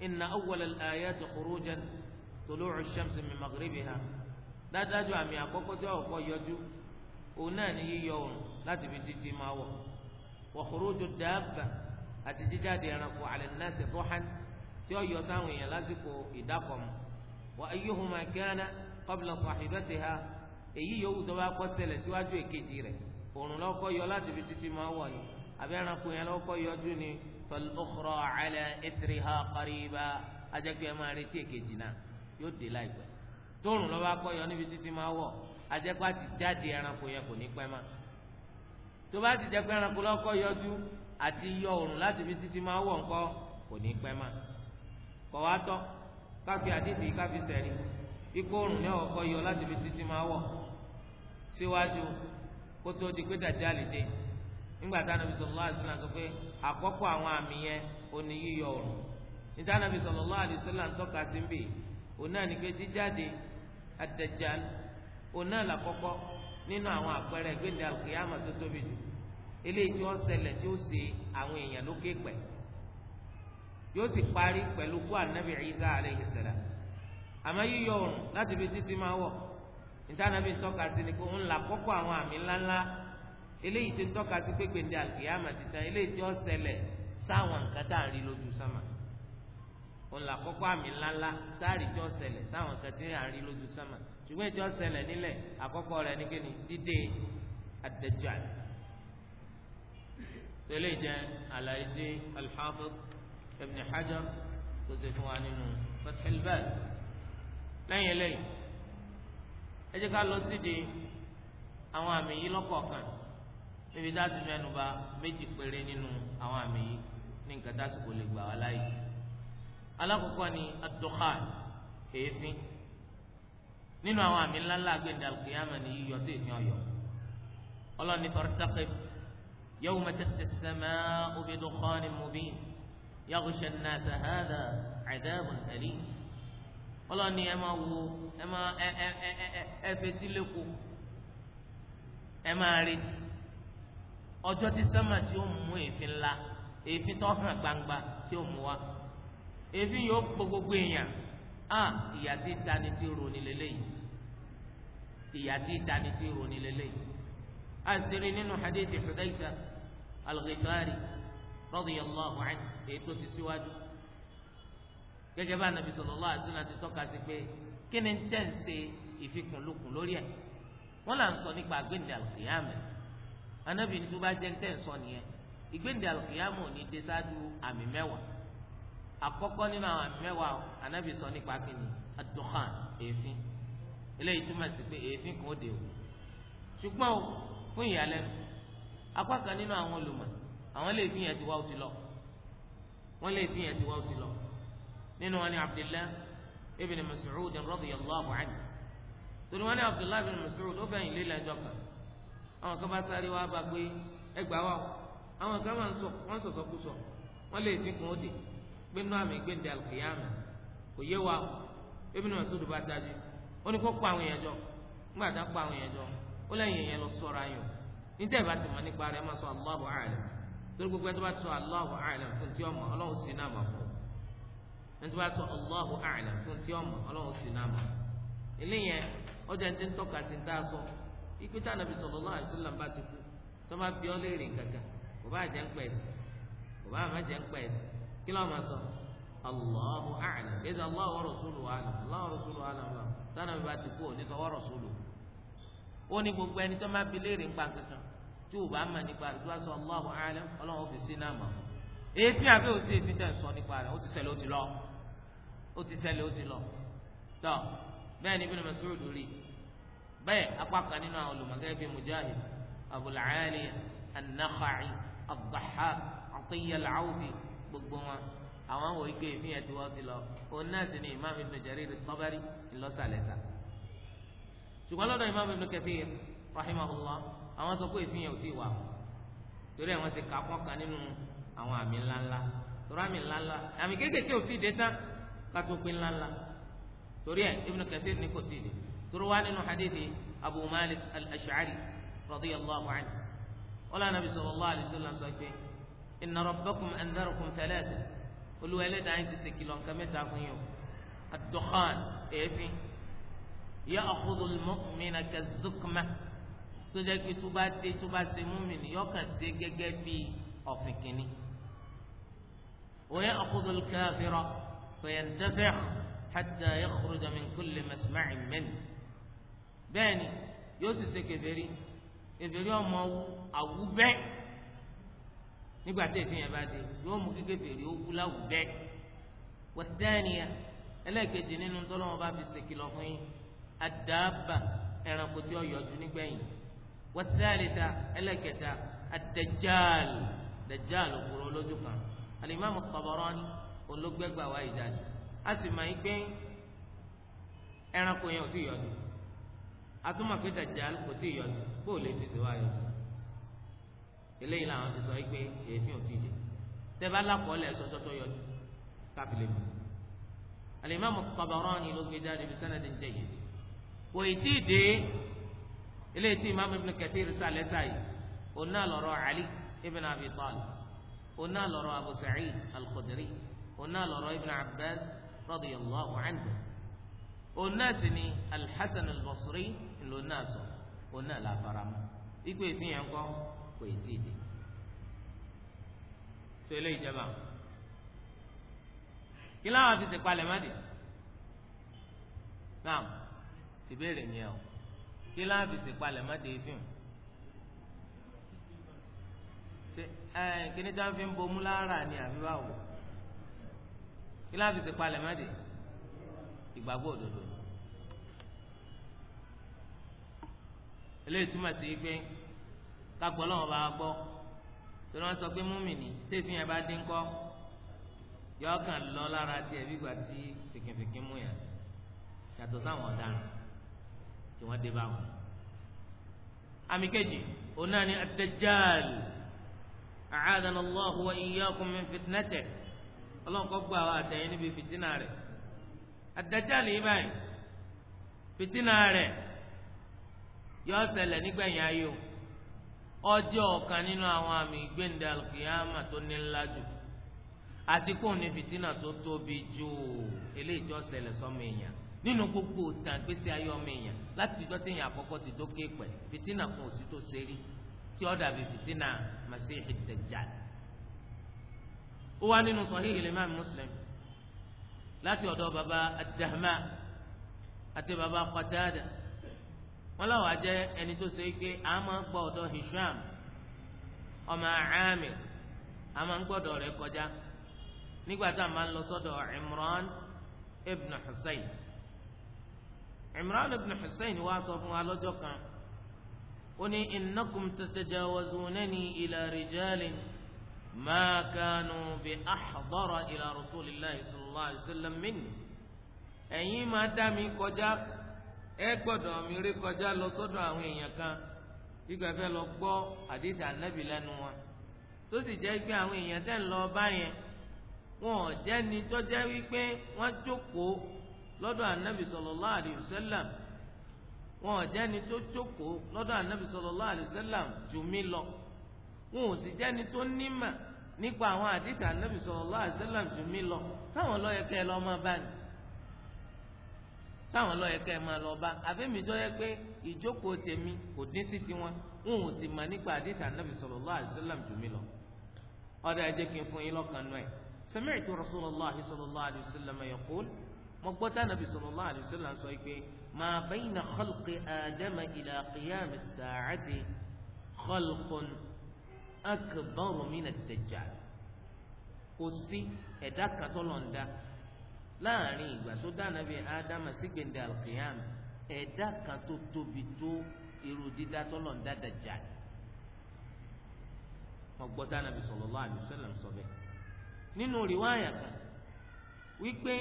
inna awwala al-ayati khurujan tulu'u ash láti fi títí máa wọ̀ wa khuruju dabba àti jíjáde ẹranko ala nnasi duhan tí ó yọ sáwọn èèyàn lásìkò ìdákọ̀mù wa ayyuhuma kana qabla sahibatiha èyí yòówù tó bá kọ́ ṣẹlẹ̀ síwájú èkejì rẹ̀ òrùn lọ́kọ́ yọ láti fi títí máa wọ̀ ni àbí ẹranko yẹn lọ́kọ́ yọjú ni fal-ukhra ala ithriha qariba ajẹ́pẹ́ máa retí èkejì náà yóò dé láìpẹ́ tóòrùn lọ́ba kọ́ tó bá ti jẹ pé ẹranko àti yọ òrùn láti fi títí máa wọ nkọ kò ní pẹ́ mà kọ̀ wá tọ́ káfí àdìdì káfí ikú ní ọkọ yọ láti fi títí máa wọ. síwájú kó tó di pé dàjálì dé nígbà tá pé àkọ́kọ́ àwọn àmì yẹn ò ní yíyọ tọ́ka sí ń òun náà ní pé jíjáde òun náà làkọ́kọ́ nínú àwọn àpẹẹrẹ gbélé alùkìyàmà tó tóbi jù eléyìí tí wọ́n ṣẹlẹ̀ tí ó se àwọn èèyàn lókè pẹ̀ yóò sì parí pẹ̀lú kú ànábì Ìsá alayhi salam àmọ́ yíyọ oòrùn láti fi títí máa wọ̀ níta ànábì sí ni kó ń la kọ́kọ́ àwọn àmì ńláńlá eléyìí tí ń sí pé gbèndé alùkìyàmà títan eléyìí tí ó ṣẹlẹ̀ sáwọn nǹkan tá à ń rí lójú sánmà la àmì ńláńlá táàrí ṣùgbọ́n ìjọ ṣẹlẹ̀ nílẹ̀ àkọ́kọ́ rẹ̀ ní kíni dídé ad-Dajjal tẹ́lẹ̀ jẹ́ àlàyé tí al-Hafiz Ibn Hajar tó ṣe fún wa nínú Fathul Bari lẹ́yìn eléyìí ẹ jẹ́ ká lọ sídìí àwọn àmì yìí lọ́kọ̀ọ̀kan níbi tá a ti mẹ́nu bà méjì péré nínú àwọn àmì yìí ní nǹkan tá kò lè gbà wá láàyè alákọ̀ọ́kọ́ ni ad èéfín nínú àwọn àmì ńláńlá gbẹ̀dẹ̀ alùkìyàmà ni yíyọ sí ìní ọ̀yọ́ ọlọ́ni fartaqib yawma tati as-sama'u bi dukhanin mubin yaghsha an-nasa hadha 'adabun alim ọlọ́ni ẹ máa wo ẹ máa ẹ ẹ ẹ ẹ fetí lẹ́kọ̀ọ́ ẹ máa retí ọjọ́ tí sẹ́mà tí ó mú èéfín ńlá èéfín tó hàn gbangba tí ó mú wa èéfín yóò gbogbo èèyàn ah ìyá tí tani ti rò ní lélẹ́yìí ìyá tí ìdáni tí ìrònú lélẹ́yìí asiri nínú hadithi Hudayfa al-Ghifari radiyallahu anhu èyí tó ti síwájú gẹ́gẹ́ bá anabi sallallahu alaihi wasallam ti tọ́ka sí pé kí ni tẹ́ ń ṣe ìfikùnlukùn lórí ẹ̀ wọ́n là ń sọ nípa àgbéǹde al-qiyama anabi ní tó bá jẹ́ tẹ́ ń sọ nìyẹn ìgbéǹde al ò ní dé sáájú àmì mẹ́wàá àkọ́kọ́ nínú àmì mẹ́wàá anabi sọ nípa kí ni ad èéfín eléyìí túmọ̀ sí pé èéfín kan ó de o ṣùgbọ́n o fún ìyàlẹ́nu apá kan nínú àwọn olùmọ̀ àwọn lè fi yẹn ti wá ó ti lọ wọ́n lè fi yẹn ti wá ó ti lọ nínú wọn ni Abdullah ibn Mas'ud radiyallahu anhu torí wọn ni Abdullah ibn Mas'ud ó bẹ̀yìn lé lẹ́jọ́ kan àwọn kan bá sáré wá bá gbé ẹgbàá wa àwọn kan máa ń sọ wọ́n sọ̀sọ̀ kú sọ lè fi kún ó dé gbénú àmì gbéǹde àlùkìyàmù kò yé wa ibn Mas'ud bá dájú ó ní kó kó àwọn èèyàn jọ nígbà tá a kó àwọn èèyàn jọ ó lẹ́yìn èèyàn lọ sọ̀rọ̀ ayò níta ìbá ti nípa máa sọ Allahu a'lam torí gbogbo ẹni tó bá sọ fún tí ọmọ ọlọ́run sì náà mọ̀ fún tó bá sọ fún tí ọmọ ọlọ́run sì náà mọ̀ eléyẹn tọ́ka sí sọ ikú sọ tọ́nà mi bá ti kú òní sọwọ́rọ̀ sólò ó ní gbogbo ẹni tó má bi léèrè ńpa kankan tí ò bá mọ̀ nípa rẹ̀ tó bá sọ Allahu a'lam ọlọ́run ó fi sí náà mọ̀ èéfín àbẹ́ òsì èéfín tẹ̀ ń sọ nípa rẹ̀ ó ti ṣẹlẹ̀ ó ti lọ ó ti ṣẹlẹ̀ ó ti lọ tọ́ bẹ́ẹ̀ ni Ibn Mas'ud rí bẹ́ẹ̀ apá kan nínú àwọn olùmọ̀gẹ́ bíi Mujahid Abul Aliya an-Nakha'i ad-Dhahhak gbogbo wọn àwọn wò ike ìmí ẹ̀ tí wọ́n ti lọ òun náà sì ni imam ibn Jarir at-Tabari ńlọ́sàlẹ̀sà ṣùgbọ́n lọ́dọ̀ imam ibn Kathir rahimahullah àwọn sọ pé ìfihàn ò tí ì wà torí àwọn sì kà pọ́n nínú àwọn àmì ńláńlá torí àmì ńláńlá àmì kéékèèké ò tí ì dé tán ká ńláńlá torí ẹ ibn Kathir ní kò tí ì dé torí wá nínú hadithi Abu Malik al-Ash'ari radiyallahu anhu wala nabi sallallahu alayhi wa sallam olú ẹlẹ́dàá yín ti ṣe kìlọ̀ nǹkan mẹ́ta fún yín o ad-dukhan èéfín ya'khudhu al-mu'mina kaz-zukma tó jẹ́ pé kí bá dé tó bá ṣe múmìnì yọ kàn ṣe gẹ́gẹ́ bí ọ̀fìn kìíní wa ya'khudhu al-kafira fayantafi' hatta yakhruja min kulli masma'in minhu bẹ́ẹ̀ ni yóò sì ṣe kèfèrí kèfèrí ọmọ awúbẹ́ẹ́. nígbà tí ètò yẹn bá dé yóò mú kíkẹ́ fèrè ó wú láwùjẹ́ wọ́tẹ́ẹ̀nìyà ẹlẹ́ẹ̀kejì nínú tọ́lọ́wọ́n bá fi ṣèkìlọ̀ fún yín àdáàbà ẹranko tí ó yọjú nígbẹ̀yìn wọ́tẹ́ẹ̀lìta ẹlẹ́ẹ̀kẹta àdẹ̀jáàl dẹ̀jáàl òkúrò olójú kan alimami Tabarani olóògbẹ́gbà wa ìjáde a sì máa ń gbé ẹranko yẹn ò tí yọjú atúmọ̀ pé dẹ̀jáàl kò tí yọjú kó o lè fi ṣèwà yọjú eléyìí làwọn ti sọ yìí pé èéfín ò tí ì dé tẹ́bá lákọọ́lẹ̀ sọ́jọ́ tó yọjú káfílẹ̀ mu alimami Tabarani ló gbé jáde bisanadin jayyid kò ì tí ì dé eléyìí tí imaamu ibn Kathir sálẹ̀ sáyé oná lọ́rọ̀ Ali ibn Abi Talib oná lọ́rọ̀ Abu Sa'id al-Khudri oná lọ́rọ̀ ibn Abbas radiyallahu anhu oná sì ni al al-Basri ńlọ sọ oná làfàràmù ikú èéfín yẹn kọ́ kò ì tí ì dé tó eléyìí jẹba kí láwọn fi ṣèpalẹ̀ má dé náà ìbéèrè ni ẹ o kí láwọn fi ṣèpalẹ̀ má dé fíìmù ẹ kíní tá a fi ń bomú lára ni àbí báwo kí láwọn fi ṣèpalẹ̀ má dé ìgbàgbọ́ òdodo eléyìí túmọ̀ sí pé kápọ̀ lọ́wọ́ bá gbọ́ torí wọ́n sọ pé múmìnì téèfì yẹn bá dín kọ́ yọ ọkàn lọ lára tiẹ̀ bígbà tí fìkìfìkì mú yàn yàtọ̀ sáwọn ọ̀daràn tí wọ́n dé báwọn. àmì kejì òun náà ni ad-Dajjal a'adana Allahu wa iyyakum min fitnatihi àtẹ̀yìn níbi fìtínà rẹ̀ ad yìí báyìí fìtínà rẹ̀ yọ ọ́ ṣẹlẹ̀ nígbẹ̀yìn ayé o. ọjọ́ ọ̀kan nínú àwọn àmì ìgbéǹde alùkìyàmà tó ní ńlá jù àti kó ní fìtínà tó tóbi jù eléyìí ṣẹlẹ̀ sọ́mọ èèyàn nínú gbogbo ìtàn ayé ọmọ èèyàn láti ìjọ téèyàn àkọ́kọ́ ti dókè pẹ̀ fìtínà kan ò sí tó tí ó dàbí fìtínà baba àti wọn làwọn ajẹ ẹni tó ṣe pé a máa ń gbọ́ ọ̀dọ̀ Hisham ọmọ Amir a máa ń gbọ́dọ̀ rẹ̀ kọjá nígbà tá a máa ń lọ sọ́dọ̀ Imran ibn Hussein Imran ibn Hussein wá sọ fún wa lọ́jọ́ kan ó ní innakum tatajawazunani ila rijalin ma kanu bi ahdara ila rasulillahi sallallahu alayhi wa sallam minni ẹ̀yin máa dá mi kọjá ẹ gbọ́dọ̀ mi rí kọjá lọ sọ́dọ̀ àwọn èèyàn kan gbígbà fẹ́ lọ gbọ́ àdéhùn ànábì lẹ́nu wọn tó sì jẹ́ pé àwọn èèyàn tẹ́ ń lọ bá yẹn wọn ò jẹ́ni tó jẹ́ wípé wọ́n jókòó lọ́dọ̀ ànábì sallallahu alaihi wasallam wọn ò jẹ́ni tó jókòó lọ́dọ̀ ànábì sallallahu alaihi wasallam jù mí lọ wọn ò sì jẹ́ni tó nímà nípa àwọn àdéhùn ànábì sallallahu alaihi wasallam jù mí lọ sáwọn lọ́yẹ̀kẹ́ lọ́mọ báyìí táwọn lọ́yẹ kẹ́ ẹ máa lọ bá àbẹ́mi tó yẹ pé ìjókòó tèmi kò dín sí tiwọn n ò sì mà nípa àdìtà nàbì sallallahu alaihi wasallam jù mí lọ. ọ̀dà ẹ jẹ́ kí n fún yín lọ́kàn náà ẹ̀ sami'tu rasulullahi sallallahu alaihi wasallam yaqul mo gbọ́ tá nàbì sallallahu alaihi wasallam sọ pé ma bayna khalqi adama ila qiyamis sa'ati khalqun láàrin ìgbà tó dá nàbí ádámà sí gbèǹde alkiyama ẹ̀dá kan tó tóbi tó irú dídá tọ́lọ̀ ń dáadáa jà ní. wọ́n gbọ́ tá nàbí sallallahu alaihi wasallam sọ bẹ́ẹ̀. nínú rìwáyà kan wípé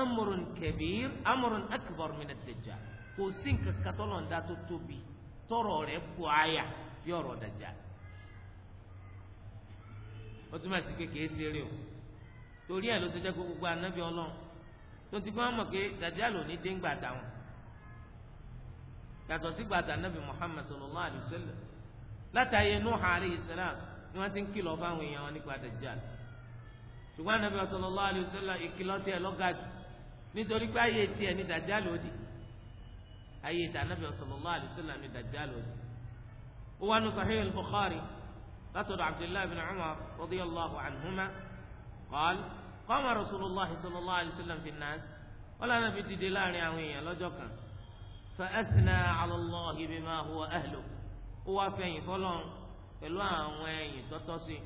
amrun kabir amrun akbar min ad-dajjal kò sí nǹkan kan tọ́lọ̀ ń dá tó tóbi tọrọ rẹ̀ bu àyà bí ọ̀rọ̀ dàjà. ó túmọ̀ sí pé kìí ṣeré o torí ẹ̀ ló ṣe jẹ́ kó gbogbo anábì ọlọ́run tó ti fún ọmọ pé dàjálù ní déńgbà dáhùn yàtọ̀ sígbà tànàbì Muhammad sallallahu alayhi wa sallam látàyè Nuh alayhi salam ni wọ́n ti ń kìlọ̀ fáwọn èèyàn wọn nípa dàjálù ṣùgbọ́n anabi sallallahu alayhi wa sallam ìkìlọ̀ tiẹ̀ lọ́gà jù nítorí pé ayé tiẹ̀ ní dàjálù òdì ayé tànàbì sallallahu alayhi wa sallam ní dàjálù òdì ó wà ní bukhari látọ̀dọ̀ Abdullahi bin Umar radiyallahu anhuma. قال قام رسول الله صلى الله عليه وسلم في الناس ولا نبي في تدلاني عوية لا جوكا فأثنى على الله بما هو أهله هو فين فلون الوان وين تتوسي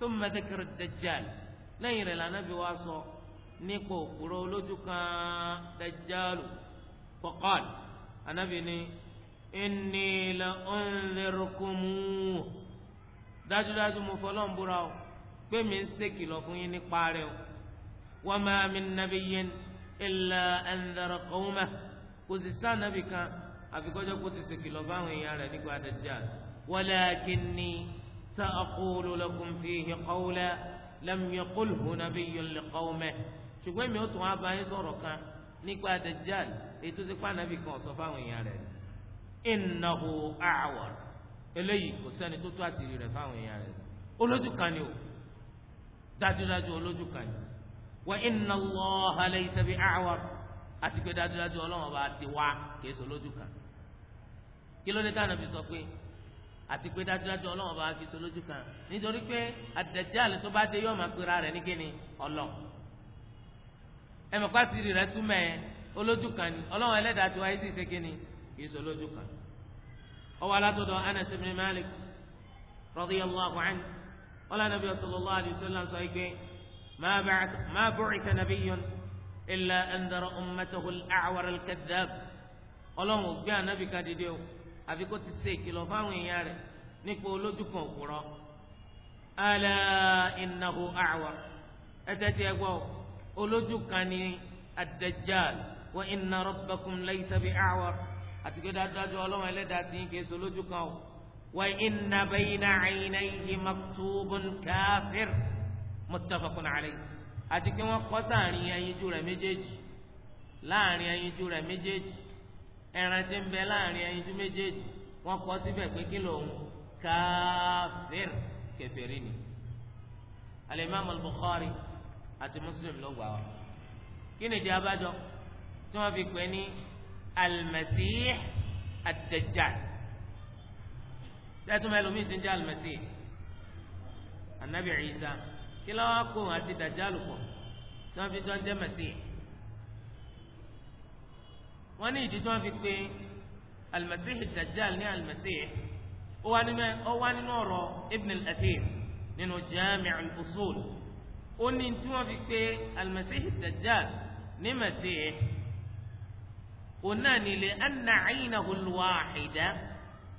ثم ذكر الدجال نير لا نبي واصو نيكو قرولوتكا دجال فقال أنا بني إني لأنذركموه dájúdájú mo fọlọ́n براو pé mi ń ṣèkìlọ̀ fún yín nípa rẹ̀ o wa ma min nabiyyin illa anzara qawmah kò sì sá nàbì kan àfikọ́jọ́ kó ti ṣèkìlọ̀ báwọn èèyàn rẹ̀ nípa Dajjal walakinni sa'aqulu lakum fihi qawlan lam yaqulhu nabiyyun liqawmihi ṣùgbọ́n mi ò tún abá yín sọ̀rọ̀ kan nípa Dajjal ètò ti pa nàbì kan ọ̀sọ́ fáwọn èèyàn rẹ̀ innahu dájúdájú olójú kan yìí wa inna Allaha laysa bi a'war àti pé dájúdájú ọlọ́wọ́n bá ti wá kìí sọ lójú kan kí ló dé ká nàbí sọ pé àti pé dájúdájú ọlọ́wọ́n bá kìí sọ lójú kan nítorí pé ad-Dajjal tó bá dé yóò máa pera rẹ̀ ní kíni ọlọ́ ẹ mọ̀ pàṣírí rẹ̀ tún olójú kan ni ọlọ́wọ́n ẹlẹ́dàá ti wáyé sí ṣe kíni kìí sọ kan ọwọ́ alátọ́dọ̀ Anas Malik radiyallahu anhu wọn lànà bí sallallahu alaihi wasallam sọ pé ma bu'itha nabiyyun illa andara ummatahu al-a'war al-kadhdhab ọlọ́run gbé ànábì kan dìde o àfi kó ti ṣe ìkìlọ̀ fáwọn èèyàn rẹ̀ nípa olójú kan òkúrọ̀ ala innahu a'war ẹ̀tẹ́ tí ẹ gbọ́ olójú kan ní ad-dajjal wa inna rabbakum laysa bi a'war àtìgbẹ́dájú ọlọ́run ẹlẹ́dàá ti ń kí èso olójú kan o. وإن بين عينيه مكتوب كافر متفق عليه àti pé wọ́n kọ sáàrin ẹyinjú rẹ̀ méjèèjì láàrin ẹyinjú rẹ̀ méjèèjì ẹran tí ń bẹ láàrin ẹyinjú méjèèjì wọ́n kọ síbẹ̀ pé kí lòun káfíìr kèfèrí ni alimami al-Bukhari àti Muslim ló gbà wá kí ni ìdí abájọ tí wọ́n fi pè ní al-Masih ad-Dajjal tẹ́tùm ẹlòmíì ti ń jẹ́ àlùmẹ́sì anabi Isa kí ló wá kó àti dàjálù pọ̀ tí wọ́n fi jọ ń jẹ́ mẹ́sì wọ́n ní ìdí tí wọ́n fi pé àlùmẹ́sì dàjálù ní àlùmẹ́sì ó wá nínú Ibn al-Athir nínú Jami' al-Usul ó ní tí wọ́n fi pé àlùmẹ́sì dàjálù ní mẹ́sì òun náà nílé anna aynahu al-wahida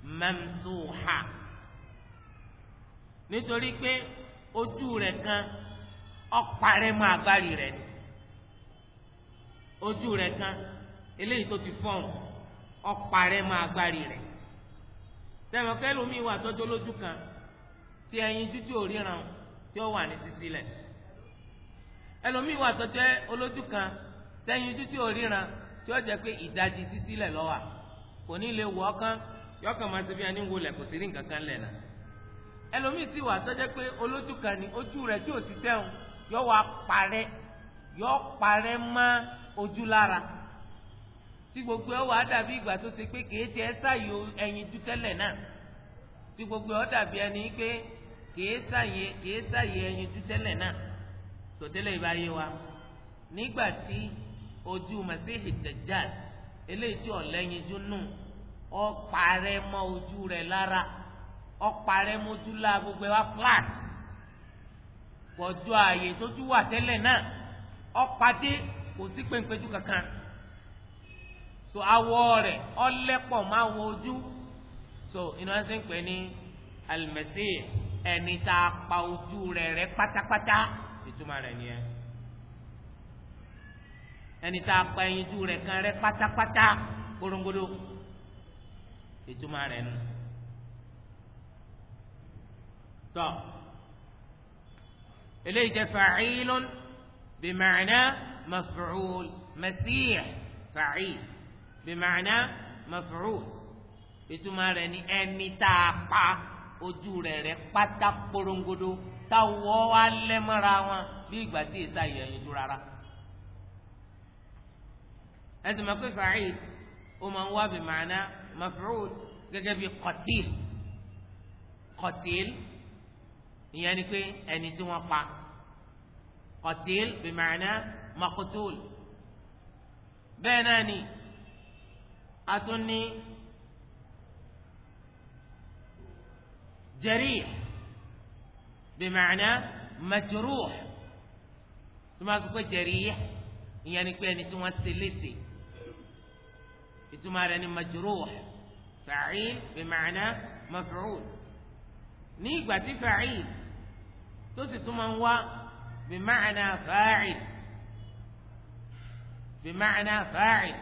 mamsuha nítorí pé ojú rẹ̀ kan ọ̀parẹ́ mọ́ agbárí rẹ̀ ni ojú rẹ̀ kan eléyìí tó ti fọ́n ọ̀parẹ́ mọ́ agbárí rẹ̀ sẹ́wọ̀n kẹ́lòmíì wà tọ́jú lójú kan tí ẹyin dúdú òríran tí ó wà ní sísí lẹ̀ ẹlòmíì wà tọ́jú olójú kan tẹ́yin dúdú òríran tí ó jẹ́ pé ìdajì sísí lẹ̀ lọ́wà kò ní lè wọ́ kán yọkàn máa ṣe bí ẹni ń wo lẹ̀kùn sí rí nǹkan kan lẹ̀ náà ẹlòmíì sì wà tọ́jẹ́ pé olójú kan ní ojú rẹ̀ tí ò sì sẹ́hùn yọ wá parẹ́ yọ parẹ́ mọ́ ojú lára tí gbogbo ẹ wàá dàbí ìgbà tó ṣe pé kìí ṣe ẹ ṣàyò ẹyin ju tẹ́lẹ̀ náà tí gbogbo ẹ dàbí ẹni pé kìí ṣàyè kìí ṣàyè ẹyin ju tẹ́lẹ̀ náà tòdélé ìbáyé wa nígbà tí ojú Masihi Dajjal eléyìí tí ọ̀lẹ́yin nù ọ̀parẹ́ mọ́ ojú rẹ̀ lára ọ̀parẹ́ mójú la gbogbo ẹ̀ wá flat gbọ́dọ̀ ààyè tó tún wà tẹ́lẹ̀ náà ọ̀padé kò sí pèǹpéjú kankan so awọ rẹ̀ ọlẹ́pọ̀ máa wọ ojú so inú ẹ̀ ń sìn pé ní alimẹ̀sí ẹni tá a pa ojú rẹ̀ rẹ̀ pátápátá ìtumọ̀ rẹ̀ nìyẹn ẹni tá a pa ẹyin ojú rẹ̀ kan rẹ̀ pátápátá korongodo ìtumọ̀ rẹ̀ nù. tọ́ eléyìí jẹ́ fàcílùn bìmàánà maf'ul masíyà fàcíl bìmàánà maf'ul ìtumọ̀ rẹ̀ ni ẹni tá a pa ojú rẹ̀ rẹ̀ pátá porongodo táwọ̀ wá lẹ́mọ́ra wọn bí ìgbà tí èsà ìyẹ̀yìn dúró rárá. ẹ̀sìn mọ̀ pé fàcíl ó máa ń wá bìmàánà maf'ul gẹ́gẹ́ bí qatil qatil ìyẹn ni pé ẹni tí wọ́n pa qatil bi ma'na maqtul bẹ́ẹ̀ náà ni a tún ní jarih bi ma'na majruh tó máa sọ pé ìyẹn ni pé ẹni tí wọ́n ṣe léṣe. ìtumọ̀ rẹ̀ ni majruh fa'il bima'na maf'ul ní ìgbà tí fa'il tó sì tún máa ń wá bima'na fa'il bima'na fa'il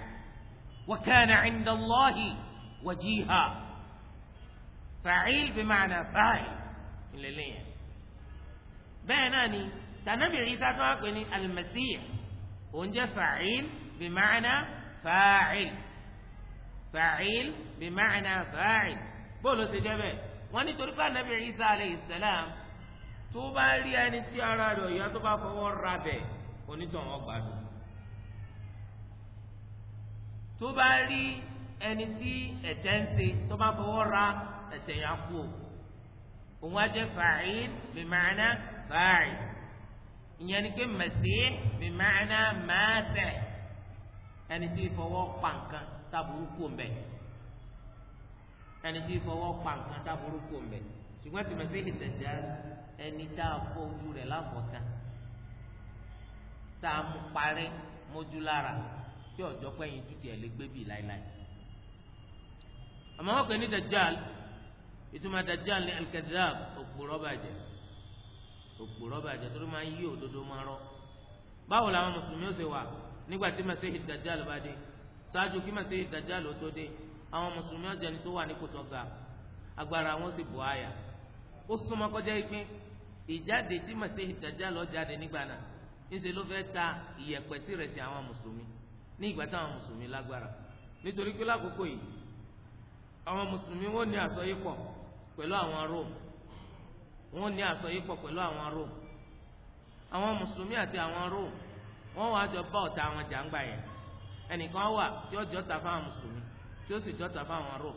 wa kana 'inda Allahi wajiha fa'il bima'na fa'il ńlẹ́lẹ́yìn bẹ́ẹ̀ náà ni tànàbì Ìsá tó wá pè ní al-Masih òun jẹ́ fa'il bima'na fa'il. fa'il bí ma'na fa'il bóòlù ti jẹ́ bẹ́ẹ̀ wọ́n ní torí ká nàbí Isa alayhi salam tó bá rí ẹni tí ara rẹ̀ ọ̀yọ́ tó bá fọwọ́ ra bẹ̀ onítàn ọgbà dùn tó bá rí ẹni tí ẹ̀tẹ̀ ń ṣe tó bá fọwọ́ ra ẹ̀tẹ̀ yà kú òun á jẹ́ bí ma'na fa'il ìyẹn ni pé Masih bí ma'na Masih ẹni tí ìfọwọ́ pa nǹkan táburú kò mbẹ ẹni tí fọwọ́ pa nǹkan táburú kò mbẹ ṣùgbọ́n tí mẹsíkì dẹ̀dẹ̀ ẹni tá a fọ ojú rẹ̀ lábọ̀tán tá a mú parí mójú lára tí ọjọ́ pẹ́yìn tútì ẹ̀ lè gbé bì láéláé àmọ́ wọ́n pè ní dajjal ìtumọ̀ dajjal ní al-kadhab òpùrọ́ bàjẹ́ òpùrọ́ bàjẹ́ torí máa ń yí òdodo máa rọ́ báwo làwọn mùsùlùmí ó ṣe wà nígbà tí masihi dajjal bá dé ṣáájú kí màsí ìdájà ló tó dé àwọn mùsùlùmí ọjà ni tó wà ní kòtò ga agbára wọn sì bù àyà ó súnmọ́ kọjá ìpín ìjáde tí màsí ìdájà lọ jáde nígbà náà ńṣe ló fẹ́ ta ìyẹ̀pẹ̀ sí rẹ̀ sí àwọn mùsùlùmí ní ìgbà táwọn mùsùlùmí lágbára nítorí pé lákòókò yìí àwọn mùsùlùmí wọn ní àsọyípọ̀ pẹ̀lú àwọn Róòmù wọn ní àsọyípọ̀ pẹ̀lú àwọn Róòmù àwọn mùsùlùmí àti àwọn Róòmù wọn wàá jọ bá ọ̀tá àwọn jàǹgbà yẹn ẹnìkan wà tí ó jọta fáwọn mùsùlùmí tí ó sì jọta fáwọn róò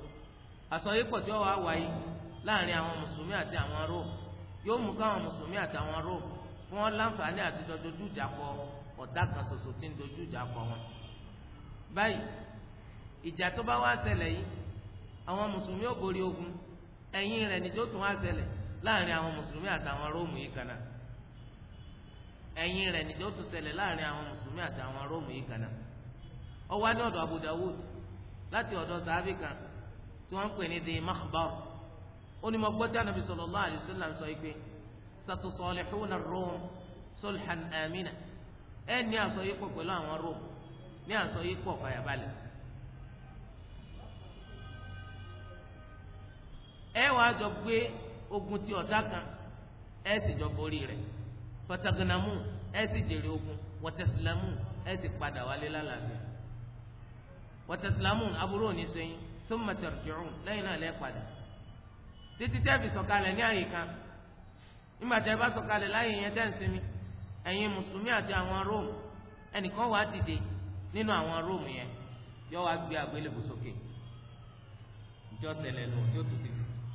àsọyípọ̀ tí ó wà wáyé láàrin àwọn mùsùlùmí àti àwọn róò yóò mú káwọn mùsùlùmí àtàwọn róò fún wọn láǹfààní àti dojú ìjà kọ ọ̀tá kan ṣoṣo tí ń dojú ìjà kọ wọn. báyìí ìjà tó bá wá ṣẹlẹ̀ yìí àwọn mùsùlùmí ò borí ogun ẹ̀yìn rẹ̀ ni tó tún wá ṣẹlẹ̀ láàrin àwọn mùsùlùmí àtàwọn róòmù yìí kan náà ẹ̀yìn rẹ̀ ni tó tún ṣẹlẹ̀ láàrin àwọn mùsùlùmí àtàwọn róòmù yìí kan náà ọwọ́ ní ọ̀dọ̀ Abu Dawud láti ọ̀dọ̀ sàábì kan tí wọ́n ń pè ní di makhbar ó ní mo gbọ́ tí anabi sallallahu alayhi wa sallam sọ pé satusalihuna ar-Rum sulhan amina ẹ ní àsọyípọ̀ pẹ̀lú àwọn Rom ní àsọyípọ̀ fàyàbalẹ̀ ẹ wàá jọ gbé ogun ti ọ̀tá kan ẹ sì jọ borí rẹ̀ fatagnamu ẹ sì jèrè ogun wa taslamu sì padà wálé lálàáfíà wọ́tẹ̀sílámùn aburú òní sẹ́yìn tó mọ̀tẹ̀rẹ̀dùrún lẹ́yìn náà lẹ́ padà títí tẹ́ẹ̀fì sọ̀kalẹ̀ ní àyè kan nígbà tẹ́ ẹ bá sọ̀kalẹ̀ láyè yẹn tẹ́ ń sinmi ẹ̀yin mùsùlùmí àti àwọn róòmù ẹnìkan wàá dìde nínú àwọn róòmù yẹn yọ wàá gbé àgbélébù sókè ìjọsẹ̀lẹ̀ nù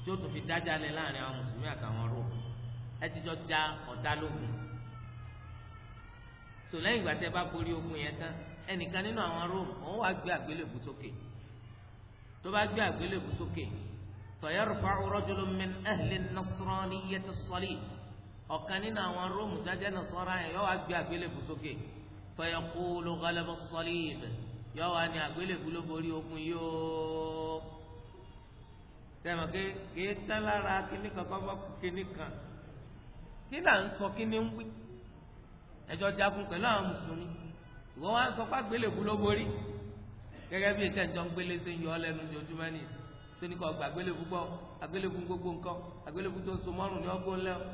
tí ó tún fi dájà lẹ̀ láàrin àwọn mùsùlùmí àtàwọn róòmù ẹ ti jọ já ọ̀tá lógun tò lẹ́yìn ìgbà bá borí ogun yẹn tán ẹnìkan nínú àwọn róòmù òun wàá gbé àgbélébù sókè tó bá gbé àgbélébù sókè fayarfa'u rajulun min ahli nasraniyati as-salib ọ̀kan nínú àwọn róòmù jájẹ́ nasọ́ra yẹn yóò wá gbé àgbélébù sókè fayaqulu ghalaba as-salib yóò wá ní àgbélébù ló borí ogun yóò tẹ̀mọ̀ ké ké tán kíní kan kọ́ bá kú kíní kan kí là ń sọ kíní ń wí ẹjọ́ jagun pẹ̀lú àwọn mùsùlùmí ìwọ wá sọ pé àgbélébù ló borí gẹ́gẹ́ bí ìtẹ̀jọ́ ń gbélé ṣe ń yọ ọ lẹ́nu ojoojúmọ́ nìyí tóní kọ́ gba àgbélébù gbọ́ àgbélébù gbogbo nǹkan àgbélébù tó so mọ́rùn ní ọgbọ́n lẹ́wọ̀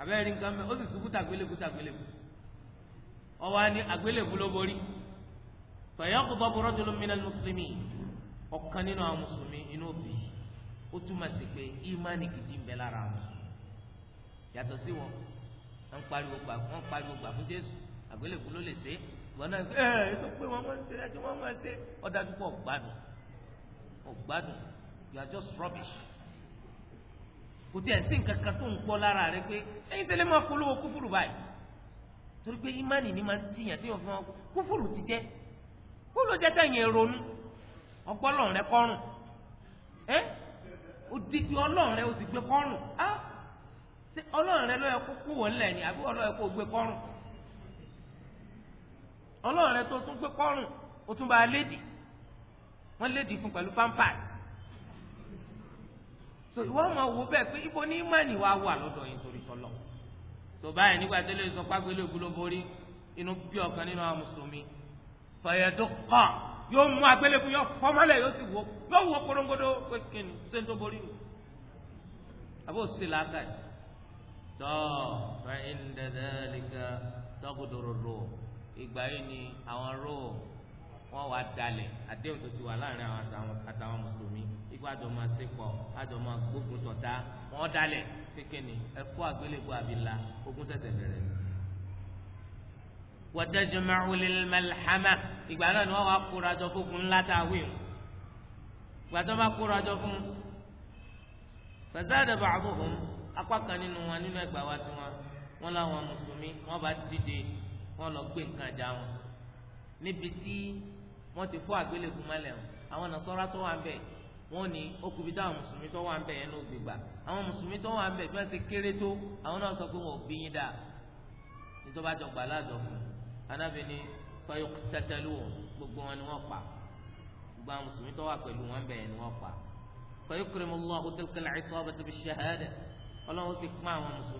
abẹ́rẹ́ nǹkan mẹ́ ó sì sùkú tà àgbélébù tà àgbélébù ọwọ́ ni àgbélébù ló borí fẹ̀yọ́ kò bọ́ bọ́rọ́ dúró mìíràn mùsùlùmí ọ̀kan nínú àwọn mùsùlùmí inú òbí ó túmọ̀ sí pé ìmánì gidi ń bẹ lára àwọn mùsùlùmí yàtọ̀ sí wọn wọ́n pariwo gbà fún Jésù àgbélébù ló wọn náà ẹ ẹ tó pé wọn máa ń ṣe ẹ tí máa ń ṣe gbádùn you are just rubbish kò tí ẹ sí nǹkan kan tó ń gbọ́ lára rẹ pé ẹ̀yin tẹ́lẹ̀ máa polówó kúfùrù báyìí torí pé ni máa ń tìyàn tí fi kúfùrù ti jẹ́ kó ló jẹ́ ronú ọgbọ́lọ́run rẹ kọ́rùn ẹ́ o sì gbé kọ́rùn á ọlọ́run rẹ ló kó kú wọ́n lẹ̀ ni àbí ọlọ́run kó gbé kọ́rùn ọlọ́run rẹ tó tún gbé kọ́rùn ó tún bá a lédì wọ́n lédì fún pẹ̀lú pampers so ìwọ ọmọ wo bẹ́ẹ̀ pé ibo ní ìmánì wa wà lọ́dọ̀ yìí torí tọ́lọ̀ tó báyìí nígbà tó lè sọ pàgbélé ògbólógbó rí inú bí ọ̀kan nínú àwọn mùsùlùmí fọyẹ̀dún kọ́ yóò mú agbélébùú yóò fọmọlẹ yóò sì wọ yóò wọ korongodo kékeré ṣé n tó borí o àbò sí làákàyè tọ́ fẹ́ ń dẹ́dẹ́ lìkà tọ́kùdòrò ìgbà yìí ni àwọn róòmù wọn wà dalẹ̀ àdéhùn tó ti wà láàrin àwọn àtàwọn mùsùlùmí ikú àjọ máa ṣe pọ̀ àjọ máa gbógun tọ̀tá wọn dalẹ̀ kékeré ni ẹ̀kọ́ àgbélébùú àbílà ogun ṣẹ̀ṣẹ̀ bẹ̀rẹ̀ ni. wọ́tẹ́jọ́mọ́ olèlémẹ́lẹ́hámà ìgbà náà ni wọ́n wá kóra jọ fógun ńlá tá a wí o ìgbà tó bá kóra jọ fún fẹ̀sáàdà bàbá fún apá kan nínú wọn nínú ẹgbàá wa tiwọn wọn láwọn mùsùlùmí wọn bá dìde wọ́n lọ gbé nǹkan ajá wọn níbi tí wọ́n ti fọ́ àgbélébùú mọ́lẹ̀ wọn àwọn nasọ́ra tó wà ń bẹ̀ wọ́n ní okùnbi táwọn mùsùlùmí tó wà ń yẹn ló gbégbà àwọn mùsùlùmí tó wà ń bí wọ́n ṣe kéré tó àwọn náà sọ pé wọn ò bí yín dáa nítorí wọ́n bá jọ gbà láàjọ fún un anábì ni fayọ tẹtẹlú wọn gbogbo wọn ni wọ́n pa gbogbo àwọn mùsùlùmí tó wà pẹ̀lú wọn bẹ̀ yẹn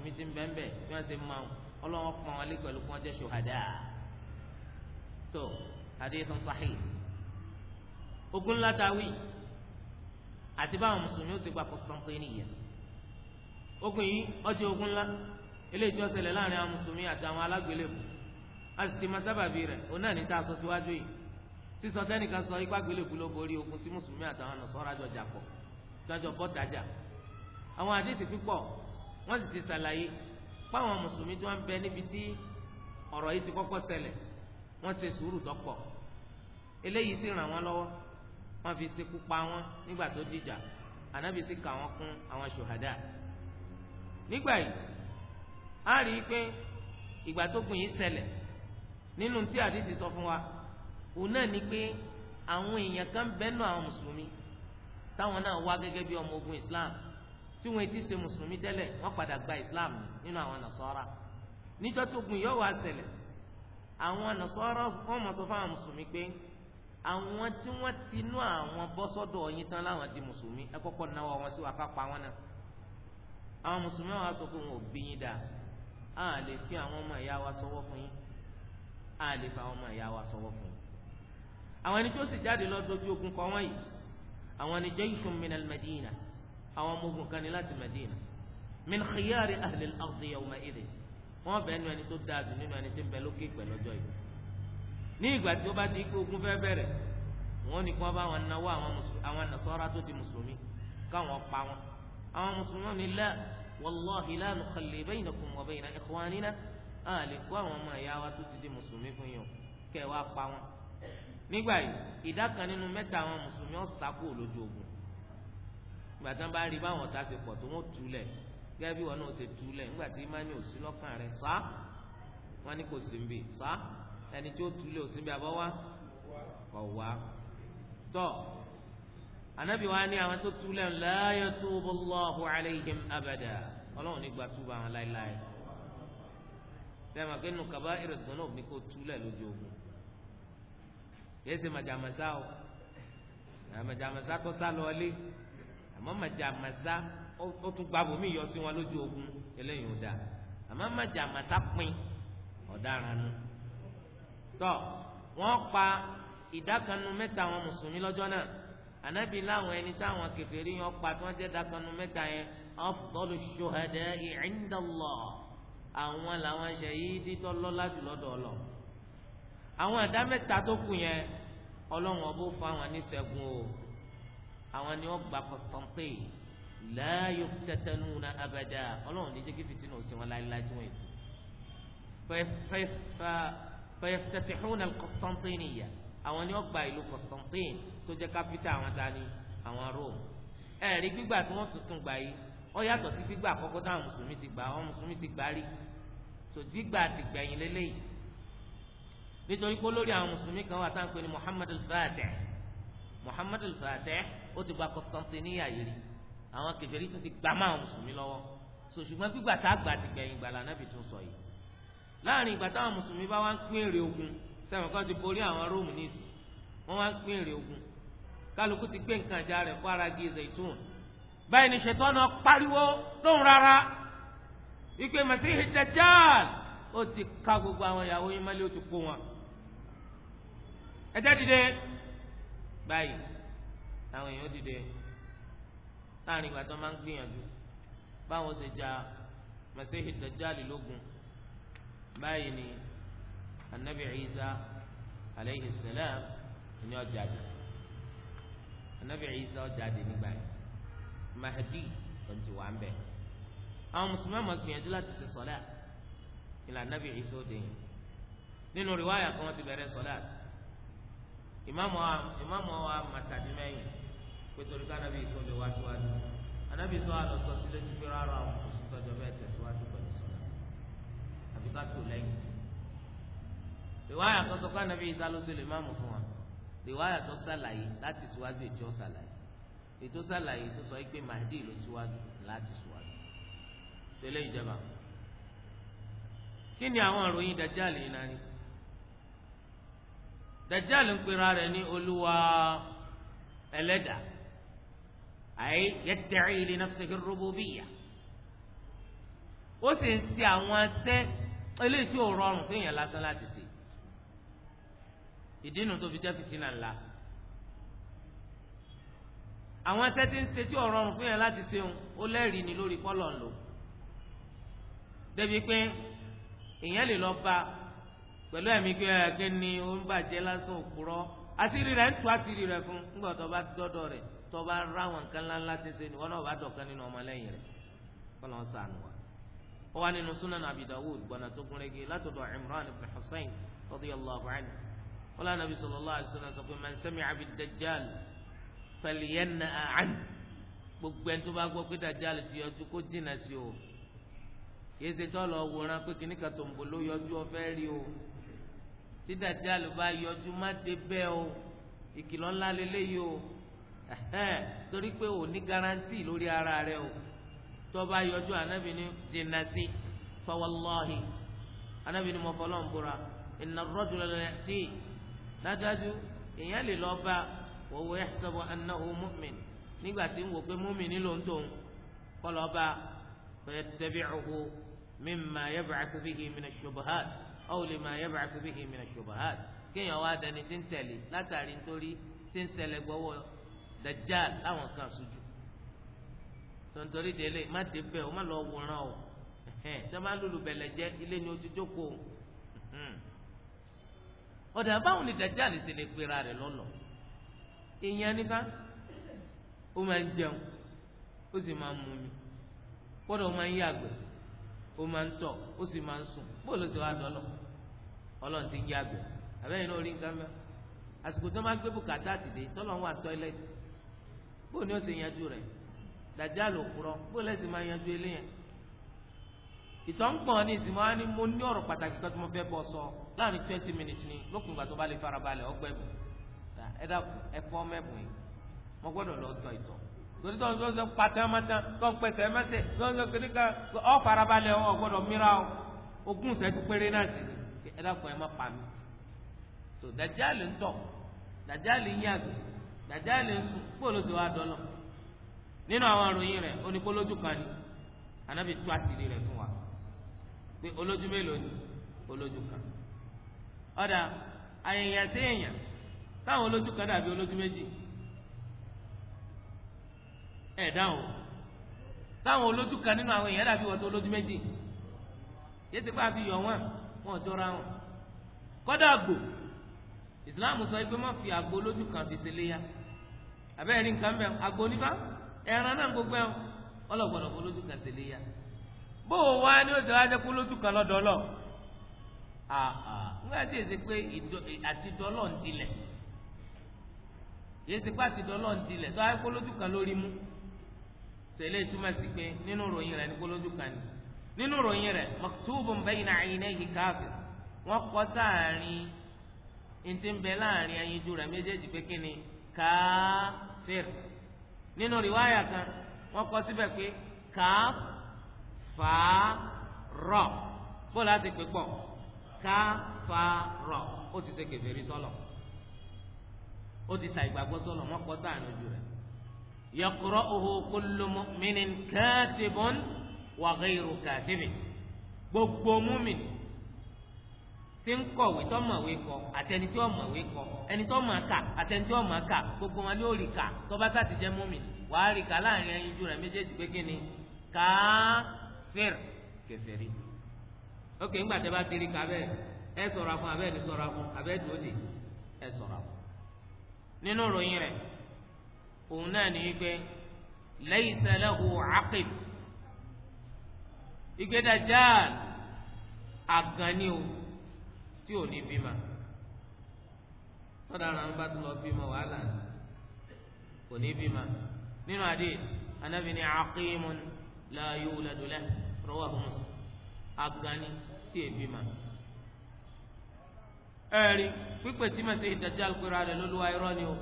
ni ti ń bẹ́ẹ̀ bẹ́ẹ̀ bí wọ́n ọlọ́wọ́n pọn wọn lé pẹ̀lú kí wọ́n jẹ́ ṣòhádà tó hadithun sahih ogun látàwí àti báwọn mùsùlùmí ó sì gba Constantinople ogun yìí ọjọ́ ogun ńlá eléyìí tó ṣẹlẹ̀ láàrin àwọn mùsùlùmí àti àwọn alágbélébù asìtì máa sábàbí rẹ̀ òun náà ní tá a sọ síwájú yìí sísọ tẹnìkan sọ ipá gbélébù ló borí ogun tí mùsùlùmí àtàwọn nọ̀sọ́ra jọ jà pọ̀ jọjọ páwọn mùsùlùmí tí wọ́n ń bẹ níbi tí ọ̀rọ̀ yìí ti kọ́kọ́ ṣẹlẹ̀ wọ́n ṣe sùúrù tó pọ̀ eléyìí sì ràn wọ́n lọ́wọ́ wọ́n fi ṣekú pa wọ́n nígbà tó dìjà ànábì sì kà wọ́n kún àwọn ṣòhádà nígbà yìí a rí i pé ìgbà tó gùn yìí ṣẹlẹ̀ nínú tí àdìsí sọ fún wa òun náà ni pé àwọn èèyàn kan bẹ́ẹ̀ náà àwọn mùsùlùmí táwọn náà wá gẹ́gẹ́ bí ọmọ ogun Islam tí wọn ti ṣe mùsùlùmí tẹ́lẹ̀ wọn padà gba islam nínú àwọn nasọ́ra níjọ́ tó gun yóò wá ṣẹlẹ̀ àwọn nasọ́ra wọ́n mọ̀ sọ fáwọn mùsùlùmí pé àwọn tí wọ́n ti nú àwọn bọ́ sọ́dọ̀ ọ̀yin tán láwọn di mùsùlùmí ẹ kọ́kọ́ náwó wọn sí wa ká wọn náà àwọn mùsùlùmí wa sọ pé wọn ò bí yín dáa a lè fi àwọn ọmọ ìyá wa sọwọ́ fún yín a lè fi àwọn ọmọ ìyá wa sọwọ́ fún yín àwọn ẹni tó sì jáde lọ dojú ogun kọ wọn yìí àwọn ẹni jayshun minal Madina àwọn ọmọ ogun kan ní láti Madina min khiyari ahli al-ardi yawma idin wọ́n bẹ ẹnu ẹni tó dáa dùn nínú ẹni tí ń bẹ lókè pẹ̀lú ọjọ́ yìí ní ìgbà tí ó bá di ikú ogun fẹ́ bẹ̀rẹ̀ wọ́n ní kí wọ́n bá wọn náwó àwọn nasọ́ra tó di mùsùlùmí káwọn pa wọn àwọn mùsùlùmí ní la wallahi la nukhalli bainakum wa bayna ikhwanina á lè kó àwọn ọmọ ẹ̀yà wa tó ti di mùsùlùmí fún yín o kẹ́ pa wọn. nígbà yìí ìdá kan nínú mẹ́ta àwọn mùsùlùmí ó sá lójú ogun ìgbà tí wọn bá rí báwọn ọ̀tá ṣe pọ̀ tó wọn tú lẹ̀ gẹ́gẹ́ bí wọn náà ṣe tú lẹ̀ nígbà tí imáni ò sí lọ́kàn rẹ̀ sá wọn ni kò sí nbì sá ẹni tí ó tú lẹ̀ ò sí nbì abọ́ wá kọ̀ wá tọ́ anabi wa ni àwọn tó tú lẹ̀ la yatubullahu alayhim abada ọlọ́run ní gba túbọ̀ àwọn láéláé tẹ́lẹ̀ kẹ́nu kaba ìrẹ̀gbọ́n náà ní kó tú lẹ̀ lójú ogun yẹ́sẹ̀ màjàmásá o màjàmásá kọ́ sá lọ́ọ́lé àmọ́ màjà màsá ó tún gba bòmí yọ sí wọn lójú ogun eléyìí ò dáa àmọ́ màjà màsá pin ọ̀daràn nu tọ́ wọ́n pa ìdákanu mẹ́ta àwọn mùsùlùmí lọ́jọ́ náà ànábì láwọn ẹni táwọn kèfèrí yẹn pa tí wọ́n jẹ́ dákanu mẹ́ta yẹn afdalu shuhada'i 'inda Allah àwọn làwọn ṣàhídì tó lọ́lá jùlọ dọ̀ọ̀lọ́ àwọn àdá mẹ́ta tó kù yẹn ọlọ́run ọbó fún àwọn níṣẹ́gun o àwọn ni wọn gba Constantine la yuftatanuna abada Ọlọ́run ní jẹgẹ fìtínà òsì wọn láéláé tí wọn yìí fayaftatihuna al-Constantiniya àwọn ni wọn gba ìlú Constantine tó jẹ kápítà àwọn dání àwọn Rome ẹẹrí gbígbà tí wọn tuntun gbà yìí ó yàtọ̀ sí gbígbà àkọ́kọ́ táwọn mùsùlùmí ti gbà àwọn mùsùlùmí ti gbà rí so gbígbà àti gbẹ̀yìn lélẹ́yìí nítorí pé olórí àwọn mùsùlùmí kan wà táwọn pè ní Muhammad al-Fatih Muhammad ó ti gba Constantinople yìí rí àwọn kèfèrí tún ti gbà má mùsùlùmí lọ́wọ́ so ṣùgbọ́n gbígbà tá a gbà ti gbẹ̀yìn gbàlà náà fi tún sọ yìí láàrin ìgbà táwọn mùsùlùmí bá wá ń pín èrè ogun sẹ́wọ̀n kan ti borí àwọn róòmù níìsì wọ́n wá ń pín èrè ogun kálukú ti gbé nǹkan ìjà rẹ̀ kó ara gé zaitun báyìí ni ṣètò ọ̀nà pariwo lóhùn rárá ìpè Masihi Dajjal ó ti ká gbogbo àwọn ìyàwó yín mọ́lẹ́ ó ti kó wọn ẹ̀jẹ̀ dìde báyìí làwọn èèyàn dìde láàrin ìgbà tó máa ń gbìyànjú báwọn ṣe ja masihi dajjali lógun báyìí ni anabi isa aleyhi salam ni ó jáde anabi isa ó jáde nígbà yìí mahdi ló ti wà ń bẹ àwọn mùsùlùmí àmọ́ gbìyànjú láti ṣe sọlá ìlànà anabi isa ó dé yìí nínú riwaayà kan wọ́n ti bẹ̀rẹ̀ sọlá ìmáàmù wa ìmáàmù wa màtàdínmẹyìn pé torí ká anabi sọ lè wá síwájú anabi sọ àlọ sọ sílé tí pé rárá àwọn kò sí tọjọ bẹ́ẹ̀ tẹsíwájú pẹ̀lú sọlá àfi ká tó lẹ́yìn tì rìwáyà tó sọ pé anabi ìta ló ṣe lè má mú fún wa rìwáyà tó ṣàlàyé láti síwájú ètò ṣàlàyé ètò ṣàlàyé tó sọ pé Mahdi ló síwájú láti síwájú tẹ́lẹ̀ ìjọba kí ni àwọn àròyìn dajali yìí náà ni dajali ń pera rẹ̀ ní olúwa ẹlẹ́dàá. أي يدعي لنفسه الربوبية ó sì ń ṣe àwọn ẹsẹ eléyìí tí ò rọrùn fẹ́yàn lásán láti ṣe ìdínú tó fi jẹ́ fìtínà ńlá àwọn ẹsẹ tí ń ṣe tí ò rọrùn fẹ́yàn láti ṣe ń ó lẹ́rìí ni lórí kọ́lọ̀ ńlò débi pé èèyàn lè lọ bá pẹ̀lú ẹ̀mí pé ẹ̀kẹ́ ó ń bàjẹ́ lásán òpùrọ́ àṣírí rẹ̀ ń tú àṣírí rẹ̀ fún nígbà tó bá dọ́dọ̀ rẹ̀ tọba ráwọn nǹkan ńláńlá ti ṣe ni wọn náà bá dọ̀kan nínú ọmọlẹ́yìn rẹ̀ kọ́ lọ́n sànù wa. ó wà nínú sunan abi dawud gbọ́nà tó gún régé látọ̀dọ̀ imran ibn hussein radiyallahu anhu wọ́n lánàá bí sallallahu alaihi wasallam sọ pé man sami'a bid dajjal falyanna'a anhu gbogbo ẹni tó bá gbọ́ pé dajjal ti yọjú kó jìnnà sí o kìí ṣe tó lọ wòran pé kíní kan tó ń bò ló yọjú ọfẹ́ rí o tí dajjal bá yọjú má dé bẹ́ẹ̀ o ìkìlọ̀ ńlá torí pé o ní garanti lórí ara rẹ o tọba yọjú anabi ni jìnnà sí fawallahi anabi ni mo fọlọ́ ń bora inna ar-rajula la ya'ti dájú èèyàn lè lọ bá wa huwa yahsabu annahu mu'min nígbà tí ń wò pé mu'min ló ń tóun kọ́ lọ bá fayattabi'uhu mimma yab'athu bihi min ash-shubuhat aw lima yab'athu bihi min ash-shubuhat kéèyàn wá dání tí ń tẹ̀lé látàrí nítorí tí ń ṣẹlẹ̀ gbọ́wọ́ dajjal láwọn kan sojú tontori délé má dé bẹ o má lọ wòran o jọba lulu bẹlẹ jẹ ilé ni o ti jókòó ọdọ abáwọn ni dajjal ṣe lè pera rẹ̀ lọlọ ìyẹn nípa ó máa ń jẹun ó sì máa ń mumi kódà ó máa ń yàgbẹ́ ó máa ń tọ̀ ó sì máa ń sùn bóòlù sì wá dọlọ Ọlọ́run ti ń yàgbẹ́ àbẹ́yìn náà orí nǹkan mẹ́wàá àsìkò tó máa gbé bùkátà ti dé tọ́lọ́ ń wà tọ́ílẹ̀tì bó ni ó sì yanjú rẹ̀ dàjà ló kúrọ bó si máa yanjú eléyẹn ìtọ́ ń pọ̀n ní ní mo ní ọ̀rọ̀ pàtàkì kan tí mo fẹ́ twenty minutes ni lókun ìgbà tó bá lè farabalẹ̀ ọgbẹ́ ẹ ẹ fọ́ mẹ́bùn yìí mo gbọ́dọ̀ lọ tọ̀ ìtọ̀ torí tó ń sọ pátámátá tó ń tó ń ọ farabalẹ̀ ọ gbọ́dọ̀ ni ẹ ẹ má pa mi tó dàjà lè ń tọ̀ dàjà dàjáàlì ń sùn bóòlù sì wá nínú àwọn ìròyìn rẹ ó ní kó lójú kan ni anábì tú àṣírí rẹ fún wa pé olójú mélòó ni olójú kan ọ̀dà àyẹ̀yẹ̀ sí èèyàn sáwọn olójú kan dàbí olójú méjì sáwọn olójú kan nínú àwọn èèyàn dàbí wọ́n tó olójú méjì sọ fi àgbò olójú kan fi abẹ́rẹ́ ní nǹkan mẹ́rin agbónífá ẹran náà gbogbo ẹ̀hún ọlọ́gbọ̀dọ̀ kó lójú kan sílé ya bó o wá ní oṣù ajẹ́ kó lójú kan lọ́dọ̀ lọ. nígbà tí èsì pé àtidọ́ lọ́n tilẹ̀ èsì pé àtidọ́ lọ́n tilẹ̀ tó ayé kó lójú kan lórí mú tẹ̀lé túmọ̀ sí pé nínú ròyìn rẹ̀ ní kó lójú kan ni nínú ròyìn rẹ̀ maktubun bayna aynayhi kafir wọ́n kọ́ sáàrin ń bẹ ẹyinjú rẹ̀ méjèèjì pé káfíìr nínú rìwáyà kan wọ́n kọ síbẹ̀ pé káfàárọ̀ bó láti pè pọ̀ káfàárọ̀ ó ti ṣe kèfèrí sọ́lọ̀ ó ti ṣàìgbàgbọ́ sọ́lọ̀ wọ́n kọ sáàrin ojú rẹ̀ yaqra'uhu kullu mu'minin katibun wa ghayru katibin gbogbo múmìnì tí ń kọ̀wé tó mọ̀wé kọ àtẹni tí ó mọ̀wé kọ ẹni tó mọ̀ kà àtẹni tí ó mọ̀ kà gbogbo wọn ni ó rí kà tó bá sáti jẹ́ múmi wàá rí kà láàrin ẹyinjú rẹ̀ méjèèjì pé kí ni káfíìr kèfèrí. ok ńgbà tẹ bá ti rí kà bẹ́ẹ̀ ẹ ṣọ́ra fún abẹ́ ẹni ṣọ́ra fún abẹ́ dòde ẹ ṣọ́ra fún. nínú ìròyìn rẹ̀ òun náà ní pé laysa lahu tí ò ní bímọ tọ́daràn bá tún lọ bímọ wàhálà kò ní bímọ nínú àdé anabi ni aqimu la yuladu lahu rawahu Muslim agani tí è bímọ. ẹ̀rí pípẹ́ tí màsí Dajjal pera rẹ̀ lólúwa irọ́ ni o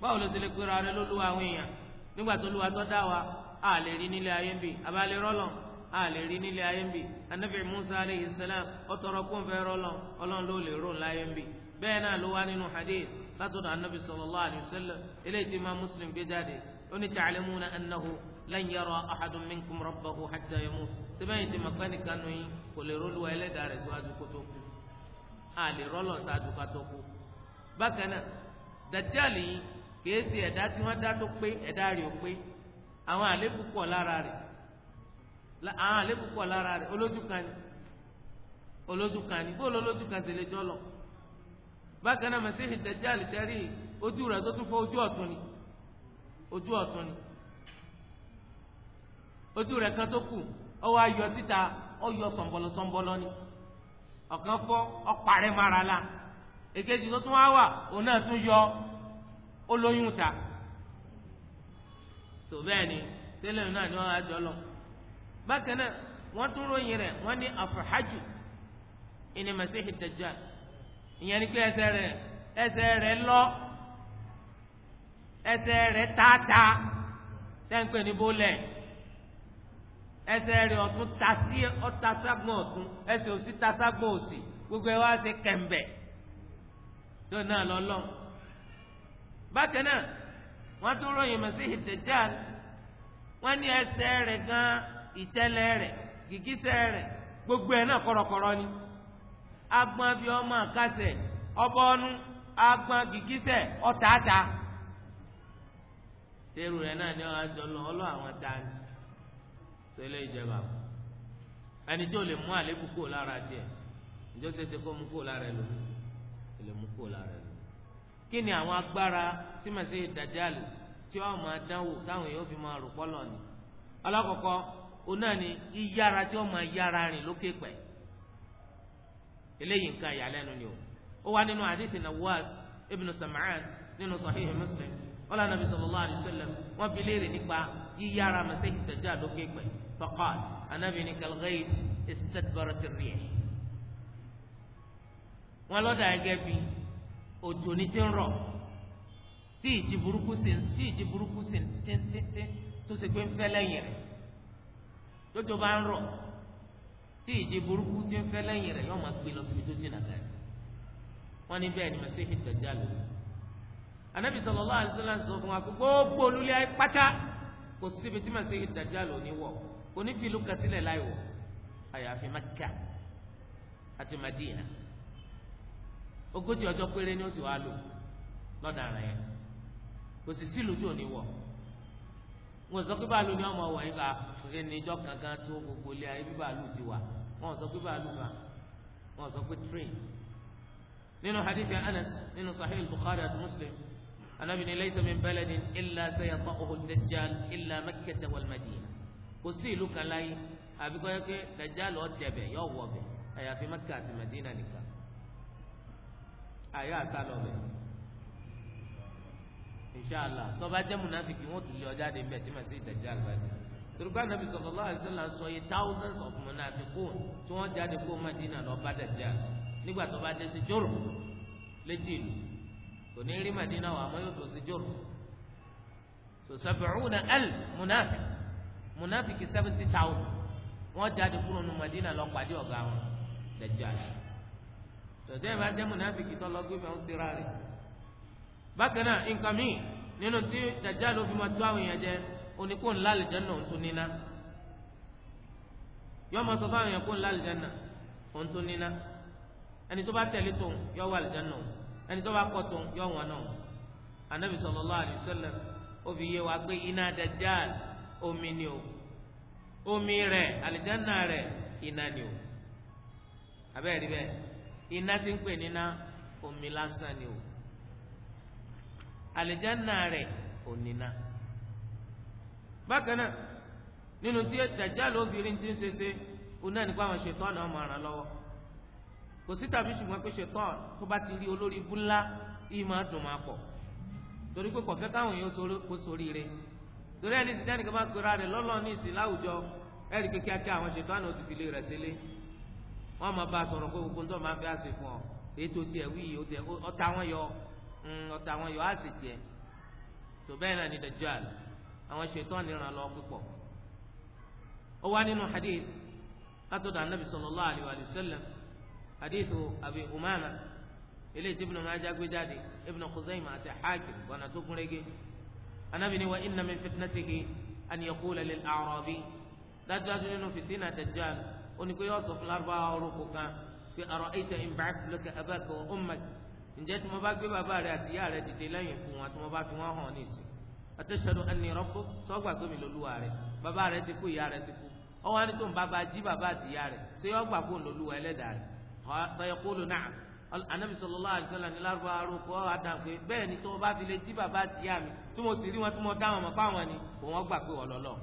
báwo ló ṣe lè pera rẹ̀ lólúwa àwọn èèyàn nígbà tó lúwa tó dá wa a lè rí nílé ayé ń bì abá rọ́lọ́n a lè rí nílé ayé ń bì anabi musa aleyhi salam ó tọrọ kó n fẹ́ rọlọ́ ọlọ́run ló lè rún láyé ń bì bẹ́ẹ̀ náà ló wá nínú hadith látọ̀dọ̀ anabi sallallahu alayhi wa eléyìí tí muslim gbé jáde ó ní ta'lamuna annahu lan yara ahadun minkum rabbahu hatta yamut sẹ́bẹ̀yìn tí makani kanu yín kò lè rólúwa ẹlẹ́dàá rẹ̀ síwájú kó tó kú a lè rọ́lọ̀ síwájú kú bákan náà dàtíàlì yìí kèé sí tí wọ́n dá tó pé ẹ̀dá rẹ̀ ò pé àwọn àlékún pọ̀ lára rẹ̀ àwọn àléébù ah, pọ̀ lára rẹ̀ olójú kan ni olójú kan ni bóòlù olójú kan sì lè jọ lọ bákan náà Masihi Dajjal tẹ́rì ojú rẹ̀ tó tún fọ́ ojú ọ̀tún ni ojú ọ̀tún ni ojú rẹ̀ kan tó kù ọwọ́ ayọ̀ síta ọyọ sọ̀nbọ̀lọ̀ sọ̀nbọ̀lọ̀ ni ọ̀kan fọ́ ọ̀parẹ́ mara la èkejì tó tún wá wà òun náà tún yọ olóyún ta tó bẹ́ẹ̀ ni tẹ́lẹ̀ náà ni wọ́n á jọ lọ bákan náà wọ́n tún ròyìn rẹ̀ wọ́n ní afahajù ìní masihi dajjal ìyẹn ni pé ẹsẹ̀ rẹ̀ ẹsẹ̀ rẹ̀ lọ ẹsẹ̀ rẹ̀ tata tẹ́ǹpẹ́ ní bólẹ̀ ẹsẹ̀ rẹ̀ ọ̀tún tasí ọ̀taságbọ̀n ọ̀tún ẹsẹ̀ òsì òsì gbogbo ẹ wá ṣe kẹ̀m̀bẹ̀ tó náà lọ́lọ́ bákan náà wọ́n tún ròyìn masihi dajjal ní gan ìtẹ́lẹ̀ rẹ̀ gìgísẹ̀ rẹ̀ gbogbo ẹ̀ náà kọ̀rọ̀kọ̀rọ̀ ni agbọn bíi ọmọ àkàsẹ̀ ọbọ̀ọ́nú agbọn gìgísẹ̀ ọ̀tààtà sẹ́rù rẹ̀ náà ni wọ́n á ọlọ́ àwọn dání sẹ́lẹ̀ ìjẹba ẹni tí o lè mú àléébù kúrò lára tiẹ̀ kó mú lára ẹ lómi ẹ lè mú lára ẹ lómi. kí ni àwọn agbára tí màá tí ni. òun náà ni yíyára tí wọ́n máa yára rìn lókè pẹ̀ eléyìí nǹkan ìyàlẹ́nu ni o ó wá nínú àdìsí Nawaz ibn Sam'an nínú Sahih Muslim wọ́n lànà bí sallallahu alayhi wa sallam wọ́n fi léèrè nípa yíyára Masih Dajjal lókè pẹ̀ faqal anabi ni kal-ghayth istadbarat ar-rih wọ́n bí òjò ní ti ń rọ̀ tí ìjì burúkú sí tí ìjì burúkú sí tíntíntín tó ṣe pé ń fẹ́ lẹ́yìn rẹ̀ tójò bá ń rọ̀ tí ìjì burúkú ti ń fẹ́ lẹ́yìn rẹ̀ yóò máa gbé lọ síbi tó jìnnà gàrí wọ́n ní bẹ́ẹ̀ ni anabi sallallahu alaihi wasallam sọ fún wa gbogbo olúlé ayé pátá kò síbi tí masihi dajjal ò ní wọ̀ kò ní fi ìlú kan sílẹ̀ láì àyàfi maka àti Madina ogójì ọjọ́ péré ni ó sì wá lò ara yẹn kò sì sílùú wọn sọ pé bàálù ni wọn mọ wọ yín ká ẹnìjọ kankan tó gbogbo ilé ayé bí bàálù ti wà wọn sọ pé bàálù kan wọn sọ pé train nínú hadithi anas nínú sahih bukhari àti muslim anabi ni laysa min baladin illa sayata'uhu ad-dajjal illa makkah wal madina kò sí ìlú kan láyé àbí kọ́ yẹ pé dajjal ọ̀ dẹ̀bẹ̀ yọ̀ wọ̀ bẹ̀ àyàfi makkah àti madina nìkan àyà àsálọ̀ bẹ̀ inṣàlá tọba jẹ́ munafiki wọ́n tún lé ọjà dé mbẹ́ tí ma ṣe ìdájọ́ àlùbáyé turuba nabi sallallahu alaihi sọ yìí thousands of munafikun tí wọ́n jáde kó Madina lọ bá dàjà nígbà tó bá dé sí jòrò létí ìlú kò ní rí Madina wà àmọ́ yóò tó sí jòrò so sab'una alf munafik munafiki seventy thousand wọ́n jáde kúrò nu Madina lọ pàdé ọ̀gá wọn dàjà tòtẹ́ ìbá jẹ́ munafiki tó lọ gbé mi ó ń sira bákan náà nǹkan míì nínú tí dàjà ló fi máa tó àwọn èèyàn jẹ oníkó ńlá àlìjáná òun tún níná yọ máa sọ fáwọn èèyàn kó ńlá àlìjáná òun tún níná ẹni tó bá tẹ̀lé tó yọ wọ àlìjáná òun ẹni tó bá tó yọ wọn náà anabi wa iná omi ni o omi rẹ̀ àlìjáná rẹ̀ iná ni o abẹ́rẹ́ bẹ́ẹ̀ iná ti ń omi lásán ni o. àlìjáná rẹ̀ ò níná bákan náà nínú tí dàjálù obìnrin ti ń ṣeṣe òun náà nípa àwọn ṣètọ́ọ̀nù ọmọ ràn lọ́wọ́ kò sí tàbí ṣùgbọ́n pé ṣètọ́ọ̀nù tó bá ti rí olórí ibú ńlá yìí máa dùn máa pọ̀ torí pé kò fẹ́ káwọn èèyàn kó sórí rẹ̀ torí ẹni tí dáni kan bá gbéra rẹ̀ lọ́lọ́ ní ìsìn láwùjọ ẹ̀rí pé kíákíá àwọn ṣètọ́ọ̀nù ti fi rẹ̀ sílé wọ́n máa bá a sọ̀rọ̀ pé gbogbo ń tọ́ máa fi àṣẹ fún ọ Mm, ọ̀tá àwọn yòó àṣì tiẹ̀ tó bẹ́ẹ̀ náà ni dajjal àwọn ṣètọ́ni ràn lọ púpọ̀ ó wá nínú hadith látọ̀dọ̀ anabi sallallahu alayhi wa sallam hadith abi umama eléyìí tí ibnu Majah gbé jáde ibnu Khuzaimah àti Hakim gbọ́nà tó gún régé anabi ni wa inna min fitnatihi an yaqula lil a'rabi dájúdájú nínú fitina dajjal ó ní pé yóò ǹjẹ́ tí mo bá gbé bàbá rẹ àti ìyá rẹ dìde lẹ́yìn ikú wọn tí mo bá fi wọ́n hàn nísìn àtẹ̀sọ́dọ̀ ẹni rọ́pò sọ́gbà pé mi lolúwa rẹ bàbá rẹ ti kú ìyá rẹ ti kú ọwọ́ àti tó ń bàbá jí bàbá àti ìyá rẹ ṣé yọ gbà fún lolúwa ẹlẹ́dàá rẹ fayaqulu na'am anabi sallallahu alaihi wasallam ní lárúbá arúgbó àdàn pé bẹ́ẹ̀ ni tó o bá fi lè jí bàbá àti ìyá mi tí mo sì rí wọn tí mo dá wọn mọ̀ fáwọn ni kò wọ́n gbà pé wọ́n lọ́lọ́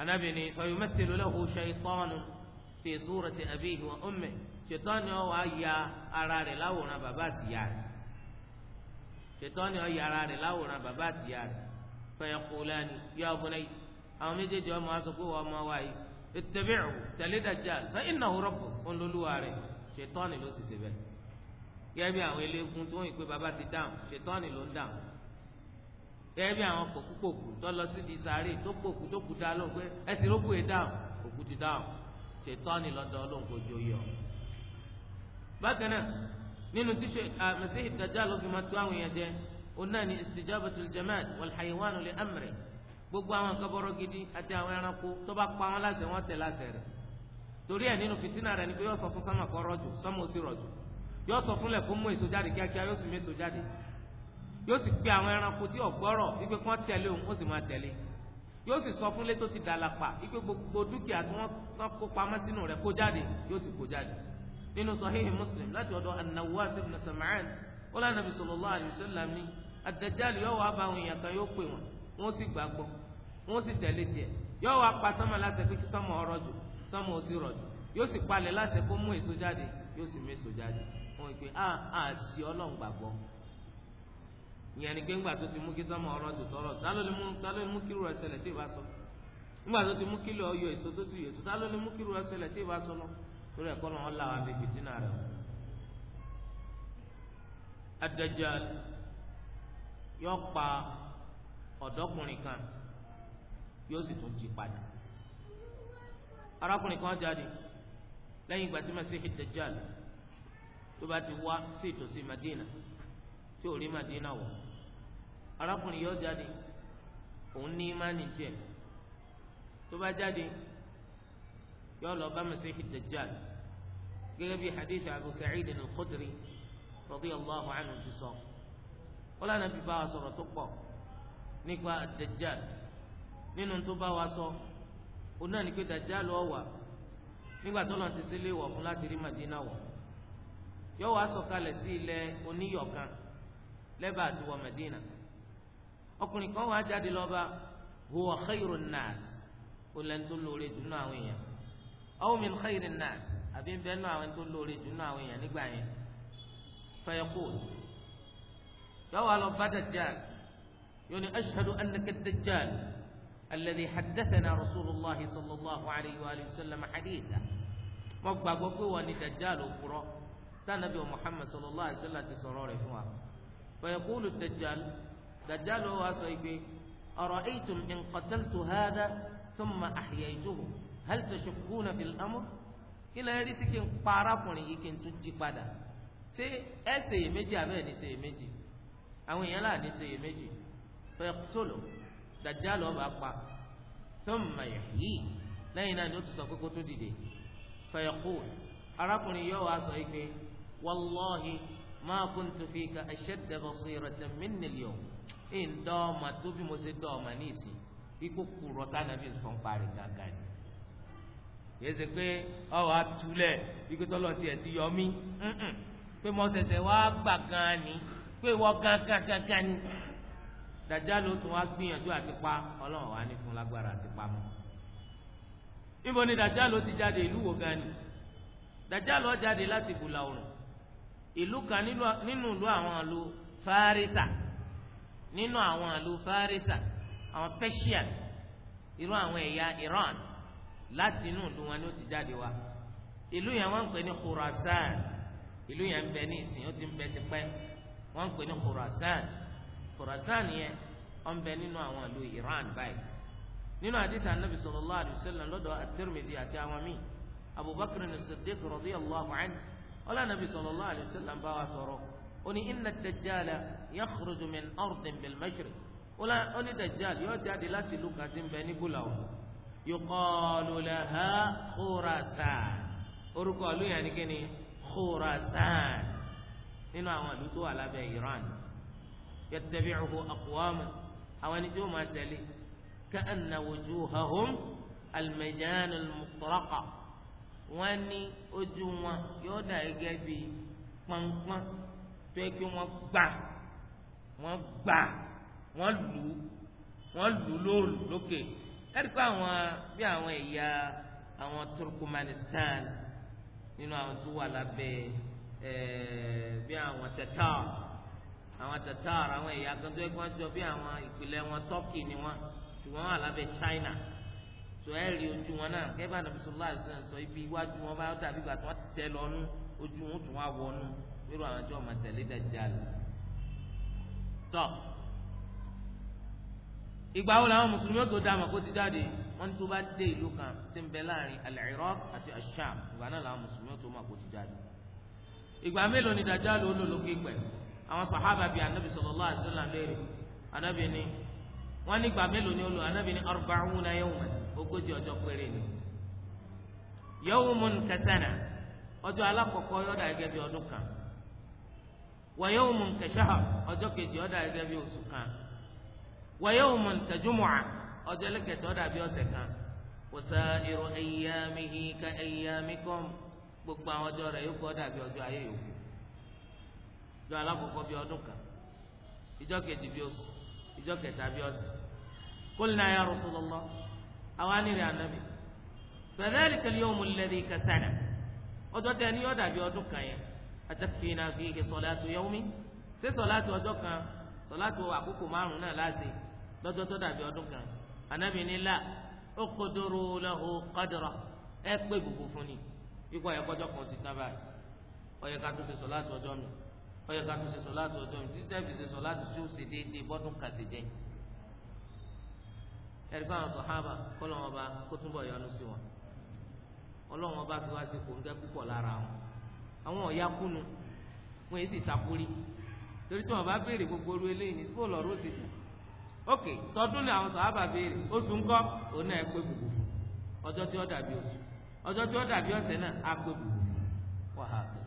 anabi ni fayumathilu lahu shaytanu fi surati abihi wa ummihi ṣètọ́ni ọ wá ya ara rẹ̀ láwòrán bàbá àtìyá rẹ̀ ṣètọ́ni ọ ya ara rẹ̀ láwòrán bàbá àtìyá rẹ̀ fẹ̀yẹ̀ kó lẹ́ni yọ ọkùnrin yìí àwọn méjèèjì ọmọ wa sọ pé wọ́n ọmọ wa yìí ittabi'u tẹ̀lé Dajjal fa innahu rabbu olólùwà rẹ̀ ṣètọ́ni ló sì ṣe bẹ́ẹ̀ gẹ́gẹ́ bí àwọn eléegun tí wọ́n yìí pé bàbá ti dáhùn ṣètọ́ni ló ń dáhùn gẹ́gẹ́ bí àwọn kòkúkòkù tó lọ sí di sáré tó kòkú tó kú dá lóhùn pé ẹ̀sìn ló kù yìí dáhùn òkú ti dáhùn ṣètọ́ni lọ́dọ̀ ọlọ́hùn kò jó yọ bákan náà nínú tíṣe àmẹsíhì ah, dajjal ló fi máa tó àwọn èèyàn jẹ òun náà ni istijabatul jamaad wal haywanu li amri gbogbo àwọn akọbọrọ gidi àti àwọn ẹranko tó bá pa wọn láṣẹ wọn tẹ láṣẹ rẹ̀ torí ẹ̀ nínú fìtínà rẹ̀ ni pé yóò sọ fún sọmọ kọ rọ̀jò sọmọ òsì rọ̀jò yóò sọ fúnlẹ̀ kó mú èso jáde kíákíá yóò sì mú èso jáde yóò sì pe àwọn ẹranko tí ọgbọrọ wípé kí tẹ̀lé òun ó sì máa tẹ̀lé yóò sì sọ fúnlẹ̀ tó ti dàlàpà wípé gbogbo dúkìá tí wọn kó pamọ́ sínú rẹ̀ kó jáde yóò sì kó jáde nínú sahihi muslim láti ọ̀dọ̀ an-Nawwas ibn Sam'an ó lànà bí sallallahu alayhi wa sallam ní ad-Dajjal yóò wá bá àwọn èèyàn kan yóò pè wọn wọn sì gbàgbọ́ wọn sì tẹ̀lé tiẹ̀ yóò wá pa sánmà láṣẹ pé kí sánmà ọrọ̀ jù sánmà ó sì rọ̀ jù yóò sì palẹ̀ láṣẹ kó mú èso jáde yóò sì mú èso jáde wọn pe a ah, a sì ọlọ́run gbàgbọ́ ìyẹn ni pé tó ti mú kí sánmà ọrọ̀ tọrọ ta ló mú ta ló mú kíru ẹsẹ̀ lẹ̀ tí ì bá sọ ńgbà tó ti mú kílò ọyọ èso tó sì yọ èso ta ló mú kíru ẹsẹ̀ lẹ̀ tí ì bá sọ lọ torí ẹ̀kọ́ lọ́wọ́ là wà bíi fìtínà rẹ̀ o Ad-Dajjal yóò pa ọ̀dọ́kùnrin kan yóò sì tún jí padà arákùnrin kan jáde lẹ́yìn ìgbà tí Masihi Ad-Dajjal tó bá ti wá sí ìtòsí Madina tí ò rí Madina wọ̀ arákùnrin yóò jáde òun ní imáni tó bá jáde yọ lọ bá masihi dajjal gẹ́gẹ́ bí hadith abu sa'id al-khudri radiyallahu anhu ti sọ wọn lànà bí bá wa sọ̀rọ̀ tó pọ̀ nípa dajjal nínú tó bá wa sọ òun náà ní pé dajjal ọ wà nígbà tó lọ ti sílé wọ̀ fún láti rí madina wọ̀ yọ wá sọ̀kalẹ̀ sí ilẹ̀ oníyọ̀kan lẹ́bà àti wọ̀ madina ọkùnrin kan wàá jáde lọ́ba huwa khayrun nas ó lẹ́nu tó lóore dùnú àwọn èèyàn aw min khayri nnaas àbí ń bẹ nínú àwọn tó lóore jù nínú àwọn èèyàn nígbà yẹn fayaqul yọwọ alọ bá dajjal yóò ní ashhadu annaka dajjal alladhi haddathana rasulillah sallallahu alayhi wa sallam haditha mo gbàgbọ́ pé wọ́n ní dajjal òkúrọ́ tánàbí muhammad sallallahu alayhi wa sallam ti sọ̀rọ̀ rẹ̀ fún wa fayaqulu dajjal dajjal wa sọ ìgbé ara'aytum in qataltu hadha thumma ahyaytuhu. hal tashukkuna fil amr kí lẹ́yìn rí sí kí n pa arákùnrin yìí kí n tún jí padà ṣé ẹ ṣèyèméjì abẹ́ẹ̀ ní ṣèyèméjì àwọn èèyàn láà ní ṣèyèméjì fẹ́ẹ́tòlò dàjálù ọba pa thumma yuhyi lẹ́yìn náà ni ó tún sọ pé kó tún dìde fayaqul arákùnrin yóò wá sọ yìí pé wàlláhi ma kuntu fika ashadda basiratan minni al-yawm ìdọ́ọ̀mà tó bí mo ṣe dọ́ọ̀mà ní ìsìn ikú kúrọ̀ tánàbí sọ̀nparí gàgàdì yìí ṣe pé ọwọ́ atúlẹ̀ wípé tọ́lọ́ tiẹ̀ ti yọ mí pé mo ṣẹ̀ṣẹ̀ wá gbà gan-an ni pé wọ́n gangan gangan ni dàjà ló tún wá gbìyànjú àti pa ọlọ́run wá ní fún lágbára àti pa mọ́ níbo ni dàjà ló ti jáde ìlú wo gan ni dàjà ló jáde láti bùlà òrùn ìlú kan nínú ìlú àwọn ìlú fárísà nínú àwọn ìlú fárísà àwọn Persian irú àwọn ẹ̀yà Iran láti inú ìlú wọn ni ó ti jáde wá ìlú yẹn wọ́n ń pè ní Khurasan ìlú yẹn ń bẹ ní ìsìn ó ti ń bẹ tipẹ́ wọ́n ń pè ní Khurasan Khurasan yẹn ó ń bẹ nínú àwọn ìlú Iran báyìí nínú àdìtà anabi sallallahu alayhi wa sallam lọ́dọ̀ at-Tirmidhi àti àwọn míì Abubakar as-Siddiq radiyallahu anhu ọlọ anabi sallallahu alayhi wa sallam bá wa sọ̀rọ̀ ó ní inna ad-dajjala yakhruju min ardin bil dajjal yóò jáde láti ìlú kan ń bẹ ní búláwù yuqalu laha Khurasan orúkọ ìlú yẹn ni kíni Khurasan nínú àwọn ìlú tó wà lábẹ́ Iran yattabi'uhu aqwam àwọn ẹni tí wọ́n máa tẹ̀lé ka'anna wujuhahum al-majan al-mutlaqa wọ́n ní ojú wọn yóò dà gẹ́gẹ́ bíi pọnpọn tó yẹ kí wọ́n gbà wọ́n gbà wọ́n lù wọ́n lù lóòlù lókè ẹ̀rí pé àwọn bí àwọn ẹ̀yà àwọn Turkmenistan nínú àwọn tó wà lábẹ́ ẹ̀ẹ́ bí àwọn Tatar àwọn Tatar àwọn ẹ̀yà kan tó yẹ kí wọ́n jọ bí àwọn ìpìlẹ̀ wọn Turkey ni wọ́n ṣùgbọ́n wọ́n wà lábẹ́ China tó ẹ rí ojú wọn náà kẹ́bà nàbí sọlá àìsàn sọ ibi iwájú wọn bá dàbí ìgbà tó wọn tẹ lọ́nu ojú wọn tún wá wọnú nírú àwọn tí wọn máa tẹ̀lé dájà lọ. tọ́ ìgbà wo làwọn mùsùlùmí ó tó dá àmọ́ kó ti jáde wọ́n ní tó bá dé ìlú kan tí ń bẹ láàrin al-Iraq àti ash-Sham ìgbà náà làwọn mùsùlùmí ó tó mọ̀ kó ti jáde ìgbà mélòó ni Dajjal ló lò lókè pẹ̀ àwọn sàhábà bíi anabi sallallahu alaihi wasallam léèrè anabi ni wọ́n ní ìgbà mélòó ni ó lò anabi ni arba'una yawman ogójì ọjọ́ péré ni yawmun kasana ọjọ́ alákọ̀ọ́kọ́ yọ̀dà gẹ́gẹ́ bí ọdún kan ọjọ́ kejì yọ̀dà gẹ́gẹ́ bí oṣù kan wa yawmun kajumu'a ọjọ́ lẹ́kẹ̀tọ́ dàbí ọ̀sẹ̀ kan wa sa'iru ayyamihi ka ayyamikum gbogbo àwọn ọjọ́ rẹ̀ yóò kọ́ dàbí ọjọ́ ayé yòókù ìjọ alákọ̀ọ́kọ́ bíi ọdún kan ìjọ kejì bíi oṣù ìjọ kẹta bíi ọ̀sẹ̀ qulna ya Rasulullah àwa nílẹ̀ ànábì fadhalika al-yawmu alladhi ka sana ọjọ́ tẹ ní yóò dàbí ọdún kan yẹn atakfina fihi salatu yawmi ṣé sọ̀láàtù ọjọ́ kan sọ̀láàtù àkókò márùn-ún náà láṣẹ lọ́jọ́ tó dàbí ọdún kan anabi ní la uqduru lahu qadra ẹ pé gbogbo fún ni ikú ọ̀yẹ́ kọjọ́ kan ti tán báyìí ọ̀yẹ́ ká tó ṣe sọ láti ọjọ́ mi ọ̀yẹ́ ká tó ṣe sọ láti ọjọ́ mi títí tẹ́ẹ̀fì ṣe sọ láti tí ó ṣe déédéé bọ́dún kà sí jẹ́ ẹ̀rí báwọn sọ̀hábà kọ́lọ́wọ́n bá kó túnbọ̀ yọnu sí wọn ọlọ́wọ́n bá fi wá sí kòńgẹ́ púpọ̀ lára wọn àwọn ọ̀ya kúnu wọn èsì sàkúrí torí tí wọn bá béèrè gbogbo oru eléyìí ní bó lọ́ọ́ rọ́ọ̀sì kù ok tọdún ni àwọn sàhábà béèrè oṣù ńkọ́ òun náà pé bùbù fún ọjọ́ tí ó dàbí oṣù ọjọ́ tí ó dàbí ọ̀sẹ̀ náà á pé bùbù fún wàhálà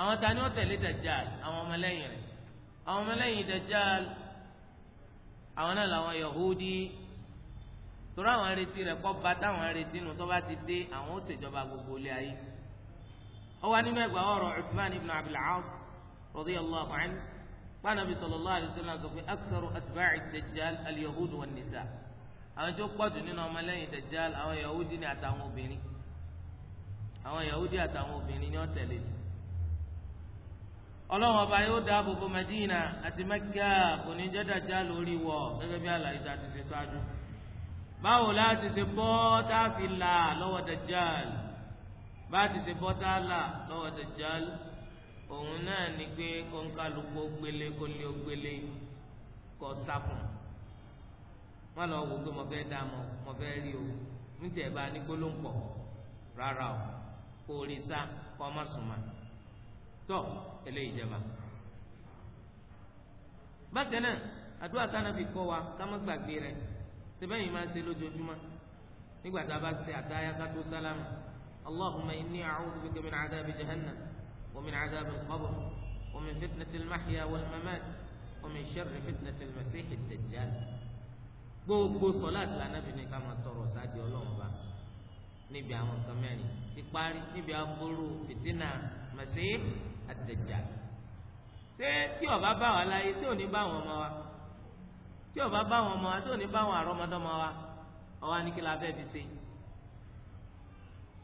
àwọn tani ó tẹ̀lé dajjal àwọn ọmọlẹ́yìn rẹ̀ àwọn ọmọlẹ́yìn dajjal àwọn náà làwọn yahudi torí àwọn retí rẹ̀ kọ́ ba táwọn retí nu tó bá ti dé àwọn ó ṣèjọba gbogbo ilé ayé ó nínú ẹgbàá ọ̀rọ̀ Uthman ibn Abil As radiyallahu anhu pàànàbí sallallahu alaihi wasallam sọ pé aksaru atba'i dajjal al-yahud wa nisa àwọn tó pọ̀jù nínú ọmọlẹ́yìn dajjal àwọn yahudi ni àtàwọn obìnrin àwọn yahudi àtàwọn obìnrin ni wọ́n tẹ̀lé jù ọlọ́run ọba yóò dáàbò bo Madina àti Mẹ́kà kò ní jẹ́ dajjal lórí wọ̀ gẹ́gẹ́ bí àlàyé tá a ti ṣe ṣáájú báwo láti ṣe bọ́ tá a fi là lọ́wọ́ dajjal bá a ti ṣe bọ́ tá a là lọ́wọ́ dajjal òun náà ni pé kónkálukú gbélé kólé gbélé kọ sákùn wọn lọ wò pé mo fẹ́ dá mọ mo fẹ́ rí o ní tiẹ̀ bá ní gbólóńpọ̀ rárá o kò rí sá kọ́ má sùnmà tọ́ eléyìí jẹba. bákan náà àdúrà a bá ṣe ká tó sálámù ومن عذاب القبر ومن فتنة المحيا والممات ومن شر فتنة المسيح الدجال gbogbo sọláàt lànàbì ní ká máa tọrọ sáàdì Ọlọ́run bá níbi àwọn nǹkan mẹ́rin ti parí níbi aburú fìtínà mẹsì àtẹjà ṣé tí ọba bá wà láyé tí ò ní bá wọn ọmọ wa tí ọba bá wọn ọmọ wa tí ò bá wọn àrọmọdọ́mọ wa ọwọ anìkìlá fẹẹ fi ṣe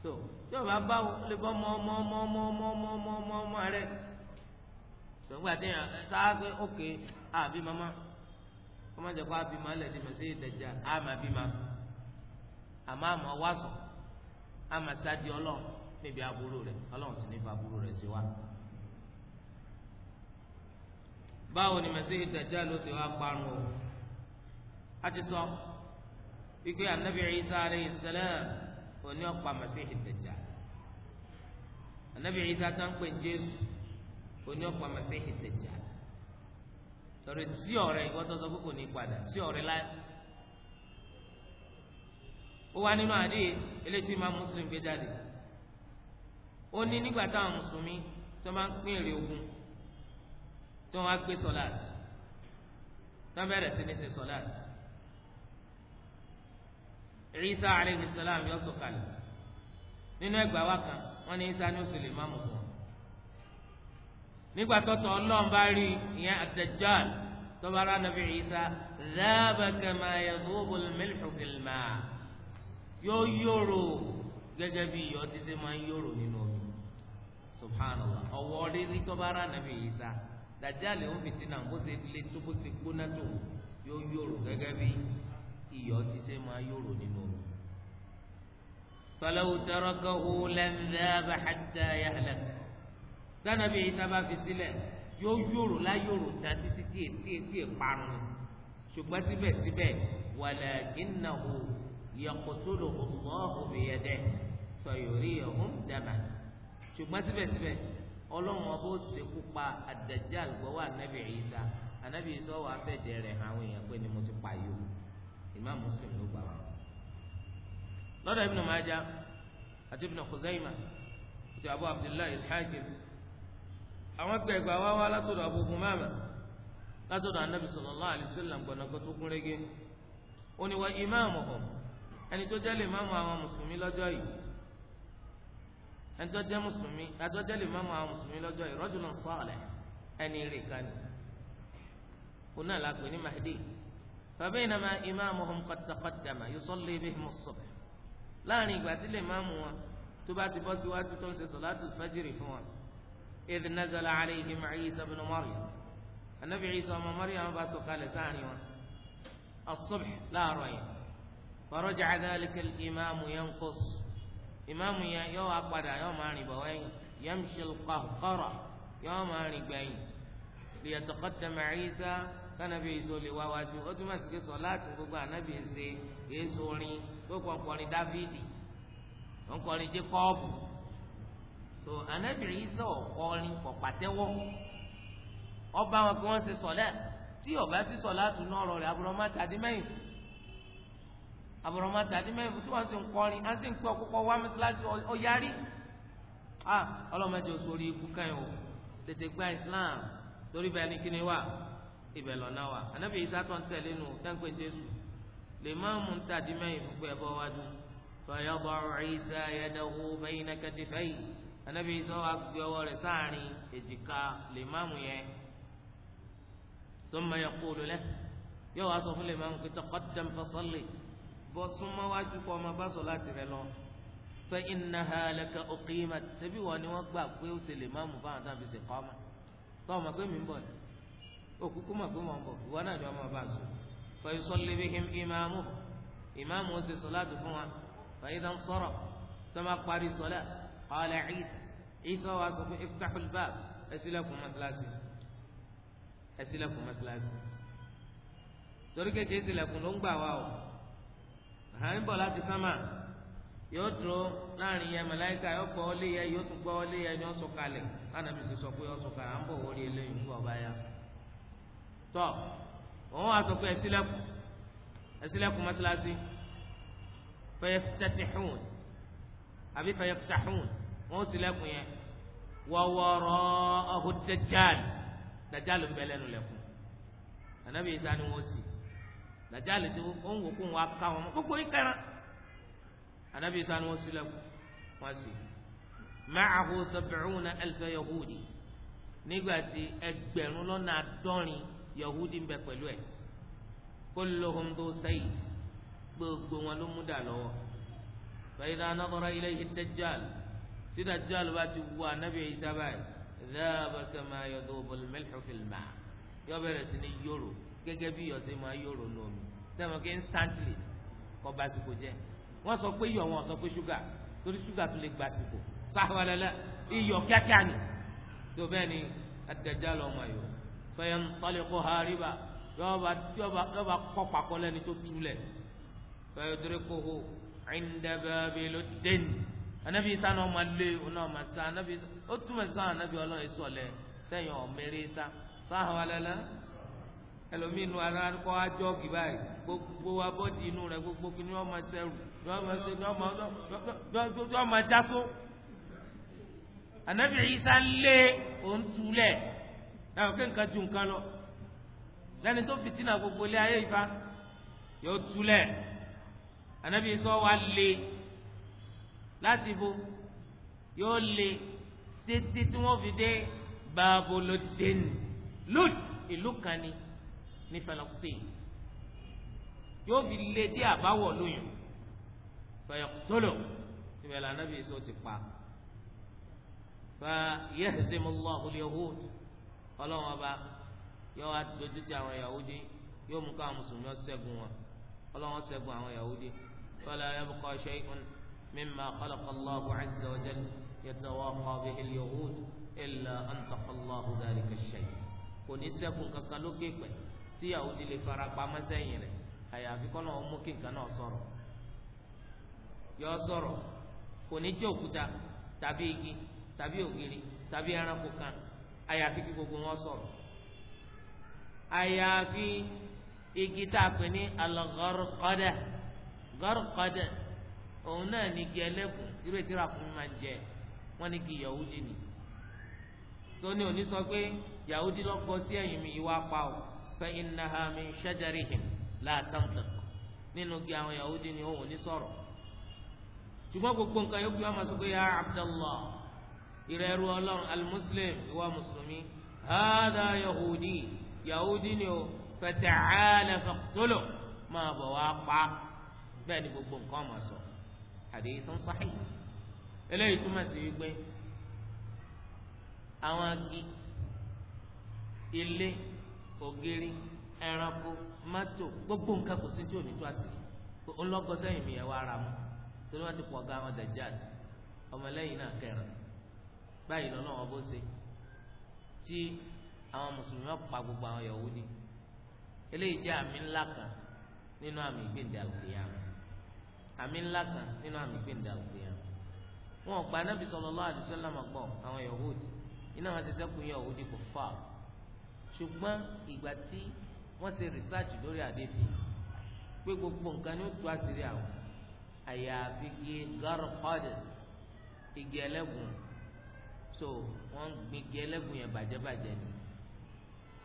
tó tí o bá bá o lè bọ́ mọ́ mọ́ mọ́ mọ́ mọ́ mọ́ mọ́ mọ́ mọ́ rẹ̀ sọgbà tí yàn sáà pé ókè àbí mama kọ́má jẹ́ kó àbí ma lẹ̀ ní mẹsẹ̀ ìdẹ̀jà àmà bí ma àmà àmà wá sọ àmà sáàdì ọlọ́run níbi aburú rẹ̀ ọlọ́run sì níbi aburú rẹ̀ sí wa. báwo ni mẹsẹ̀ ìdẹ̀jà ló sì wá parun o a ti sọ wípé anabi Isa aleyhi salam òní ọ̀pá mẹsẹ̀ ìdẹ̀jà anabi Isa tá ń pè ní Jésù oní ọ̀pọ̀ Masihi Dajjal sọ̀rọ̀ sí ọ̀rẹ́ ìwọ́tọ́tọ́ kókò ní padà sí ọ̀rẹ́ láì ó wá nínú àdéhìí Muslim gbé jáde ó ní nígbà táwọn mùsùlùmí tí wọ́n máa ń pín ogun tí wọ́n wá gbé sọ̀láàtì tí wọ́n bẹ̀rẹ̀ sí ní Isa alayhi salam yọ sọ̀kalẹ̀ nínú ẹgbàá wa kan wọ́n ní isa ni ó sì lè má mú fún wọn. nígbà tọ́tọ̀ ọlọ́run bá rí ìyẹn àtẹ̀jọ́l tọ́ba rà nàbí isa dáàbà kẹmà yadhubu al-milhu fil-ma yóò yòrò gẹ́gẹ́ bí iyọ̀ ti ṣe máa ń yòrò nínú omi subhanallah ọwọ́ rírí tọ́ba rà nàbí isa dàjálẹ̀ ó fi tinà ṣe lé tó bó ṣe gbóná tó yóò yòrò gẹ́gẹ́ bí iyọ̀ ti ṣe máa yòrò nínú omi. فلو تركه لم ذاب حتى يهلك tánàbí yìí tá a bá fi sílẹ̀ yóò yòrò láyòrò tá títí tí tí tí parun ṣùgbọ́n síbẹ̀síbẹ̀ wàlàkínàhù yàkùtùlù ọlọ́hùn bìyẹ̀dẹ̀ fẹ̀yọ̀rí ọ̀hún dàmà ṣùgbọ́n síbẹ̀síbẹ̀ ọlọ́run ọba ó ṣekú pa àdàjà àgbọ̀wọ́ ànábì Ìsá ànábì Ìsá wà fẹ̀dẹ̀ rẹ̀ àwọn èèyàn pé ni mo ti pa yòó Imam Muslim ló gbà wá lọ́dọ̀ ibn Majah àti ibn Khuzaimah àti abu abdullahi al-Hakim àwọn gba ẹgbàá wá wá látọ̀dọ̀ abu humama látọ̀dọ̀ anabi sallallahu alayhi wa sallam gbọ̀nàkọ́ tó kún régé ó ní wá ìmáàmù hàn ẹni tó jẹ́ lè máàmù àwọn mùsùlùmí lọ́jọ́ yìí ẹni tó jẹ́ mùsùlùmí ẹni tó jẹ́ lè máàmù àwọn mùsùlùmí lọ́jọ́ yìí rajulun salih ẹni rè kan ni ó náà lápè ní mahdi fa baynama imamuhum qad taqaddama yusalli bihim as-subh láàrin ìgbà tí lè máàmù wọn tó bá ti bọ́ síwájú tó ń ṣe sọ̀látù fẹ́jìrì fún wọn idh nazala alayhim Isa ibn Maryam anabi Isa ọmọ Maryam bá sọ̀kalẹ̀ sáàrin wọn as-subh láàárọ̀ yẹn faraja'a dhalika al-imamu yanqus ìmáàmù yẹn yọ wá padà yọ máa rìn bọ̀ wẹ́yìn yamshi al-qahqara yọ máa rìn gbẹ̀yìn lè wá wájú ó túmọ̀ sí pé kìí sorin gbogbo ọkùnrin dávidi ọkùnrin jacob so anabirin sọ ọkọrin kọ pàtẹ́wọ́ ọba wọn kí wọn ṣe sọlẹ tí ọba ti sọlá tún náà rọrẹ aburoma tàdí mẹyìn aburoma tàdí mẹyìn fún tí wọn sì ń kọrin á sì ń pẹ ọkọkọ wá mẹsàlásì ọyarí a ọlọmọdé osori ikú kẹyìn o tètè gba islam torí bẹ́ẹ̀ ni kíni wà ibẹ̀ lọ náà wà anabi isa tó ń tẹ̀lé nu tẹ́ńpẹ́ jésù lè má mú ń tàdí mẹ́yìn fún pé ẹ bọ́ wájú fàyà bọ̀ Ìsá ayẹ́dẹ́wò bẹ́yìn náà kẹ́tẹ́fẹ́ yìí anábì Ìsá wa gbé ọwọ́ rẹ̀ sáàrin èjìká lè má mú yẹn sọmọ yẹn kúlù lẹ yóò wá sọ fún lè má mú kí taqaddam fasalli bọ́ súnmọ́ wájú kọ́ ọmọ bá sọ láti rẹ lọ fa innaha laka uqimat ṣebí wọn ni wọ́n gbà pé ó ṣe lè má mú fáwọn táwọn ṣe kọ́ ọmọ tọ́ ọmọ pé mi ń bọ̀ òkúkú mọ̀ pé mo ń bọ̀ ìwọ náà ni ọmọ bá sùn wa yusalli bihim ìmáàmù ìmáàmù ó ṣe sọláàtù fún wa fa idha sọ̀rọ̀ tó máa parí sọlá qala Isa Isa wa sọ pé iftahul bab ẹ ṣílẹ̀kùn mọ́ṣáláṣí ẹ ṣílẹ̀kùn mọ́ṣáláṣí torí kékeré ṣílẹ̀kùn ló ń gbà wá o àhàn bọ̀ láti sámà yóò dúró láàrin yẹn mẹláìka yóò gbọ́ ọlé yẹn yóò tún gbọ́ ọlé yẹn ni wọ́n sọ kalẹ̀ lánàá bí sọ pé wọ́n sọ kalẹ̀ à ń bọ̀ wọ́n eléyìí ń bọ̀ báyà. tọ́ wọ́n wá sọ pé ẹ ṣílẹ̀kùn ẹ ṣílẹ̀kùn mọ́ṣáláṣí fayaftatihun àbí fayaftahun wọ́n ṣílẹ̀kùn yẹn wa wara'ahu dajjal dajjal ń bẹ lẹ́nu lẹ́kùn anabi isa ni wọ́n sì dajjal ti ó ń wò kó wọn ká wọn gbogbo yìí kẹrin anabi isa ni wọ́n ṣílẹ̀kùn wọ́n sì ma'ahu sab'una alfa yahudi nígbà tí ẹgbẹ̀rún lọ́nà àádọ́rin yahudi ń bẹ pẹ̀lú ẹ̀ kulluhum dhu sayf gbogbo wọn ló mú dà lọ́wọ́ fa idha nadara ilayhi ad-dajjal tí dajjal bá ti wú anabi isa báyìí dhaba kama yadhubu al-milhu fil ma' yọ bẹ̀rẹ̀ sí ní yòrò gẹ́gẹ́ bí yọ̀sẹ̀ máa yòrò lómi sẹ́mi kí instantly kọ́ basiko jẹ́ wọ́n sọ pé iyọ̀ wọn sọ pé ṣúgà torí ṣúgà tó lè gbàsìkò sáwọ́lẹ́lẹ́ iyọ̀ kíákíá ni tó bẹ́ẹ̀ ni ad ọmọ yòrò fẹyẹn ntọ́lẹ̀kọ́ hariba yọba yọba kọ́ pàkọ́ lẹ́ni tó túlẹ̀ fẹyẹ dúrékòhó ẹ̀ńdàbàbẹ̀lò dẹ́n anabi isa náà ma lé ọ̀nà ọ̀ma sa anabi isa ó túmọ̀ sí sáwọn anabi ọlọ́run èso ọ̀lẹ́ sẹ́yìn ọ̀mẹ́rẹ́ isa sáwọn alẹ́lẹ́ ẹlòmíì nu ara kọ́ adjọ́ gíba yìí gbogbo abọ́dì inú rẹ̀ gbogbo kí ni wọ́n ma sẹ́rù ni wọ́n ma jásó anabi isa lé òun túlẹ̀ ẹ̀rọ kéǹkan ju nǹkan lọ lẹ́ni tó fìtínà gbogbo ilé ayé ìfá yóò túlẹ̀ ànábì sọ wa lè láti bo yóò lè títí tí wọ́n fi dé babolodin lud ìlú kan ni ní Palestine yóò fi lè dé àbáwọ̀ lóyún fẹ̀yọ̀kútọ́lọ̀ ìbẹ̀lẹ̀ ànábì sọ ti pa fa yahzimu Allahu al-yahud ọlọ́run ọba yóò wá dojú ti àwọn Yahudi yóò mú káwọn mùsùlùmí ọ̀ṣẹ́gun wọn ọlọ́run ṣẹ́gun àwọn Yahudi wala yabqa shay'un mimma khalaqa Allahu azza wa jalla yatawaqa bihi al-yahud illa antaqa Allahu dhalika ash-shay' kò ní ṣẹ́gun kankan lókè pẹ̀ tí Yahudi lè fara pamọ́ sẹ́yìn rẹ̀ àyàfi kọ́nà ọmú kí nǹkan náà sọ̀rọ̀ yọ sọ̀rọ̀ kò ní jẹ́ òkúta tàbí igi tàbí ògiri tàbí ẹranko kan àyàfi kí gbogbo wọn sọ̀rọ̀ àyàfi igi tá a pè ní alagọrọkọdà gọrọkọdà òun náà ní igi ẹlẹ́gùn irú ètò ìràkùnrin máa ń jẹ wọn ní kí yahudi ni tó ní òní sọ pé yahudi lọ́kọ sí ẹ̀yìn mi ìwà pa ọ́ fa innaha min shajarihim la tantiq nínú igi àwọn yahudi ni òun ò ní sọ̀rọ̀ ṣùgbọ́n gbogbo nǹkan yóò fi wọn máa sọ pé ya abdallah ìrẹ̀rù ọlọ́run alimuslim ìwà mùsùlùmí hàdà yahudi yahudi ni o fẹtẹ̀hálẹ̀ fẹtọ́lò máa bọ̀ wá pa bẹ́ẹ̀ ni gbogbo nǹkan ọmọ sọ hadithun sahih eléyìí túmọ̀ sí wípé àwọn agi ilé ògiri ẹranko mọ́tò gbogbo nǹkan kò sí tí ò ní tó àṣírí ńlọgọ sẹ́yìn mi yẹ wá ara mu torí wọ́n ti pọ̀ ga àwọn dàjà ọmọlẹ́yìn náà kẹrin báyìí lọ́nà wọn bó ṣe tí àwọn mùsùlùmí ọ̀pá gbogbo àwọn Yahudi eléyìí jẹ́ àmì ńlá kan nínú àmì ìgbéǹde àlùkìyàmù àmì ńlá kan nínú àmì ìgbéǹde àlùkìyàmù wọn ò gba anábì sallallahu alaihi wasallam gbọ́ àwọn Yahudi iná wọn ti sẹ́kù Yahudi kò fà á ṣùgbọ́n ìgbà tí wọ́n ṣe rìsáàjì lórí àdéfì pé gbogbo nǹkan ni ó tú àṣírí àwọn àyàfi igi gárùpọ́dì igi ẹlẹ́gùn so wọ́n ń gbin igi ẹlẹ́gùn yẹn bàjẹ́bàjẹ́ ni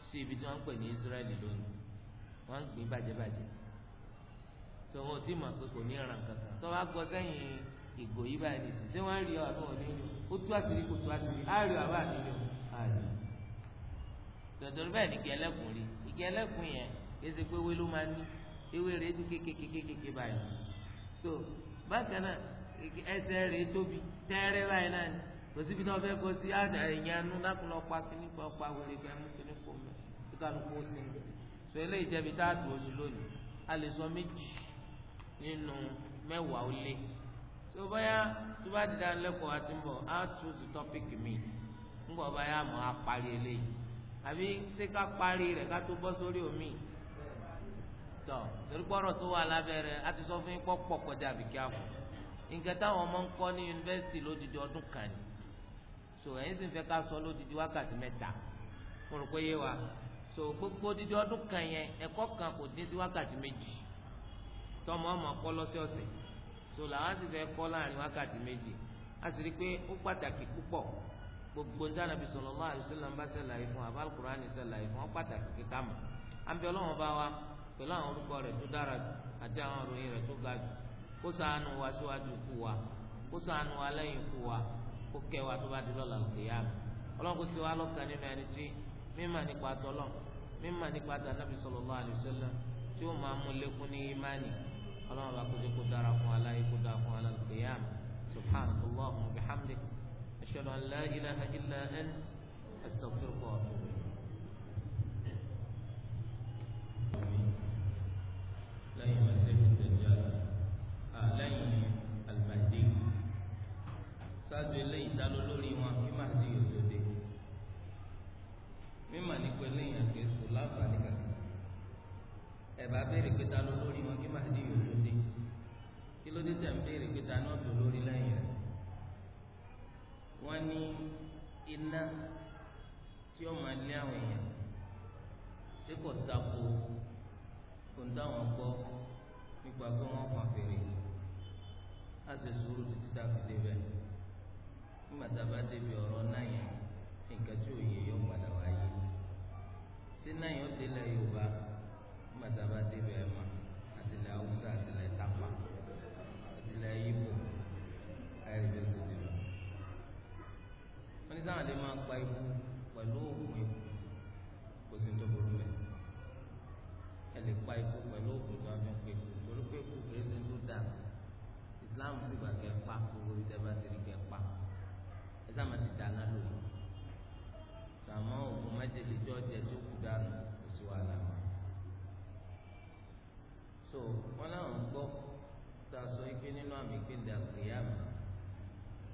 sí ibi tí wọ́n ń pè ní Israẹli lónìí wọ́n gbin bàjẹ́bàjẹ́ so wọn ò tí mọ̀ pé kò ní ràn kankan tó bá gbọ́ sẹ́yìn ìgò yìí báyìí nìsí ṣé wọ́n rí ọ àbí wọn ní ó tú àṣírí kò tú àṣírí á rí ọ àbá àbí yọ á rí ọ tòtòrò bẹ́ẹ̀ ni igi ẹlẹ́gùn rí igi ẹlẹ́gùn yẹn èsì pé ewé ló máa ní ewé rẹ̀ dún kékékékéké báyìí so bákan náà ẹsẹ̀ rẹ̀ tóbi tẹ́rẹ́ báyìí náà ni kò síbi náà fẹ́ kó sí àdá ìyanu lákùnrin ọ̀pá kìíní pa ọ̀pá wẹ̀rẹ̀ gbẹ mú kìíní kò mẹ́ kí kálukú ó sin so eléyìí jẹ́bi tá a dùn ó sí lónìí a lè sọ méjì nínú mẹ́wàá ó lé so bóyá tó bá di dánilẹ́kọ̀ọ́ àti mbọ̀ á tún sí tọ́pìkì mi ńgbọ̀ báyà mọ̀ á parí eléyìí àbí ṣé ká parí rẹ̀ ká tó bọ́ sórí omi tọ̀ torí pọ́rọ̀ tó wà lábẹ́rẹ́ á ti sọ fún yín pọ́ pọ̀ kọjá àbíkí so ẹ̀yin sì ń fẹ́ ká sọ lódidi wákàtí mẹ́ta mo rò pé yé wa so gbogbo odidi ọdún kan yẹn ẹ̀kọ́ kan kò dín sí wákàtí méjì tọmọ ọmọ kọ́ lọ́sọ̀ọ̀sẹ̀ so làwọn sì fẹ́ kọ́ láàrin wákàtí méjì a sì rí i pé ó pàtàkì púpọ̀ gbogbo ní Ànábì sallallahu alaihi wasallam bá ṣàlàyé fún abal Qur'an ṣàlàyé fún ọ pàtàkì kíkà mọ àbí Ọlọ́run bá wa pẹ̀lú àwọn orúkọ rẹ̀ tó dára àti àwọn ìròyìn rẹ̀ tó ga kó ṣàánú wa síwájú ikú wa kó ṣàánú wa lẹ́yìn ikú wa kó kẹ́ wa tó bá di lọ́la lùkìyà ọlọ́run kò sí wa lọ́kàn nínú ẹni tí mímà nípa tọ́lọ̀ mímà nípa tà nàbì sallallahu alaihi wasallam tí ó máa mú lékún ní ìmánì ọlọ́run bá kó kó dára fún wa kó dára fún wa lùkìyà subhanallahu wa bihamdik ashhadu an la ilaha illa ant astaghfiruka wa atubu ilayk lẹ́yìn masihi dajjal lẹ́yìn ṣáájú eléyìí dá lọ lórí wọn kí máa di òdòdó mímọ nípa eléyìí àti èso láǹfààní kankan ẹ̀bá béèrè pé dá lọ lórí wọn kí máa di òdòdó kí ló dé tẹ̀ ń béèrè pé dá náà tó lórí lẹ́yìn rẹ̀ wọ́n ní iná tí ó máa lé àwọn èèyàn tí kò tako kò ń táwọn gbọ́ nípa pé wọ́n pa fèrè a sì sùúrù títí tá a fi débẹ̀ nígbàtà bá débi ọ̀rọ̀ náyà nǹkan tí òye yọ padà wáyé sí náyà ó délẹ̀ yorùbá nígbàtà bá débi ẹ̀mà àtìlẹ̀ haúsá àtìlẹ̀ tápà àtìlẹ̀ ibo ayẹyẹ sọdí lọ. wọ́n ní sáwọn lè máa pa ikú pẹ̀lú oògùn ikú kò sí tó burú mẹ́ ẹ lè pa ikú pẹ̀lú oògùn tó a fi ń pe ikú torí pé ikú kìí ṣe tó dáa Islam sì gbàgbé pa kúrò ìjọba ti islam ti dáná lónìí sàmọ́ òògùn májèlé tí ọjà tó kù dànù kò sí wàhálà mọ́ so wọn làwọn gbọ́ tá a sọ ike nínú àmì gbẹ̀ndẹ̀ àgbéyàmù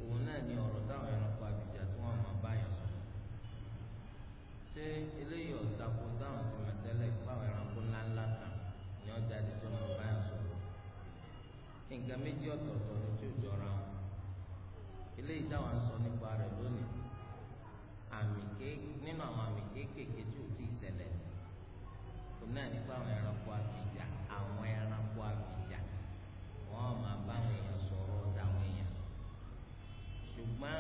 òun náà ni ọ̀rọ̀ táwọn ẹranko àbíjà tí wọ́n máa báyàn sọ ṣé eléyìí ọ̀tàkùn táwọn ti máa tẹ́lẹ̀ fáwọn ẹranko ńláńlá kan ní ọjà àdìjọ́ máa báyàn sọ nǹkan méjì ọ̀tọ̀ọ̀tọ̀ ni tí ò jọra wọn eléyìí táwọn sọ nípa rẹ̀ lónìí àmì ké nínú àwọn àmì kéékèèké tí ò tí ì ṣẹlẹ̀ kò náà nípa àwọn ẹranko àbìjà àwọn ẹranko àbìjà wọn máa bá àwọn èèyàn sọ̀rọ̀ táwọn èèyàn ṣùgbọ́n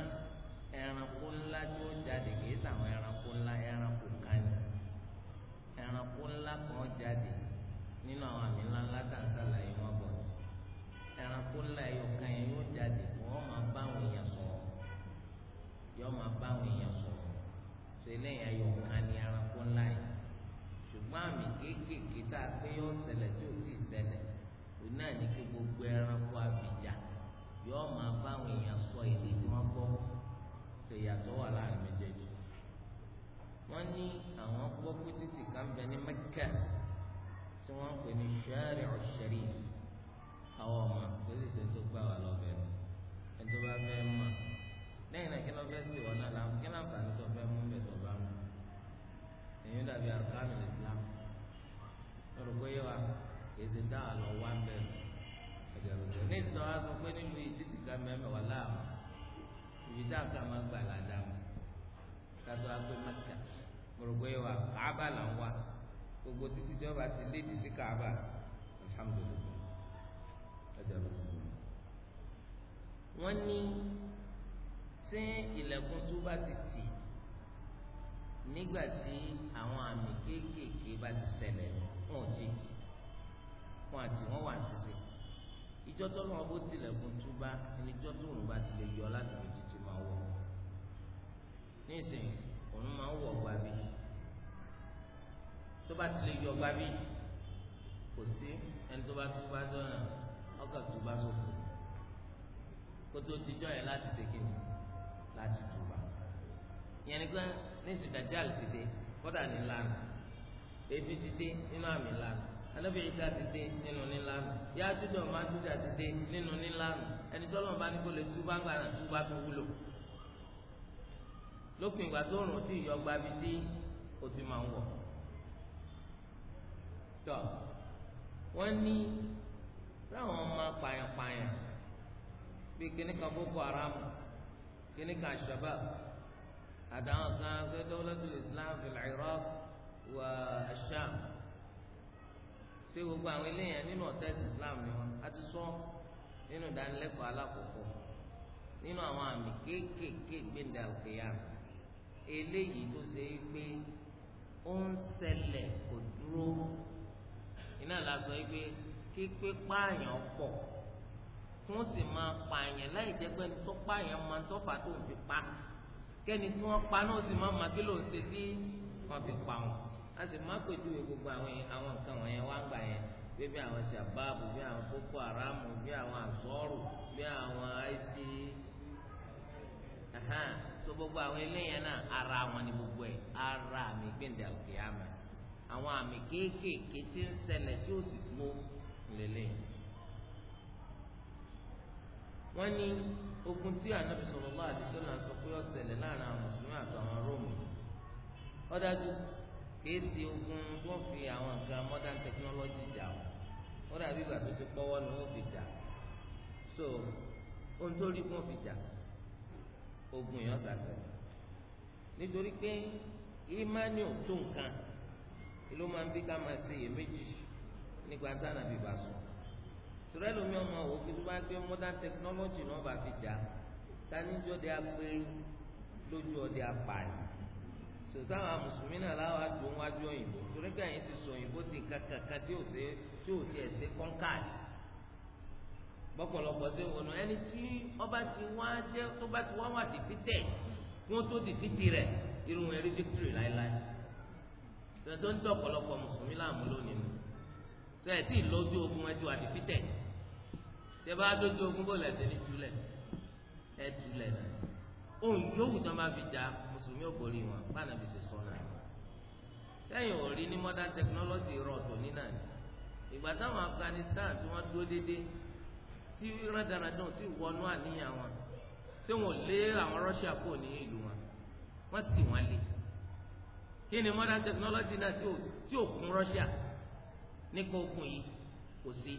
ẹranko ńlá tí ó jáde kìí sàwọn ẹranko ńlá ẹranko kan ni ẹranko ńlá kan jáde nínú àwọn àmì ńlá ńlá tá à ń sàlàyé wọn bọ̀ ẹranko ńlá ẹyọ kan yẹn yóò jáde wọn máa bá àwọn èèyàn yọ máa bá àwọn èèyàn sọ̀rọ̀ ṣe eléyìí ayọ̀ kan ní ẹranko ńlá yìí ṣùgbọ́n àmì kéékèèké tá a pé yọ ṣẹlẹ̀ tí ò sì ṣẹlẹ̀ òun náà ní kí gbogbo ẹranko àbíjà yọ máa bá àwọn èèyàn sọ èdè tí wọ́n gbọ́ ṣe ìyàtọ̀ wà láàrin méjèèjì wọ́n ní àwọn gbọ́ pé títì kan bẹ ní Mẹ́kà tí wọ́n pè ní ṣẹ́ẹ̀rì ọ̀ṣẹ́rì àwọn ọmọ tó sì ṣe tó gbà wà lọ́bẹ̀ẹ́ ẹni tó bá fẹ́ mọ̀ lẹ́yìn náà kí ló fẹ́ sí wọn náà láàmú kí náà fàánù tó fẹ́ mú bẹ̀ tó bá mú èyí dàbí àrùkánù islam olùkọ́ yé wa èdè dáhà lọ wá bẹ́ẹ̀ ẹ̀jẹ̀ lọ́jọ́ ní ìtàn wa sọ pé nínú ìtìtì ká mẹ́mẹ́ wà láàmú ibi dáhà ká máa gbà ládà mú kátó agbé mẹ́ta olùkọ́ yé wa káábà là ń wá gbogbo títí tí wọ́n bá ti léèdì sí káábà alhamdulilayi ẹ̀jẹ̀ lọ́jọ́ wọ́n ní ṣé ilẹ̀kùn tó bá ti tì nígbà tí àwọn àmì kéékèèké bá ti ṣẹlẹ̀ wọn ò tí wọn àti wọn wà ṣiṣẹ́ ìjọ tó lọ́wọ́ bó tilẹ̀kùn tó bá ẹni jọ́ tó òun bá ti lè yọ láti lè títí máa wọ̀ nísìnyí òun máa ń wọ̀ gbàbí tó bá ti lè yọ gbàbí kò sí ẹni tó bá tó bá dọ̀nà ọkà tó bá sòfò kótó tijọ́ yẹn láti ṣe kìnnìkan láti túbà ìyẹn ni pé ní ìsìn Dajjal ti dé kódà ní lánà ebi ti dé nínú àmì lánà anabi Isa ti dé nínú nílànà Yájúj wa Májúj ti dé nínú nílànà ẹni tó lọ́nà bá ní kó lè túbà ńgbà náà túbà tó wúlò lópin ìgbà tó rùn tí ìyọgba bi tí o ti máa ń wọ̀ tọ́ wọ́n ní láwọn ọmọ pààyàn pààyàn bí kíní kan Boko Haram kíní kan shabab àtàwọn kan pé dawlatul islam fil iraq wà sham ṣé gbogbo àwọn eléyàn nínú ọ̀tá ẹ̀sìn islam ni wọn á ti sọ nínú ìdánilẹ́kọ̀ọ́ alákọ̀ọ́kọ́ nínú àwọn àmì kéékèèké gbẹ̀ndà òkè yá eléyìí tó ṣe é pé ó ń ṣẹlẹ̀ kò dúró la sọ pé kíkpé pààyàn pọ̀ kí wọ́n sì máa pààyàn láì jẹ́ pé ẹni tó pààyàn máa ń tọ́fà tó ń fi pa kẹ́ni tí wọ́n pa náà sì máa ma kí ló ń ṣe tí wọ́n fi pa wọn a sì máa pèjúwe gbogbo àwọn àwọn nǹkan wọ̀nyẹn wá ń gbà yẹn pé bí àwọn sàbáàbù bí àwọn boko haram bí àwọn àzọrù bí àwọn àìsí tó gbogbo àwọn eléyẹn náà ara wọn ni gbogbo ẹ ara àmì gbẹ̀ndẹ̀ òkè àmà àwọn àmì kéékèèké tí ń ṣẹlẹ̀ tí ó sì gbó lélẹ́yìn. wọ́n ní ogun tí anabi sallallahu alaihi wasallam sọ pé ó ṣẹlẹ̀ láàrin àwọn mùsùlùmí àtàwọn róòmù kìí ogun tó fi àwọn nǹkan modern technology jà wọn ó dàbí ìgbà tó ti pọ́wọ́ ni fi jà so ogun yẹn ṣàṣẹ nítorí pé tó nǹkan ló ń bí ká máa ṣe iyèméjì nígbà tá ànàbì bá sọ̀rọ̀ ẹlòmíì ọmọ òwò fi tó bá gbé modern technology náà bá fi jà taníjọ́ de apẹ́rù lójú ọdẹ apààyàn sòsáwà mùsùlùmí náà láwàá dùn wájú òyìnbó torí kẹ́yìn ti sọ òyìnbó ti kankankan tí ò ṣe tí ò tiẹ̀ ṣe kọ́ńkáàdì bọ́pọ̀lọpọ̀ ṣe wọnú ẹni tí ọba ti wá jẹ́ tó bá ti wá wà dìfítẹ̀ wọ́n tó dìfítì rẹ̀ irun ẹ̀rí victory láéláé tẹ̀sán tó ń tọ́ ọ̀pọ̀lọpọ̀ mùsùlùmí láàmú lónìí nù tó ẹ̀ tí ì lójú ogun ẹ̀ ti wà defeated tẹ bá lójú ogun bó lẹ̀ tẹ̀lé túlẹ̀ ẹ̀ túlẹ̀ náà ohun yòówù tí wọ́n bá fi jà mùsùlùmí ò borí wọn báyìí fi ṣe náà sẹ́yìn ò rí ní modern technology rọ̀ tó ní náà ni ìgbà táwọn Afghanistan tí wọ́n dúró déédéé tí rádaràdàn tí wọnú àníyàn wọn tí wọn lé àwọn Russia kúrò ní ìlú wọn wọ́n sì wọ́n lé kí ni modern technology náà tí ò kún Russia nípa okùn yìí kò sí.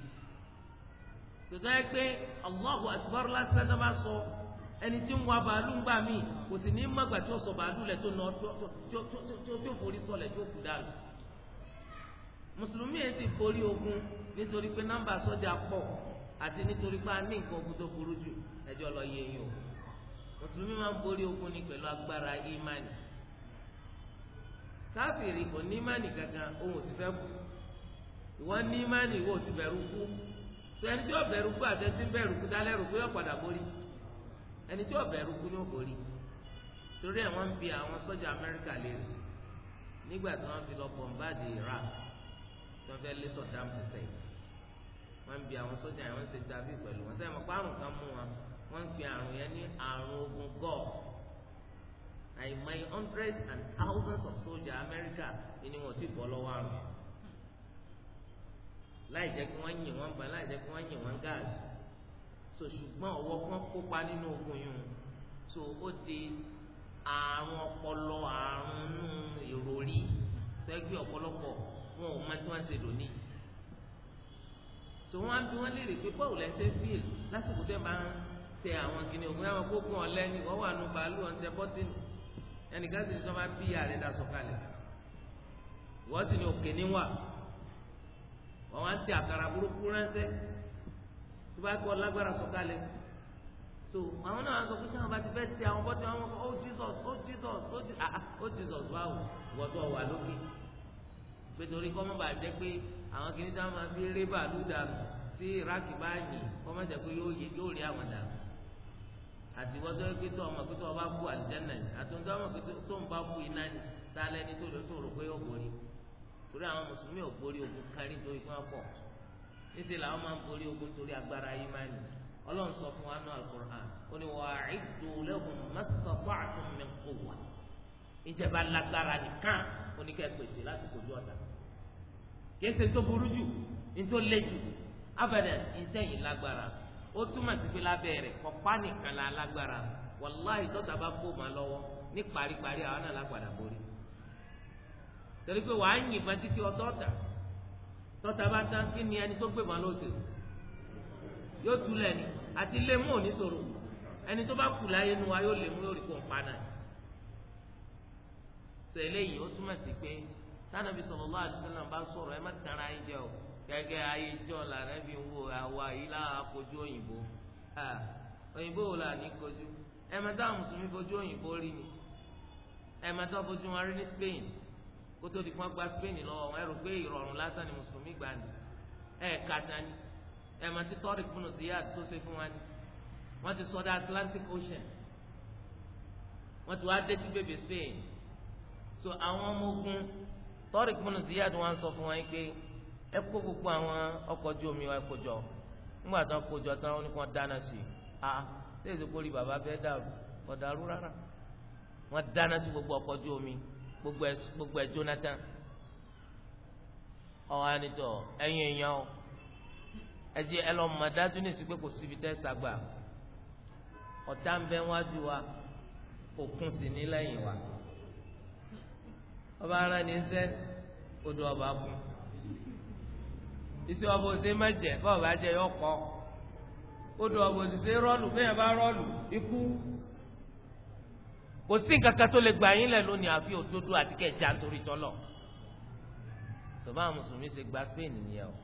sọ̀tàn ẹ pé Allahu Akbar lásán náà bá sọ ẹni tí ń wa bàálù ń gbà mí kò sì ní mọ̀gbà tí ó sọ bàálù lẹ̀ tó nà tí ó forí sọlẹ̀ tí ó kù dànù. mùsùlùmí yẹn sì forí ogun nítorí pé nọ́mbà sọ́jà pọ̀ àti nítorí pé a ní nǹkan ogun tó burú jù ẹjọ́ lọ yẹ yín o mùsùlùmí máa ń borí ogun ní pẹ̀lú agbára ìmánì káfíìrì kò ní ìmánì gangan òun ò sì fẹ́ bù ìwọ ní mánì ìwọ sì bẹ̀rù kú sọ ẹni tí ó bẹ̀rù kú àtẹ̀sí bẹ̀rù kú dálẹ́rù kú yóò padà borí ẹni tí ó bẹ̀rù kú yóò borí torí ẹ̀ wọ́n ń bi àwọn sọ́jà amẹ́ríkà léèrè nígbà tí wọ́n fi lọ bọ̀m̀báàdì iraq tí wọ́n fẹ́ lé Saddam Hussein wọ́n ń bi àwọn sọ́jà yẹn wọ́n ṣe tàbí pẹ̀lú wọn sẹ́yìn mọ̀ pé àrùn kan mú wọn wọ́n ń pe àrùn yẹn ní àrùn ogun gọ́ọ̀ àìmọye hundreds and thousands of soldiers amẹ́ríkà ni wọ́n ti bọ́ lọ́wọ́ àrùn yẹn láì jẹ́ kí wọ́n yìn wọ́n ba láì jẹ́ kí wọ́n yìn wọ́n gáàsì so ṣùgbọ́n ọwọ́ kan kópa nínú ogun yìí so ó di àrùn ọpọlọ àrùn nù ìròrí tẹ́gbẹ́ ọ̀pọ̀lọpọ̀ wọn ò mọ tí wọ́n ṣe lónìí so wọ́n á bí wọ́n léèrè pé bọ́ọ̀lù ẹsẹ̀ fíìl lásìkò tẹ́ máa ń tẹ àwọn kìnìún ògùn àwọn gbogbo ọ̀lẹ́ ni wọ́n wà nù bàálù ọ̀ntẹ bọ́tìnì ẹnìkan sì ní sọ́ máa bí ìyá rẹ̀ dà wọ́n sì ní òkè níwà wọn wá ń tẹ àkàrà burúkú ránṣẹ́ tó bá kọ lágbára sọ̀kalẹ̀ so àwọn náà sọ pé tí wọn bá ti fẹ́ ti àwọn bọ́tí wọn kọ oh jesus oh jesus oh jesus ah, ah oh jesus wáwò wọ́tọ̀ wà lókè pé torí kọ́mọ́ bàá jẹ́ pé àwọn kìíní táwọn máa fi rí bàálù dànù tí iraki bá yìn kọ́mọ́ jẹ́ pé yóò rí àwọn dànù àti wọ́tọ́ pé tó ọmọ pé tó ọba kú àlùjẹ́ nàìjíríà àtúntò ọmọ pé tó ń bá kú iná ni tá a lẹ́ni tó lè tó rò pé yóò borí torí àwọn mùsùlùmí ò borí ogun kárí nítorí kí wọ́n pọ̀ níṣẹ́ làwọn máa ń borí ogun torí agbára ìmánì ọlọ́run sọ fún wa náà alukur'an ó ní wàá ìdò lẹ́kùn mastata'tum min quwwa ìjẹba lágbára nìkan oníkẹ́ pèsè láti kojú ọ̀tá kéésì tó burú jù nítò lé jù abẹ́rẹ́ ìtẹ̀yìn lágbára ó túmọ̀ sí pé lábẹ́rẹ́ kọ̀pá nìkan lágbára wàláhì tọ́ta bá kó ma lọ́wọ́ ní paríparí àwọn náà lágbára borí torí pé wàá yìnbọn títí ọtọ ọtà tọta bá tán kí ni ẹni tó gbé wọn lóṣè yóò túlẹ̀ ni àti lé mú òní sọ̀rọ̀ ẹni tó bá kù láyé nu wa yóò lè mú yóò rí pọ̀npá náà sọ eléyìí ó túmọ̀ sí pé tánàbí sallallahu alaihi wasallam bá sọ̀rọ̀ ẹ má tẹ̀ra ẹ jẹ o gẹ́gẹ́ ayé jọ làrá bí wo àwa yìí láwa kojú òyìnbó òyìnbó wo là ní kojú ẹ má dá mùsùlùmí kojú òyìnbó rí ni ẹ má dá fojú wọn rí ní Spain kótó di kó gba Spain lọ́wọ́ wọn ẹ rò pé ìrọ̀rùn lásán ni mùsùlùmí gbà ní ẹ kàtà ní ẹ mà ti tọ́rì kùnú sí yá tó ṣe fún wa ní wọ́n ti sọdá Atlantic Ocean wọ́n ti wá dé sí bèbè Spain so àwọn ọmọ ogun tọ́rì kùnú sí yá tó wá sọ fún wa yín pé ẹ kó gbogbo àwọn ọkọ̀ ojú omi wa kó jọ ńgbà tó kó jọ tán wọn ni kò dáná sí i ah ṣé èso kórìí bàbá fẹ́ dàrú kò rárá wọ́n dáná sí gbogbo ọkọ̀ ojú omi gbogbo ẹ Jonathan ọwọ anitọ èèyàn o ẹ ẹ lọ mọ dájú ní ìsìnkú kò síbi tẹ sàgbà ọ̀tá ń wájú wa òkun sì ní lẹ́yìn wa ọba ara ní sẹ́ odò ọba kún iṣẹ́ ọba òsè má bọ́ọ̀ bá odò ọba òsè rọ́ọ̀lù bẹ́ẹ̀ bá kò sí nǹkan kan tó lè gbà yín lẹ̀ lónìí àfi òdodo àti kẹjà nítorí tọ́lọ̀ tọ́ba àwọn mùsùlùmí ṣe gba Spain nìyẹn o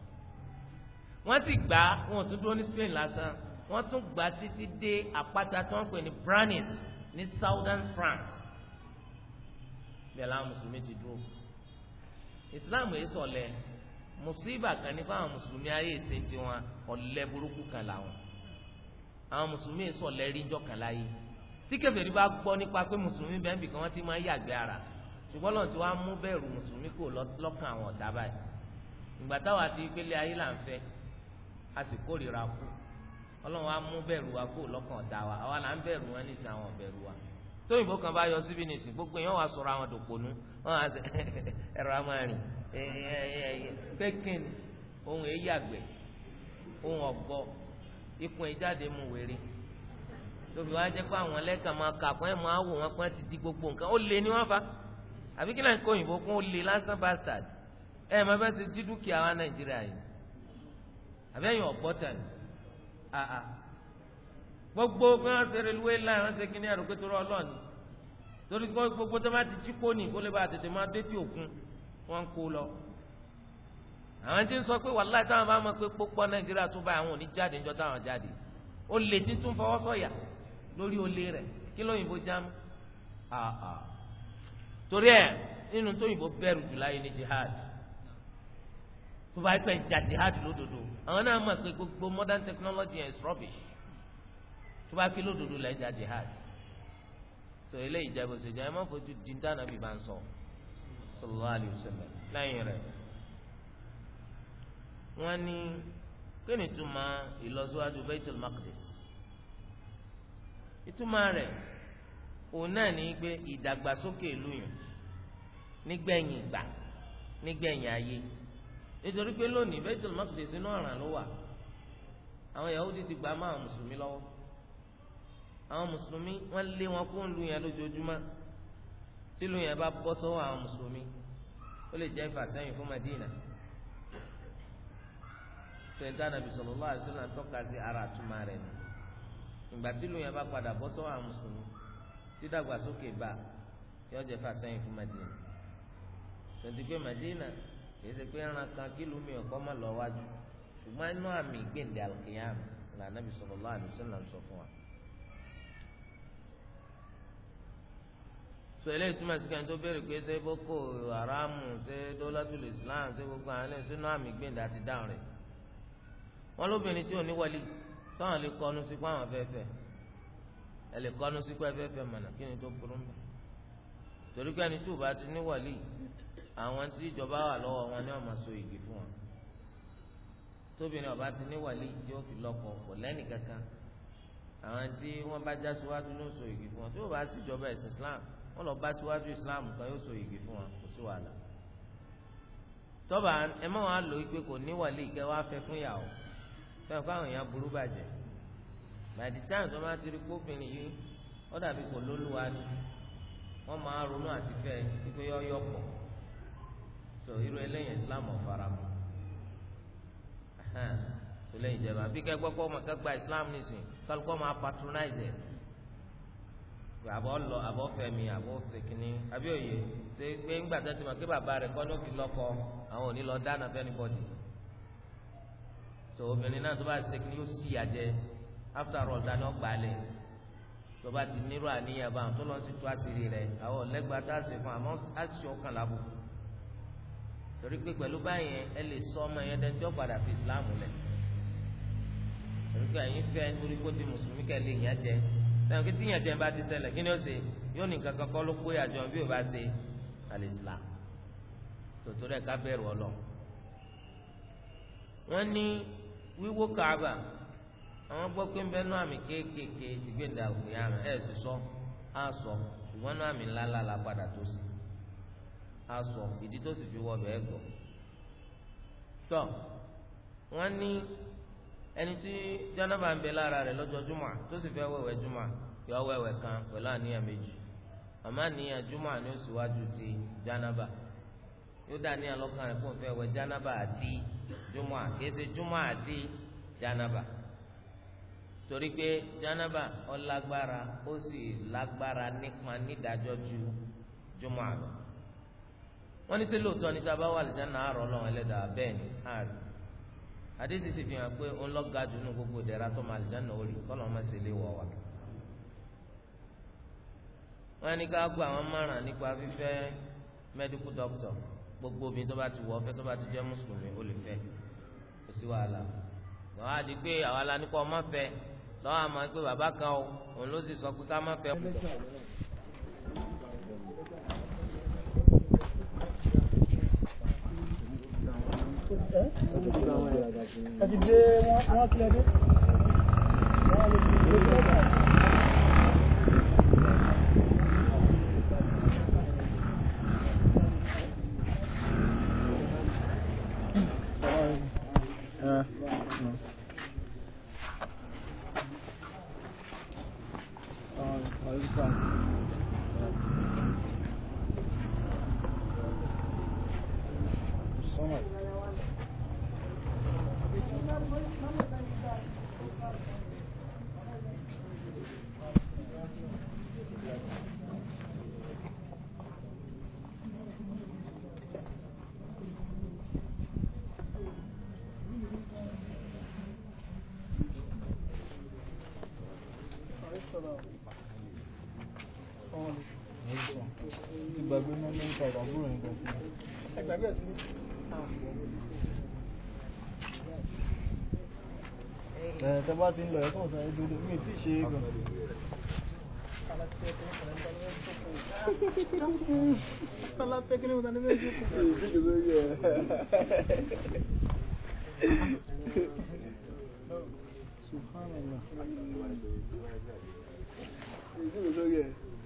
wọ́n sì gbà wọn ò tún dúró ní Spain lásán wọ́n tún gbà títí dé àpáta tó ń pè ní Branis ní Southern France bẹ́ẹ̀ làwọn mùsùlùmí ti dúró Islam yìí sọ̀lẹ̀ mùsùlùmí kan ní fáwọn mùsùlùmí ayé ìṣe tiwọn ọ̀lẹ́ burúkú kan làwọn àwọn mùsùlùmí sọ̀lẹ̀ ríjọ́ kan láyé tí kèfèrí bá gbọ́ nípa pé mùsùlùmí bẹ́ẹ̀ nbìkan wọ́n ti máa ń yàgbé ara ṣùgbọ́n lọ́n ti wá mú bẹ̀rù mùsùlùmí kò lọ́kàn àwọn ọ̀tá báyìí ìgbà táwa ti gbélé ayé là ń fẹ́ a sì kórìíra kú ọlọ́run á mú bẹ̀rù wa kó lọ́kàn ọ̀tá wa àwa là ń bẹ̀rù wọn nísìn àwọn bẹ̀rù wa tóyìnbó kan bá yọ síbi nísìn gbogbo èèyàn wà sọ̀rọ̀ àwọn dòpònú wọn á sẹ ẹ̀rọ amárìn pékin ohun èyí àgbẹ̀ ohun ọ̀gbọ́ ikùn ìjáde tóbi wá jẹ́ pé àwọn ẹlẹ́kàn máa kà fún ẹ̀ máa wò wọn pé wọ́n ti di gbogbo nǹkan ó lé ní wọ́n fa àbí kí lẹ́yìn kó òyìnbó kún ó lé lásán bastard ẹ̀ máa fẹ́ ṣe jí dúkìá wa nàìjíríà yìí àbí ẹ̀yìn ọ̀gbọ́tà ni àà gbogbo bí wọ́n ṣe reluwé láì wọ́n ṣe kí ní ẹ̀rọ pé torí ọlọ́ọ̀ni torí gbogbo tó bá ti jí kó kó lè bá tètè máa dé tí òkun wọ́n kó lọ àwọn tí ń sọ pé wàláì táwọn bá mọ̀ pé pópọ́ nàìjíríà tún bá àwọn òní jáde níjọ́ táwọn jáde ó lè tí tún fọwọ́ sọ̀yà. So lórí olè rẹ̀ kí lóyìnbó jámù àà torí ẹ̀ nínú tóyìnbó bẹ̀rù jù láyé ní jihad tó bá pẹ́ ja jihad lódodo àwọn náà mọ̀ pé gbogbo modern technology is rubbish tó bá fi lódodo lẹ́ ja jihad so eléyìí jẹ́ bó ṣe jẹ́ ẹ má fojú dídá nàbí bá ń sọ sallallahu alayhi wa sallam lẹ́yìn rẹ̀ wọ́n ní kí ni túmọ̀ ìlọsíwájú Baitul Maqdis ìtumọ̀ rẹ̀ òun náà ní pé ìdàgbàsókè ìlú yẹn nígbẹ̀yìn ìgbà nígbẹ̀yìn ayé nítorí pé lónìí Baitul Maqdis sínú ọ̀ràn ló wà àwọn Yahudi ti gbà máa mùsùlùmí lọ́wọ́ àwọn mùsùlùmí wọ́n lé wọn kó ń lu yẹn lójoojúmọ́ tí lu yẹn bá bọ́ sọ́wọ́ àwọn mùsùlùmí ó lè jẹ́ ìfàsẹ́yìn fún Madina sèǹtà nàbì sallallahu alaihi wasallam tọ́ka sí ara àtúmọ̀ rẹ̀ nù ìgbà tí lóyún bá padà bọ́ sọ́wọ́ àwọn mùsùlùmí dídàgbàsókè bá yọ jẹ fàṣẹyìn fún Madina tonti pé Madina kìí ṣe pé ẹran kan kí lómi ọkọ má lọ wájú ṣùgbọ́n inú àmì gbèǹde alkiyama là nàbì sallallahu alaihi wasallam sọ fún wa. sọ eléyìí túmọ̀ sí kan béèrè pé ṣé Boko Haram ṣé Dawlatul Islam ṣé gbogbo àwọn ẹlẹ́sìn náà àmì gbèǹde àti dáhùn rẹ̀ wọ́n lóbìnrin tí ò ní wọlé táwọn lè kọnu sí fún àwọn afẹ́fẹ́ ẹ lè kọnu sí fún afẹ́fẹ́ mọ̀nà kí ni tó burú mọ́ torí pé ẹni tí ò bá ti ní wàlí àwọn tí ìjọba wà lọ́wọ́ wọn ni wọ́n máa so igi fún wọn tóbìnrin ọba ti ní wàlí tí ó fi lọ́kọ kò lẹ́nì kankan àwọn tí wọ́n bá já síwájú ló so igi fún wọn tí ò sí ìjọba ẹ̀sìn Islam wọ́n lọ bá síwájú Islam kan yóò so igi fún wọn kò sí wàhálà tọ́ba ẹ mọ́ wọn á lò ó pé kò ní wàlí kẹ́ wá fẹ́ fún yàwó sọ fún àwọn èèyàn burú bàjẹ́ bàdí táwọn tó máa ti rí kófìnrin yìí ó dàbí kò lólùwà ni wọ́n máa ronú àti fẹ́ pípé so pọ̀ tó Islam ọ̀fara mọ́ tó lẹ́yìn ìjẹba bí kẹ́gbọ́ Islam nìsín kálukọ́ máa patronize ẹ̀ àbọ̀ lọ àbọ̀ fẹ̀mí àbọ̀ tó obìnrin náà tó bá ṣe kí ni ó sì àjẹ after all ta ni ó gbà lẹ̀ tó bá ti nírò àníyàn bá tó lọ sí tó àṣírí rẹ̀ àwọn ọ̀lẹ́gbàá tá a ṣe fún àmọ́ àṣì ọkàn lábò torí pé pẹ̀lú báyẹn ẹ lè sọ ọmọ yẹn dẹ́ntí ó padà fi Islam lẹ̀ torí pé ẹ̀yin fẹ́ torí kó di mùsùlùmí kẹ́lẹ́ ìyẹn jẹ sẹ́yìn kí tíyẹn jẹ bá ti ṣẹlẹ̀ kí ni ó ṣe yóò ní kankan kọ́ ló pé àjọ bí ó bá ṣe al-Islam tòtò rẹ̀ ká bẹ̀rù Ọlọ́run wọ́n ní wíwó kaaba àwọn gbọ́ pé ń bẹ nú àmì kéékèèké ti gbé ìdá òkè àmì ẹ̀ sì sọ á sọ ṣùgbọ́n nú àmì ńláńlá la padà tó sí á sọ ìdí tó sì fi wọ bẹ́ẹ̀ gbọ́ tọ́ wọ́n ní ẹni tí jánábà ń bẹ lára rẹ̀ lọ́jọ́ júmọ̀ tó sì fẹ́ wẹ̀wẹ̀ júmọ̀ yọ wẹ̀wẹ̀ kan pẹ̀lú àníyàn méjì àmọ́ àníyàn júmọ̀ ni ó síwájú ti jánábà yóò dá ní alọ́kàn rẹ̀ fún ìfẹ́ wẹ̀ jánábà àti jùmọ̀ àkéésí jùmọ̀ àti jánábà torí pé jánábà ó lágbára ó sì lágbára nípa nídàájọ́ ju jùmọ̀ àlọ́ wọ́n ní ṣé lóòótọ́ ní tábà wà lìjánà àárọ̀ ọlọ́run ẹlẹ́dàá bẹ́ẹ̀ ni àárẹ̀ àdéhùn sì fi hàn pé ó ń lọ́ga jù gbogbo ìdẹ̀ra tó máa lìjánà ó rí kọ́nà ọmọ ní ká gbọ́ àwọn márùn-ún nípa fífẹ́ mẹ́díkù dọ́kítọ̀ gbogbo obìnrin tó bá ti wọ ọfẹ tó bá ti jẹ mùsùlùmí ó lè fẹ́ kò sí wàhálà lọ́wọ́ àdí pé àwa la ní kọ́ ọmọ fẹ́ lọ́wọ́ àmọ́ pé bàbá kan o òun ló sì sọ pé ká má fẹ́. ẹ ti wọn kí ẹ Ha. Tamam. Hayırlı contigo. Falar até que não dá nem meu Subhanallah.